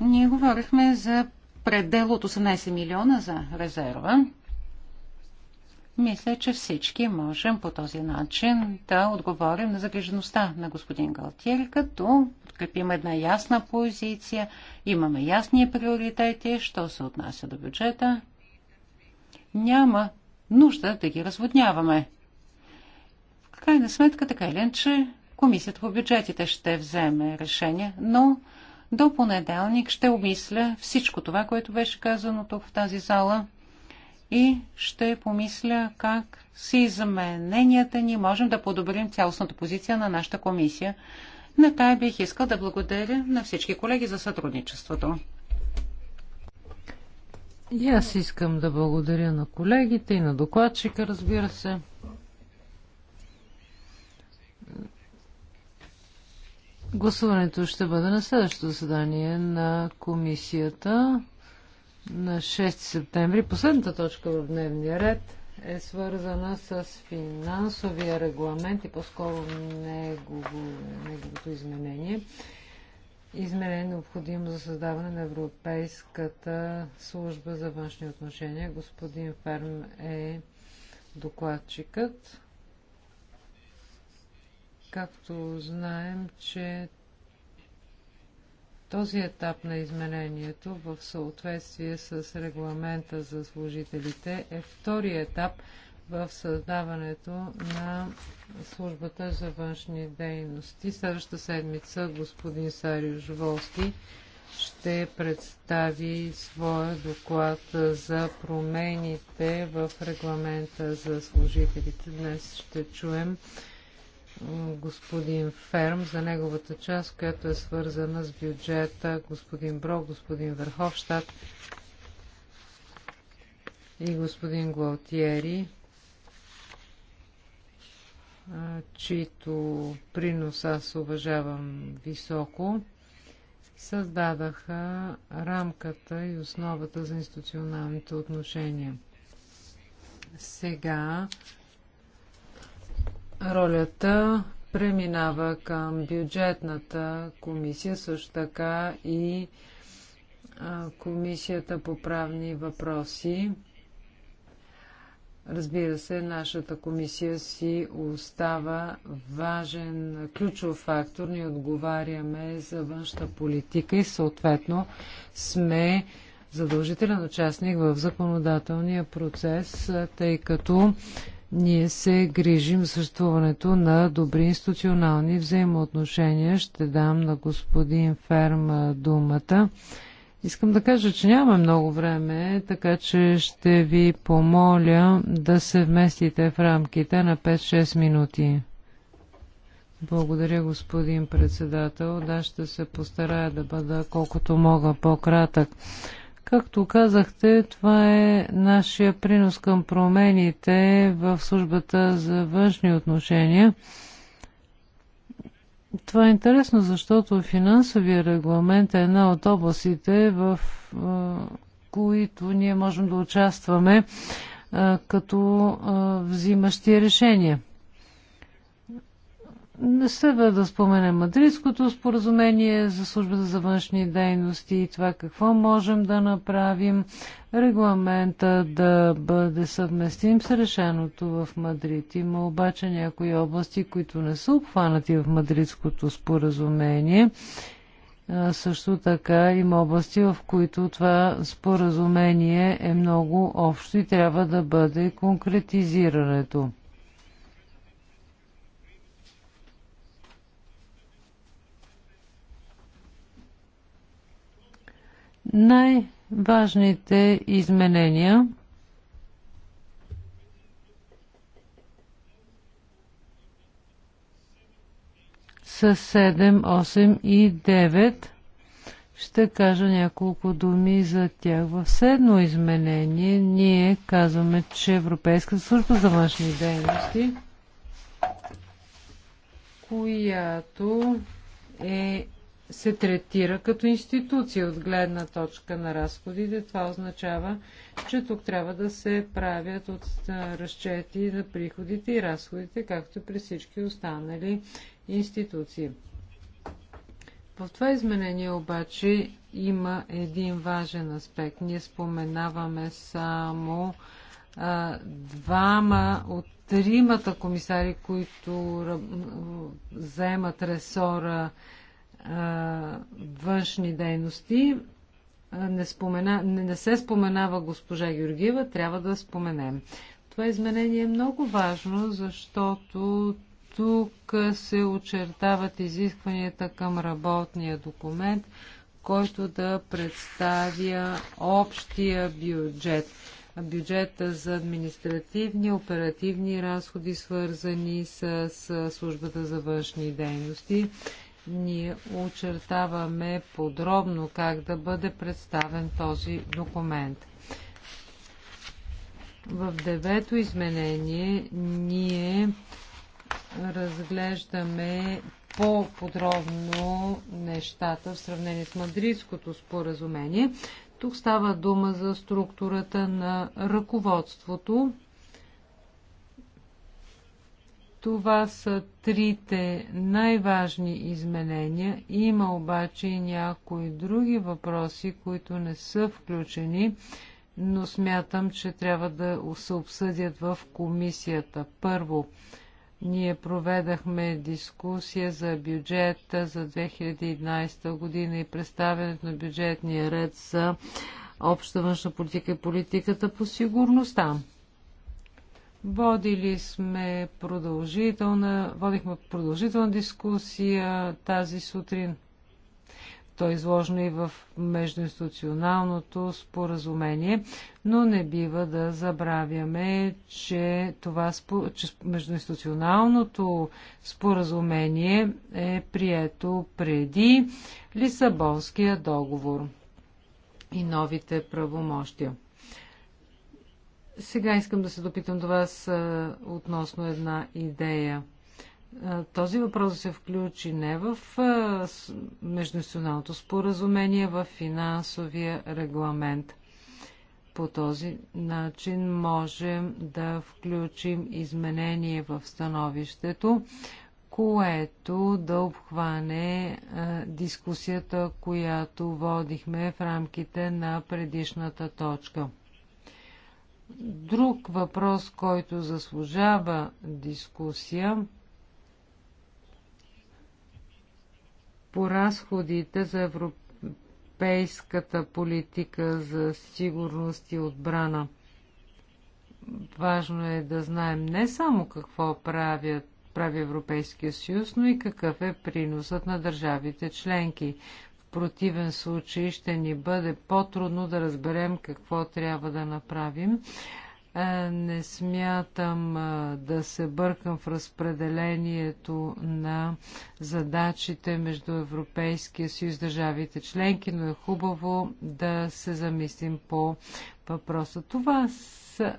Ние говорихме за предел от 18 милиона за резерва. Мисля, че всички можем по този начин да отговорим на загрижеността на господин Галтиер, като подкрепим една ясна позиция, имаме ясни приоритети, що се отнася до бюджета. Няма нужда да ги разводняваме. В крайна сметка, така или е, че комисията по бюджетите ще вземе решение, но до понеделник ще обмисля всичко това, което беше казано тук в тази зала и ще помисля как с измененията ни можем да подобрим цялостната позиция на нашата комисия. На тая бих искал да благодаря на всички колеги за сътрудничеството. И аз искам да благодаря на колегите и на докладчика, разбира се. Гласуването ще бъде на следващото заседание на комисията на 6 септември. Последната точка в дневния ред е свързана с финансовия регламент и по-скоро негово, неговото изменение. Изменение е необходимо за създаване на Европейската служба за външни отношения. Господин Ферм е докладчикът. Както знаем, че този етап на изменението в съответствие с регламента за служителите е втори етап в създаването на службата за външни дейности. Следващата седмица господин Сариуш Волски ще представи своя доклад за промените в регламента за служителите. Днес ще чуем господин Ферм за неговата част, която е свързана с бюджета, господин Бро, господин Верховщад и господин Глаутиери, чието принос аз уважавам високо, създадаха рамката и основата за институционалните отношения. Сега Ролята преминава към бюджетната комисия, също така и комисията по правни въпроси. Разбира се, нашата комисия си остава важен ключов фактор. Ние отговаряме за външна политика и съответно сме задължителен участник в законодателния процес, тъй като ние се грижим съществуването на добри институционални взаимоотношения. Ще дам на господин Ферм думата. Искам да кажа, че нямаме много време, така че ще ви помоля да се вместите в рамките на 5-6 минути. Благодаря, господин председател. Да, ще се постарая да бъда колкото мога по-кратък. Както казахте, това е нашия принос към промените в службата за външни отношения. Това е интересно, защото финансовия регламент е една от областите, в които ние можем да участваме като взимащи решения. Не следва да споменем Мадридското споразумение за службата за външни дейности и това какво можем да направим. Регламента да бъде съвместим с решеното в Мадрид. Има обаче някои области, които не са обхванати в Мадридското споразумение. А, също така има области, в които това споразумение е много общо и трябва да бъде конкретизирането. Най-важните изменения с 7, 8 и 9. Ще кажа няколко думи за тях. В седно изменение ние казваме, че Европейска служба за външни дейности, която е се третира като институция от гледна точка на разходите. Това означава, че тук трябва да се правят от разчети на приходите и разходите, както при всички останали институции. В това изменение обаче има един важен аспект. Ние споменаваме само а, двама от тримата комисари, които заемат ресора външни дейности не, спомена, не се споменава госпожа Георгиева, трябва да споменем. Това изменение е много важно, защото тук се очертават изискванията към работния документ, който да представя общия бюджет. Бюджета за административни, оперативни разходи, свързани с, с службата за външни дейности ние очертаваме подробно как да бъде представен този документ. В девето изменение ние разглеждаме по-подробно нещата в сравнение с Мадридското споразумение. Тук става дума за структурата на ръководството това са трите най-важни изменения. Има обаче и някои други въпроси, които не са включени, но смятам, че трябва да се обсъдят в комисията. Първо, ние проведахме дискусия за бюджета за 2011 година и представянето на бюджетния ред за обща външна политика и политиката по сигурността. Водили сме продължителна, водихме продължителна дискусия тази сутрин. То е изложено и в междуинституционалното споразумение, но не бива да забравяме, че, това, че междуинституционалното споразумение е прието преди Лисабонския договор и новите правомощия. Сега искам да се допитам до вас относно една идея. Този въпрос да се включи не в междунационалното споразумение, в финансовия регламент. По този начин можем да включим изменение в становището, което да обхване дискусията, която водихме в рамките на предишната точка. Друг въпрос, който заслужава дискусия по разходите за европейската политика за сигурност и отбрана. Важно е да знаем не само какво правят прави Европейския съюз, но и какъв е приносът на държавите членки противен случай ще ни бъде по-трудно да разберем какво трябва да направим. Е, не смятам е, да се бъркам в разпределението на задачите между Европейския съюз държавите членки, но е хубаво да се замислим по въпроса. Това са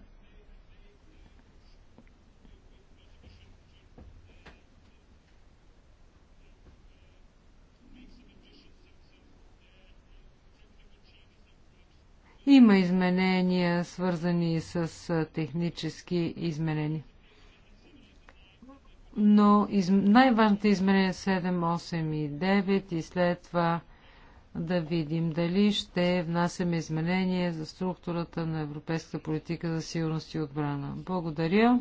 Има изменения, свързани с технически изменения. Но из... най-важните изменения 7, 8 и 9 и след това да видим дали ще внасяме изменения за структурата на европейската политика за сигурност и отбрана. Благодаря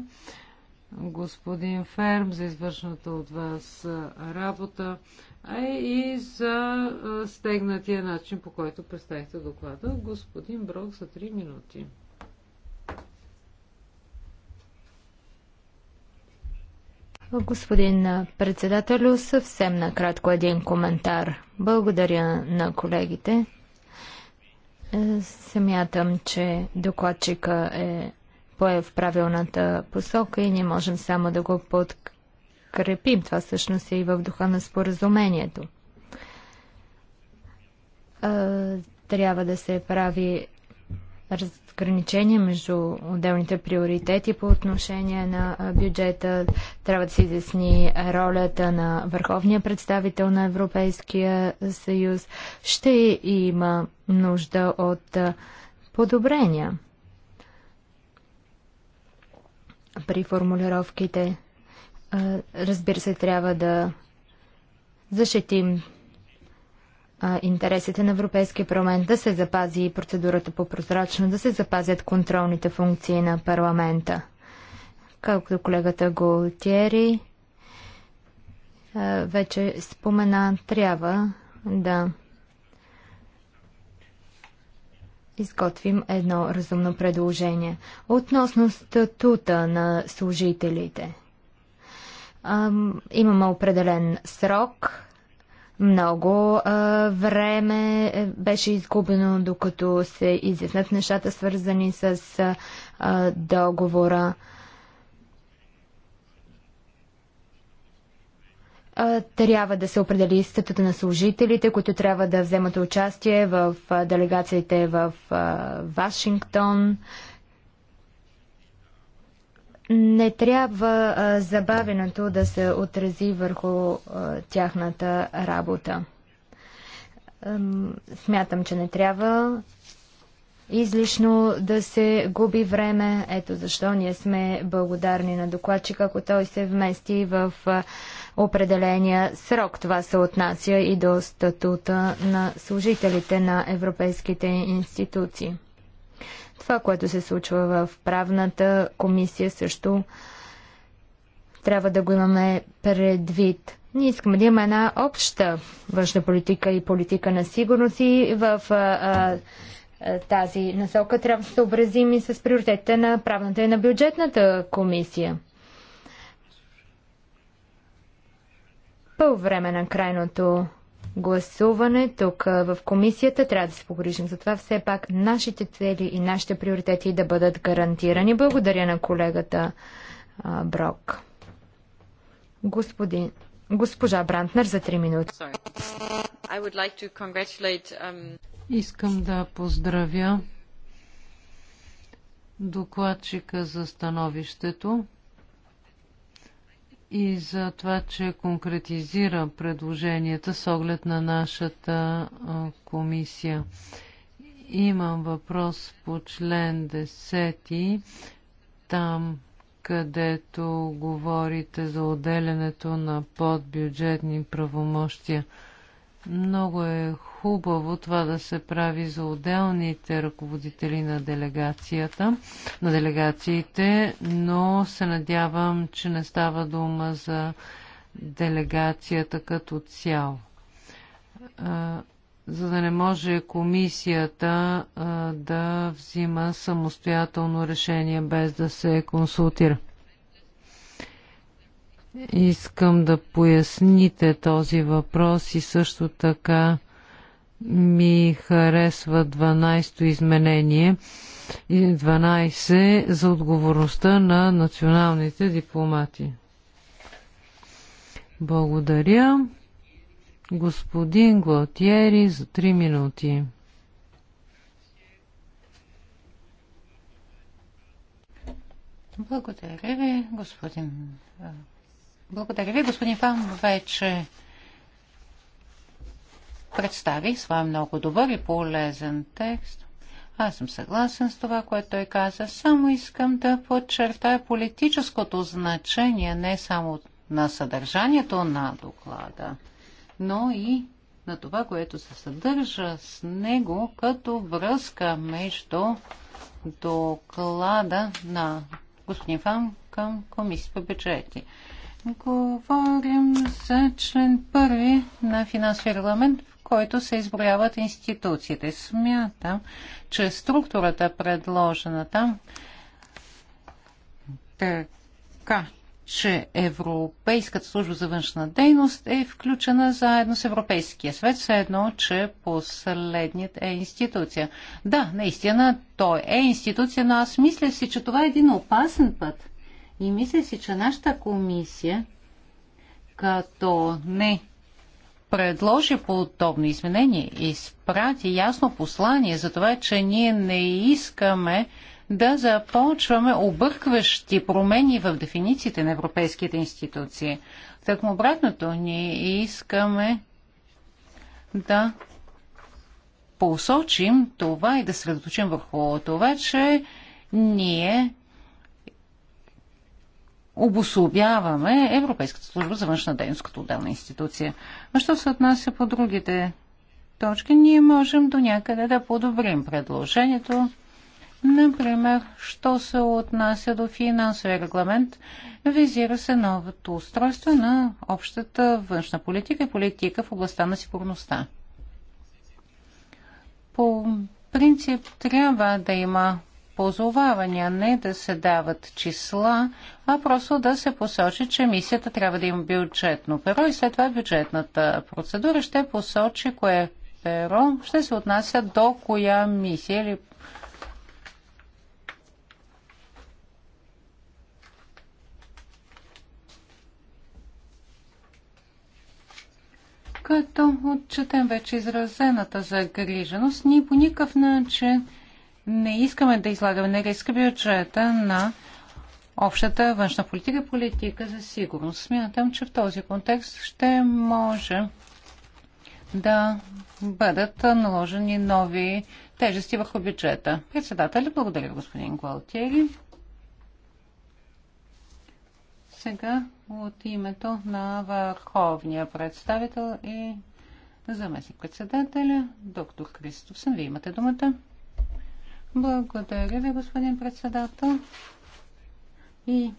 господин Ферм за извършната от вас работа, а и за стегнатия начин, по който представихте доклада. Господин Брок за 3 минути. Господин председател, съвсем накратко един коментар. Благодаря на колегите. Е, смятам, че докладчика е пое в правилната посока и ние можем само да го подкрепим. Това всъщност е и в духа на споразумението. Трябва да се прави разграничение между отделните приоритети по отношение на бюджета. Трябва да се изясни ролята на върховния представител на Европейския съюз. Ще има нужда от подобрения при формулировките. Разбира се, трябва да защитим интересите на Европейския парламент, да се запази и процедурата по прозрачно, да се запазят контролните функции на парламента. Както колегата Голтиери вече спомена, трябва да изготвим едно разумно предложение. Относно статута на служителите. Ам, имаме определен срок. Много а, време е, беше изгубено, докато се изяснат нещата, свързани с а, договора. трябва да се определи статута на служителите, които трябва да вземат участие в делегациите в Вашингтон. Не трябва забавенето да се отрази върху тяхната работа. Смятам, че не трябва излишно да се губи време. Ето защо ние сме благодарни на докладчика, ако той се вмести в определения срок. Това се отнася и до статута на служителите на европейските институции. Това, което се случва в правната комисия също трябва да го имаме предвид. Ние искаме да има една обща външна политика и политика на сигурност и в а, а, е, тази насока, трябва да се образим и с приоритетите на правната и на бюджетната комисия. По време на крайното гласуване тук е, в комисията трябва да се погрижим за това все пак нашите цели и нашите приоритети да бъдат гарантирани. Благодаря на колегата а, е, Брок. Господин, госпожа Брантнер за 3 минути. Искам да поздравя докладчика за становището и за това, че конкретизира предложенията с оглед на нашата комисия. Имам въпрос по член 10, там където говорите за отделянето на подбюджетни правомощия – много е хубаво това да се прави за отделните ръководители на делегацията, на делегациите, но се надявам, че не става дума за делегацията като цяло. За да не може комисията да взима самостоятелно решение без да се консултира. Искам да поясните този въпрос и също така ми харесва 12-то изменение 12 за отговорността на националните дипломати. Благодаря. Господин Глотиери за 3 минути. Благодаря ви, господин благодаря ви, господин Фам. Вече представи своя много добър и полезен текст. Аз съм съгласен с това, което той каза. Само искам да подчертая политическото значение не само на съдържанието на доклада, но и на това, което се съдържа с него като връзка между доклада на господин Фам към Комисия по бюджети. Говорим за член първи на финансовия регламент, в който се изброяват институциите. Смятам, че структурата предложена там така, че Европейската служба за външна дейност е включена заедно с Европейския свет, все едно, че последният е институция. Да, наистина той е институция, но аз мисля си, че това е един опасен път. И мисля си, че нашата комисия, като не предложи подобно изменение, изпрати ясно послание за това, че ние не искаме да започваме объркващи промени в дефинициите на европейските институции. му обратното, ние искаме да посочим това и да средоточим върху това, че ние обособяваме Европейската служба за външна дейност като отделна институция. А що се отнася по другите точки, ние можем до някъде да подобрим предложението. Например, що се отнася до финансовия регламент, визира се новото устройство на общата външна политика и политика в областта на сигурността. По принцип трябва да има позовавания, не да се дават числа, а просто да се посочи, че мисията трябва да има бюджетно перо и след това бюджетната процедура ще посочи кое перо ще се отнася до коя мисия или като отчетем вече изразената загриженост, ние по никакъв начин не искаме да излагаме на риска бюджета на общата външна политика и политика за сигурност. Смятам, че в този контекст ще може да бъдат наложени нови тежести върху бюджета. Председателя, благодаря господин Гуалтери. Сега от името на върховния представител и заместник председателя, доктор Кристофсън, вие имате думата. Благодаря ви, господин председател. И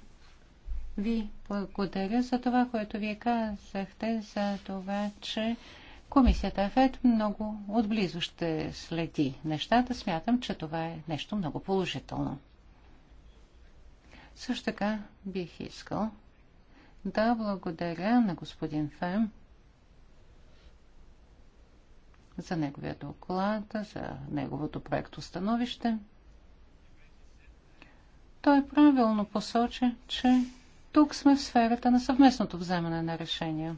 ви благодаря за това, което вие казахте, за това, че комисията ФЕД много отблизо ще следи нещата. Смятам, че това е нещо много положително. Също така бих искал да благодаря на господин Фем за неговия доклад, за неговото проекто становище. Той правилно посочи, че тук сме в сферата на съвместното вземане на решения.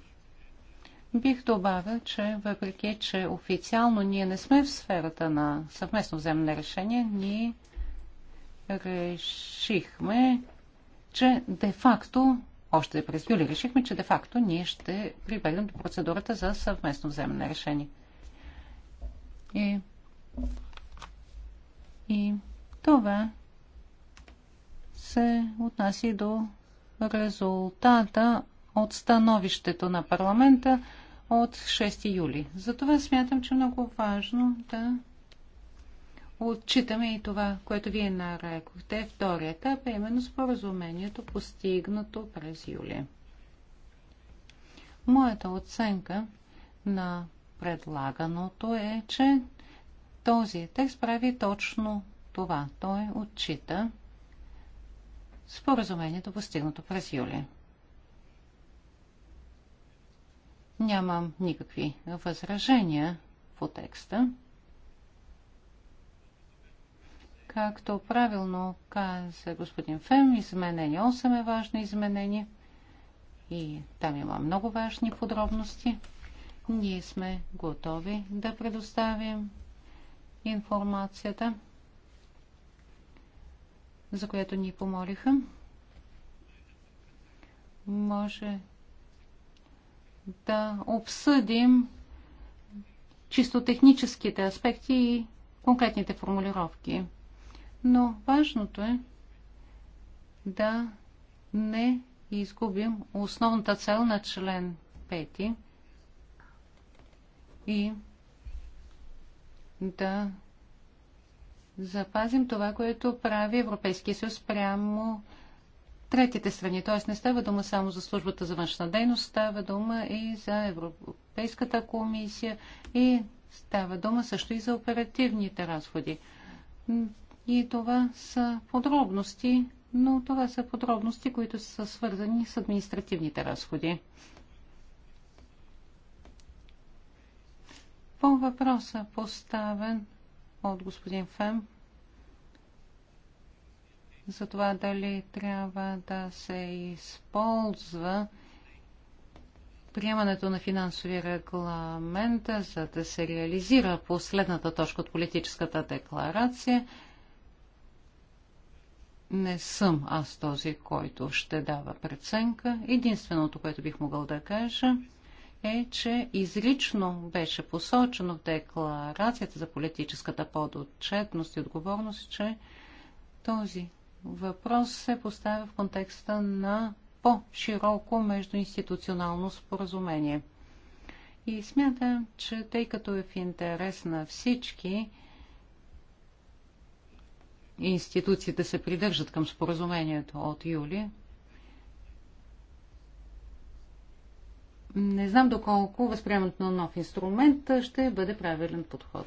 Бих добавил, че въпреки, че официално ние не сме в сферата на съвместно вземане на решение, ние решихме, че де-факто, още през юли решихме, че де-факто ние ще прибегнем до процедурата за съвместно вземане на решение. И, и това се отнася и до резултата от становището на парламента от 6 юли. Затова смятам, че е много важно да отчитаме и това, което вие нарекохте. Втория етап е именно споразумението, постигнато през юли. Моята оценка на предлаганото е, че този текст прави точно това. Той отчита споразумението постигнато през юли. Нямам никакви възражения по текста. Както правилно каза господин Фем, изменение 8 е важно изменение и там има много важни подробности. Ние сме готови да предоставим информацията, за която ни помолиха. Може да обсъдим чисто техническите аспекти и конкретните формулировки. Но важното е да не изгубим основната цел на член 5 и да запазим това, което прави Европейския съюз прямо третите страни. Т.е. не става дума само за службата за външна дейност, става дума и за Европейската комисия и става дума също и за оперативните разходи. И това са подробности, но това са подробности, които са свързани с административните разходи. По въпроса поставен от господин Фем за това дали трябва да се използва приемането на финансови регламента, за да се реализира последната точка от политическата декларация, не съм аз този, който ще дава преценка. Единственото, което бих могъл да кажа, е, че изрично беше посочено в декларацията за политическата подотчетност и отговорност, че този въпрос се поставя в контекста на по-широко междуинституционално споразумение. И смятам, че тъй като е в интерес на всички институции да се придържат към споразумението от юли, не знам доколко възприемането на нов инструмент ще бъде правилен подход.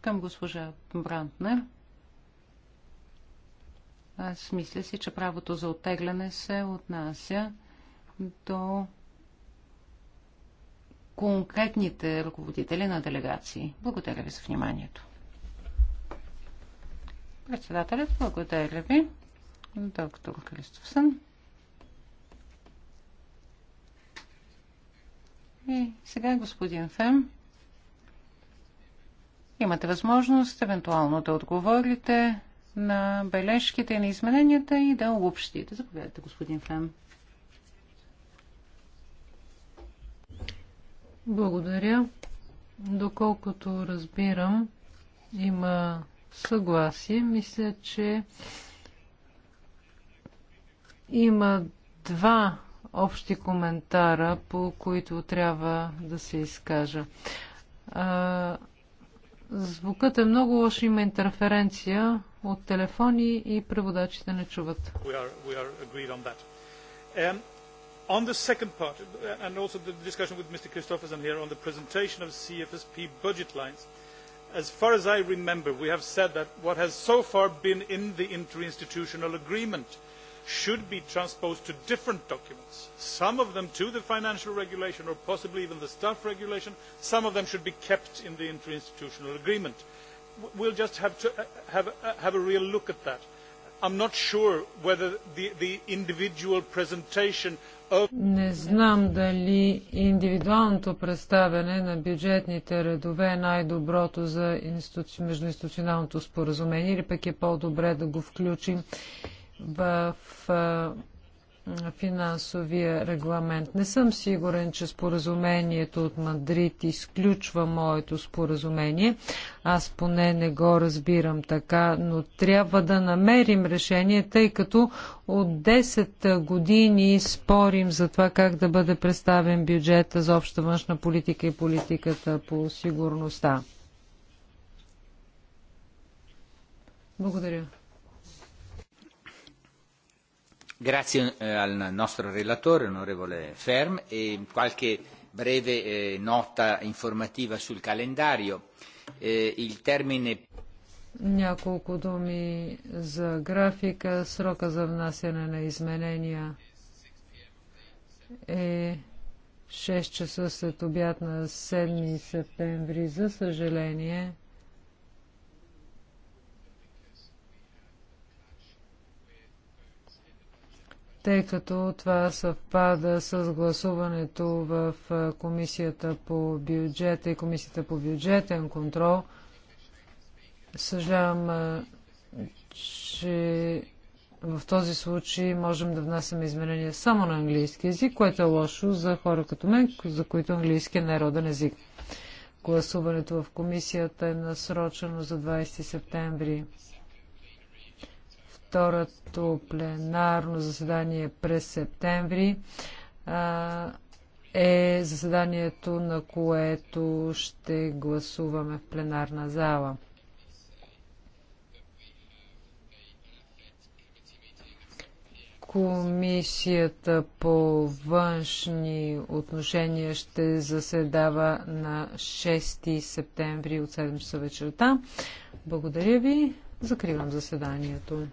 Към госпожа Брантнер. Аз мисля си, че правото за оттегляне се отнася до конкретните ръководители на делегации. Благодаря ви за вниманието. Председателят, благодаря ви доктор Кристофсън. И сега господин Фем. Имате възможност евентуално да отговорите на бележките и на измененията и да обобщите. Заповядайте, господин Фем. Благодаря. Доколкото разбирам, има съгласие. Мисля, че има два общи коментара, по които трябва да се изкажа. звукът е много лош, има интерференция от телефони и преводачите не чуват. on the second part, and also the discussion with Mr. Christofferson here on the presentation of CFSP budget lines, as far as I remember, we have said that what has so far been in the interinstitutional agreement – should be transposed to different documents, some of them to the financial regulation or possibly even the staff regulation, some of them should be kept in the interinstitutional agreement. We'll just have to have, a real look at that. I'm not sure whether the, the individual presentation of... Не знам дали индивидуалното представяне на бюджетните редове е най-доброто за институ... междуинституционалното споразумение или пък е по-добре да го включим в финансовия регламент. Не съм сигурен, че споразумението от Мадрид изключва моето споразумение. Аз поне не го разбирам така, но трябва да намерим решение, тъй като от 10 години спорим за това как да бъде представен бюджета за обща външна политика и политиката по сигурността. Благодаря. Grazie al nostro relatore, onorevole Ferm, e qualche breve nota informativa sul calendario. Il termine няколко думи за графика. Срока за внасяне на изменения е 6 часа след обяд на 7 септември. За съжаление, тъй като това съвпада с гласуването в Комисията по бюджета и Комисията по бюджетен контрол. Съжалявам, че в този случай можем да внасяме изменения само на английски язик, което е лошо за хора като мен, за които английски е народен език. Гласуването в комисията е насрочено за 20 септември второто пленарно заседание през септември е заседанието, на което ще гласуваме в пленарна зала. Комисията по външни отношения ще заседава на 6 септември от 7 часа вечерта. Благодаря ви. Закривам заседанието.